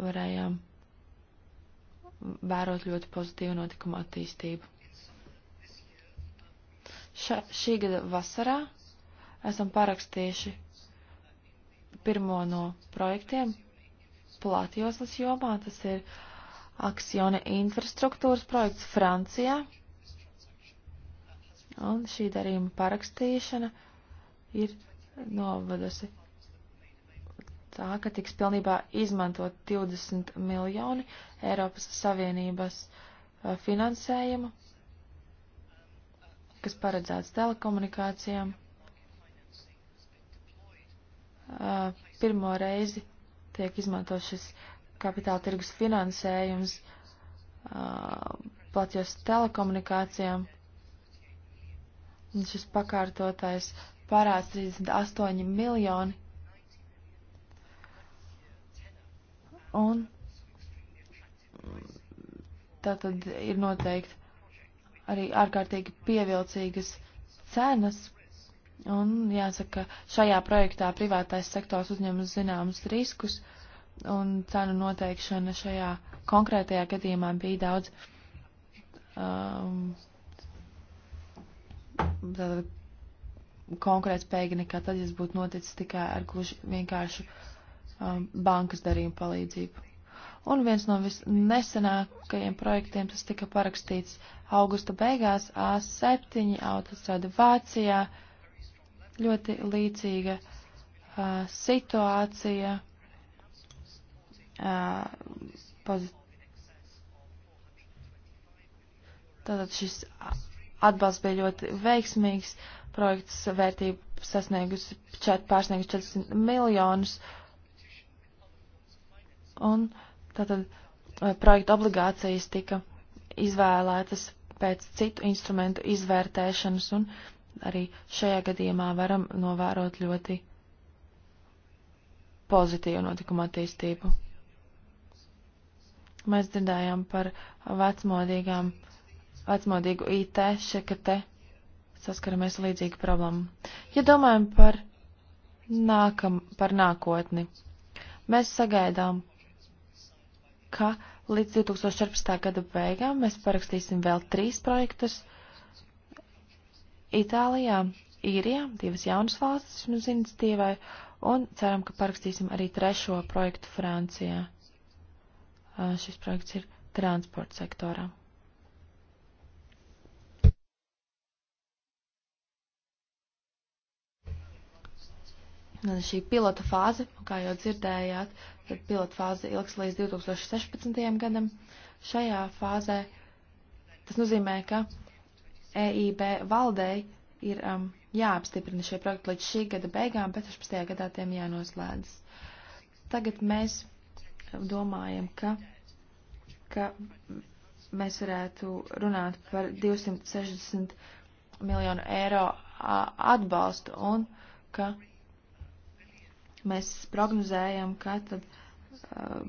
varējām vērot ļoti pozitīvu notikumu attīstību. Ša, šī gada vasarā esam parakstījuši pirmo no projektiem plātjoslas jomā. Tas ir Aksione infrastruktūras projekts Francijā. Un šī darījuma parakstīšana ir novadusi tā, ka tiks pilnībā izmantot 20 miljoni Eiropas Savienības eh, finansējumu kas paredzēts telekomunikācijām. Pirmo reizi tiek izmantots šis kapitāla tirgus finansējums platjos telekomunikācijām. Un šis pakārtotais parāds 38 miljoni. Un tātad ir noteikti arī ārkārtīgi pievilcīgas cenas. Un jāsaka, šajā projektā privātais sektors uzņemas zināmus riskus, un cenu noteikšana šajā konkrētajā gadījumā bija daudz um, konkurētspējīga nekā tad, ja tas būtu noticis tikai ar gluži vienkāršu um, bankas darījumu palīdzību un viens no visnesenākajiem projektiem tas tika parakstīts augusta beigās A7 autostrada Vācijā. Ļoti līdzīga uh, situācija. Uh, pozit... Tātad šis atbalsts bija ļoti veiksmīgs. Projekts vērtība sasniegusi pārsniegus 400 miljonus. Un uh, Tātad eh, projekta obligācijas tika izvēlētas pēc citu instrumentu izvērtēšanas, un arī šajā gadījumā varam novērot ļoti pozitīvu notikumu attīstību. Mēs dzirdējām par vecmodīgām, vecmodīgu IT, šeit, ka te saskaramies līdzīgu problēmu. Ja domājam par, nākam, par nākotni, mēs sagaidām ka līdz 2014. gada beigām mēs parakstīsim vēl trīs projektus Itālijā, Īrijā, divas jaunas valstis mums nu iniciatīvai, un ceram, ka parakstīsim arī trešo projektu Francijā. Šis projekts ir transporta sektorā. Nu, šī pilota fāze, kā jau dzirdējāt, tad pilota fāze ilgs līdz 2016. gadam. Šajā fāzē tas nozīmē, ka EIB valdei ir um, jāapstiprina šie projekti līdz šī gada beigām, bet 16. gadā tiem jānoslēdz. Tagad mēs domājam, ka, ka mēs varētu runāt par 260 miljonu eiro atbalstu un ka Mēs prognozējam, ka tad eh,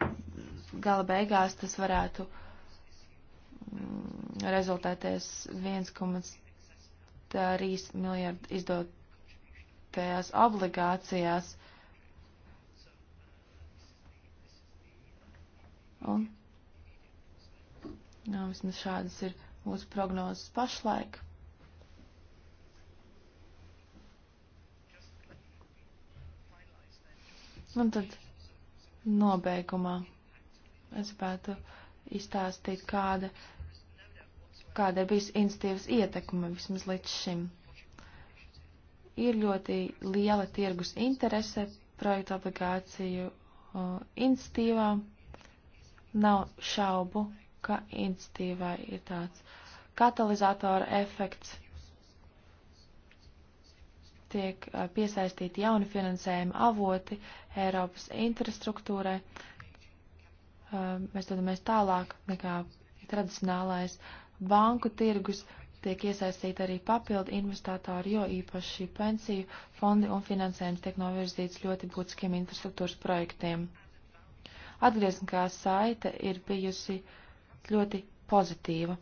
gala beigās tas varētu mm, rezultēties 1,3 miljardu izdotajās obligācijās. Un, nu, vismaz šādas ir mūsu prognozes pašlaik. Un tad nobeigumā es gribētu izstāstīt, kāda, kāda ir bijusi institīvas ietekme vismaz līdz šim. Ir ļoti liela tirgus interese projektu obligāciju uh, institīvā. Nav šaubu, ka institīvā ir tāds katalizatora efekts tiek piesaistīti jauni finansējuma avoti Eiropas infrastruktūrai. Mēs dodamies tālāk nekā tradicionālais banku tirgus, tiek iesaistīti arī papildu investātori, jo īpaši pensiju fondi un finansējums tiek novirzīts ļoti būtiskiem infrastruktūras projektiem. Atgriezniskā saite ir bijusi ļoti pozitīva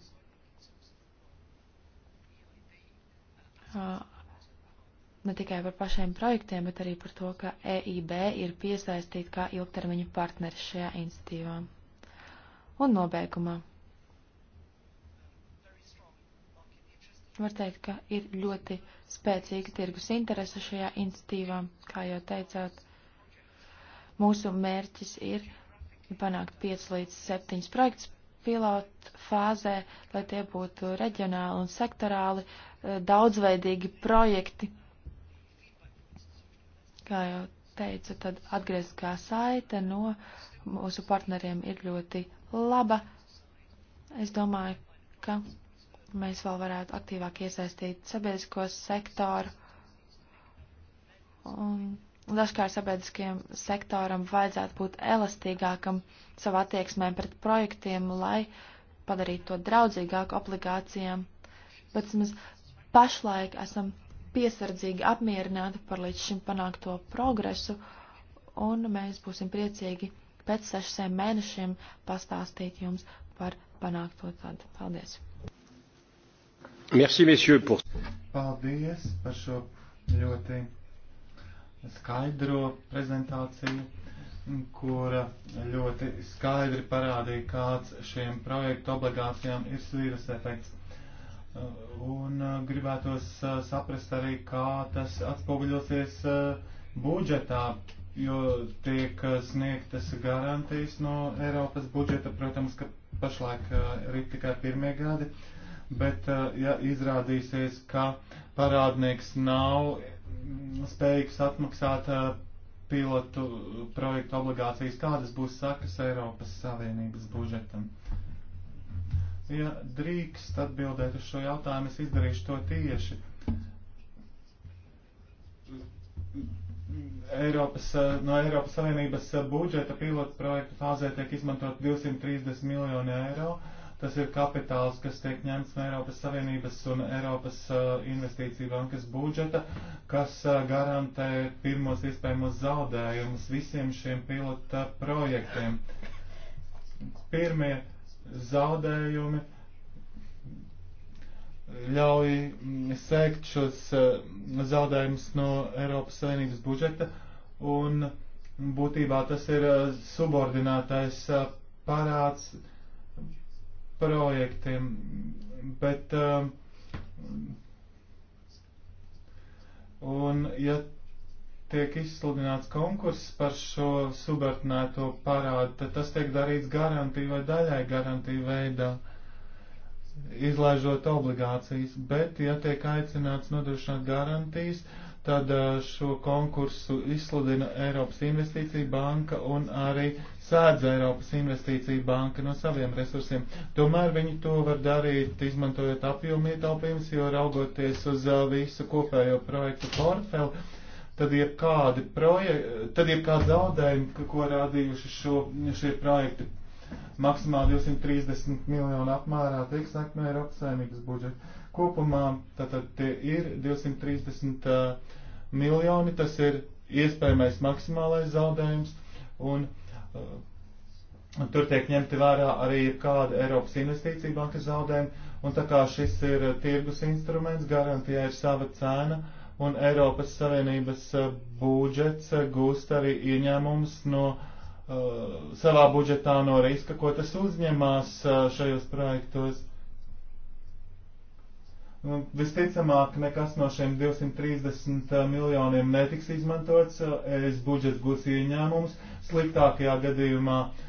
ne tikai par pašiem projektiem, bet arī par to, ka EIB ir piesaistīta kā ilgtermiņa partneris šajā institīvā. Un nobeigumā. Var teikt, ka ir ļoti spēcīga tirgus interese šajā institīvā, kā jau teicāt. Mūsu mērķis ir panākt 5 līdz 7 projekts pilotu fāzē, lai tie būtu reģionāli un sektorāli eh, daudzveidīgi projekti Kā jau teicu, tad atgrieztā saite no mūsu partneriem ir ļoti laba. Es domāju, ka mēs vēl varētu aktīvāk iesaistīt sabiedrisko sektoru. Un dažkārt sabiedriskajam sektoram vajadzētu būt elastīgākam savā attieksmē pret projektiem, lai padarītu to draudzīgāku obligācijām. Bet mēs pašlaik esam piesardzīgi apmierināti par līdz šim panākto progresu, un mēs būsim priecīgi pēc sešiem mēnešiem pastāstīt jums par panākto tad. Paldies! Merci, messieurs, pour... Paldies par šo ļoti skaidro prezentāciju, kura ļoti skaidri parādīja, kāds šiem projektu obligācijām ir svīras efekts. Un uh, gribētos uh, saprast arī, kā tas atspoguļosies uh, budžetā, jo tiek sniegtas garantijas no Eiropas budžeta, protams, ka pašlaik ir tikai pirmie gadi, bet ja izrādīsies, ka parādnieks nav spējīgs atmaksāt pilotu projektu obligācijas, kādas būs sakas Eiropas Savienības budžetam? Uh, Ja drīkst atbildēt uz šo jautājumu, es izdarīšu to tieši. Eiropas, no Eiropas Savienības budžeta pilotu projektu fāzē tiek izmantot 230 miljoni eiro. Tas ir kapitāls, kas tiek ņemts no Eiropas Savienības un Eiropas uh, investīcija bankas budžeta, kas uh, garantē pirmos iespējamos zaudējumus visiem šiem pilota uh, projektiem. Pirmie zaudējumi ļauj mm, sēkt šos eh, zaudējumus no Eiropas Savienības budžeta, un būtībā tas ir eh, subordinātais eh, parāds projektiem. Bet, un, ja tiek izsludināts konkurss par šo subordinēto parādu, tad tas tiek darīts garantiju vai daļai garantiju veidā, izlaižot obligācijas. Bet, ja tiek aicināts nodrošināt garantijas, tad šo konkursu izsludina Eiropas Investīcija banka un arī sēdz Eiropas Investīcija banka no saviem resursiem. Tomēr viņi to var darīt, izmantojot apjomu ietaupījumus, jo raugoties uz visu kopējo projektu portfeli, tad ir kādi, proje, tad ir kādi zaudējumi, ko rādījuši šo, šie projekti. Maksimāli 230 miljonu apmērā tiek sakmē Eiropas saimnības budžeta. Kopumā tātad tie ir 230 uh, miljoni, tas ir iespējamais maksimālais zaudējums, un uh, tur tiek ņemti vērā arī kāda Eiropas investīcija bankas zaudējuma, un tā kā šis ir tirgus instruments, garantijai ir sava cena, uh, un Eiropas Savienības eh, budžets eh, gūst arī ieņēmums no uh, savā budžetā no riska, ko tas uzņemās uh, šajos projektos. Nu, visticamāk, nekas no šiem 230 miljoniem netiks izmantots, uh, es budžets gūs ieņēmums, sliktākajā gadījumā uh,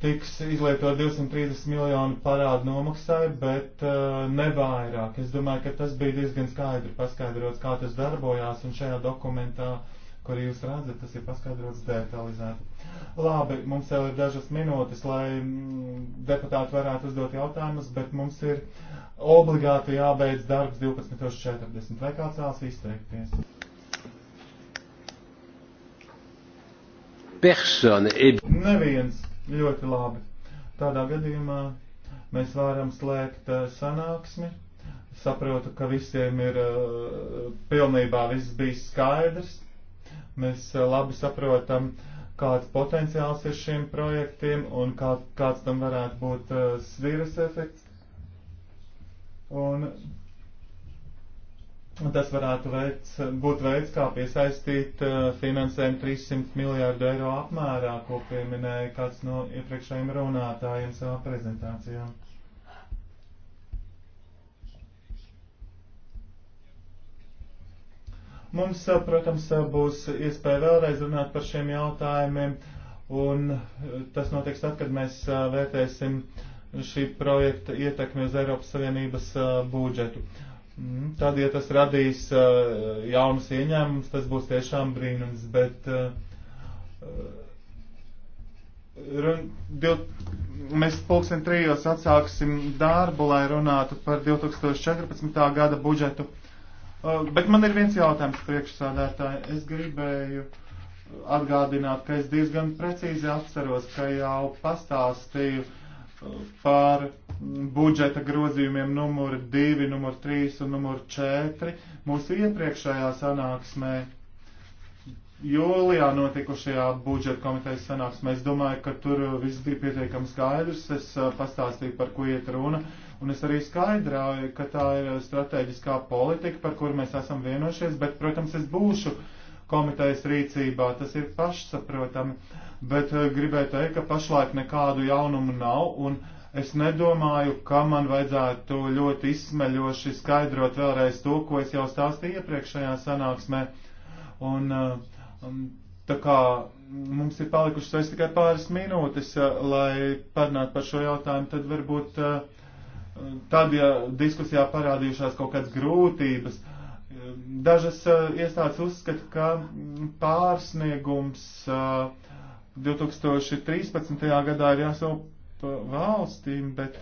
tiks izlietot 230 miljoni parādu nomaksai, bet uh, ne vairāk. Es domāju, ka tas bija diezgan skaidri paskaidrots, kā tas darbojās, un šajā dokumentā, kur jūs redzat, tas ir paskaidrots detalizēti. Labi, mums vēl ir dažas minūtes, lai mm, deputāti varētu uzdot jautājumus, bet mums ir obligāti jābeidz darbs 12.40. Vai kāds vēlas izteikties? Personne. Et... Neviens Ļoti labi. Tādā gadījumā mēs varam slēgt eh, sanāksmi. Saprotu, ka visiem ir eh, pilnībā viss bijis skaidrs. Mēs eh, labi saprotam, kāds potenciāls ir šiem projektiem un kā, kāds tam varētu būt sviras efekts. Un tas varētu veids, būt veids, kā piesaistīt eh, finansējumu 300 miljārdu eiro apmērā, ko pieminēja kāds no iepriekšējiem runātājiem savā prezentācijā. Mums, eh, protams, eh, būs iespēja vēlreiz runāt par šiem jautājumiem, un tas notiks tad, kad mēs vērtēsim šī projekta ietekmi uz Eiropas Savienības budžetu. Uh, Mm, tad, ja tas radīs uh, jaunas ieņēmumus, tas būs tiešām brīnums, bet uh, div, mēs pulksten trijos atsāksim darbu, lai runātu par 2014. gada budžetu. Uh, bet man ir viens jautājums priekšsādātāji. Es gribēju atgādināt, ka es diezgan precīzi atceros, ka jau pastāstīju uh, par budžeta grozījumiem numur 2, numur 3 un numur 4 mūsu iepriekšējā sanāksmē jūlijā notikušajā budžeta komitejas sanāksmē. Es domāju, ka tur viss bija pietiekami skaidrs. Es pastāstīju, par ko iet runa. Un es arī skaidrāju, ka tā ir strateģiskā politika, par kuru mēs esam vienojušies. Bet, protams, es būšu uh, komitejas rīcībā. Tas ir pašsaprotami, bet eh, gribēju teikt, ka pašlaik nekādu jaunumu nav, un es nedomāju, ka man vajadzētu ļoti izsmeļoši skaidrot vēlreiz to, ko es jau stāstīju iepriekšējā sanāksmē. Un, eh, um, tā kā mums ir palikušas vairs tikai pāris minūtes, eh, lai parunātu par šo jautājumu, tad varbūt tad, ja diskusijā parādījušās kaut kādas grūtības, uh, Dažas eh, iestādes uzskata, ka mm, pārsniegums 2013. Eh, gadā ir jāsaup valstīm, bet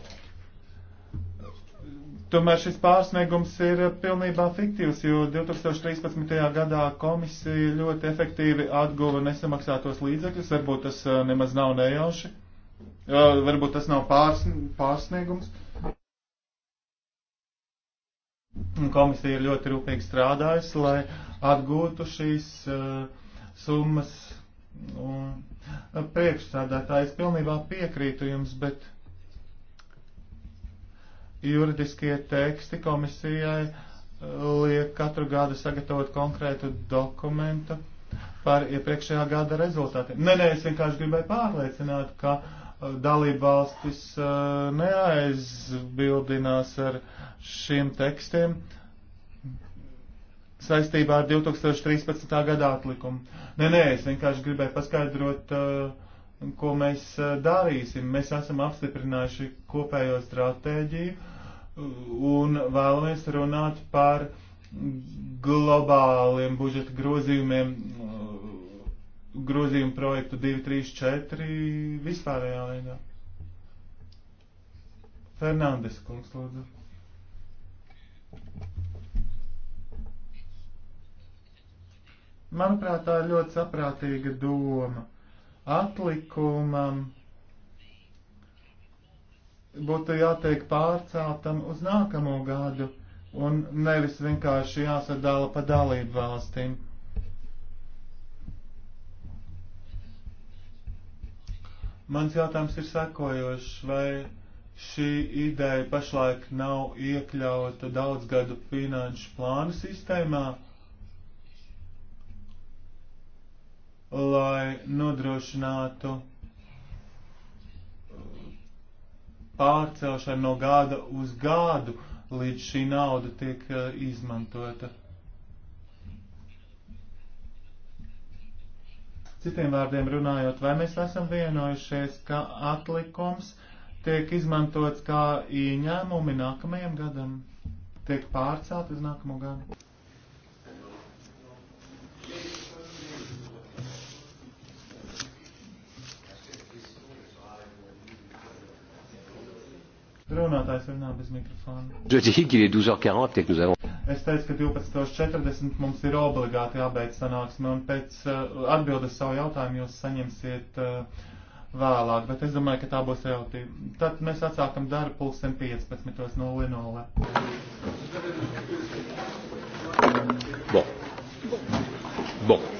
tomēr šis pārsniegums ir pilnībā fiktīvs, jo 2013. gadā komisija ļoti efektīvi atguva nesamaksātos līdzekļus, varbūt tas eh, nemaz nav nejauši, varbūt tas nav pārsniegums. Komisija ir ļoti rūpīgi strādājusi, lai atgūtu šīs uh, summas. Un, eh, priekšsādātāji, es pilnībā piekrītu jums, bet juridiskie teksti komisijai eh, liek katru gadu sagatavot konkrētu dokumentu par iepriekšējā gada rezultātiem. Nē, nē, es vienkārši gribēju pārliecināt, ka uh, dalībvalstis neaizbildinās ar šiem tekstiem saistībā ar 2013. gada atlikumu. Nē, nē, es vienkārši gribēju paskaidrot, ko mēs darīsim. Mēs esam apstiprinājuši kopējo stratēģiju un vēlamies runāt par globāliem budžeta grozījumiem grozījumu projektu 234 vispārējā veidā. Fernandes kungs, lūdzu. Manuprāt, tā ir ļoti saprātīga doma. Atlikumam būtu jātiek pārceltam uz nākamo gadu un nevis vienkārši jāsadala pa dalību valstīm Mans jautājums ir sekojošs, vai šī ideja pašlaik nav iekļauta daudzgadu finanšu plānu sistēmā, lai nodrošinātu uh, pārcelšanu no gada uz gadu, līdz šī nauda tiek uh, izmantota. Citiem vārdiem runājot, vai mēs esam vienojušies, ka atlikums tiek izmantots kā ieņēmumi nākamajam gadam, tiek pārcelt uz nākamo gadu? Runātājs runā bez mikrofona. Es teicu, ka 12.40 mums ir obligāti jābeidz sanāksme, un pēc uh, atbildes savu jautājumu jūs saņemsiet uh, vēlāk, bet es domāju, ka tā būs jautība. Tad mēs atsākam darbu pulksten 15. no Linole. Bon. Bon.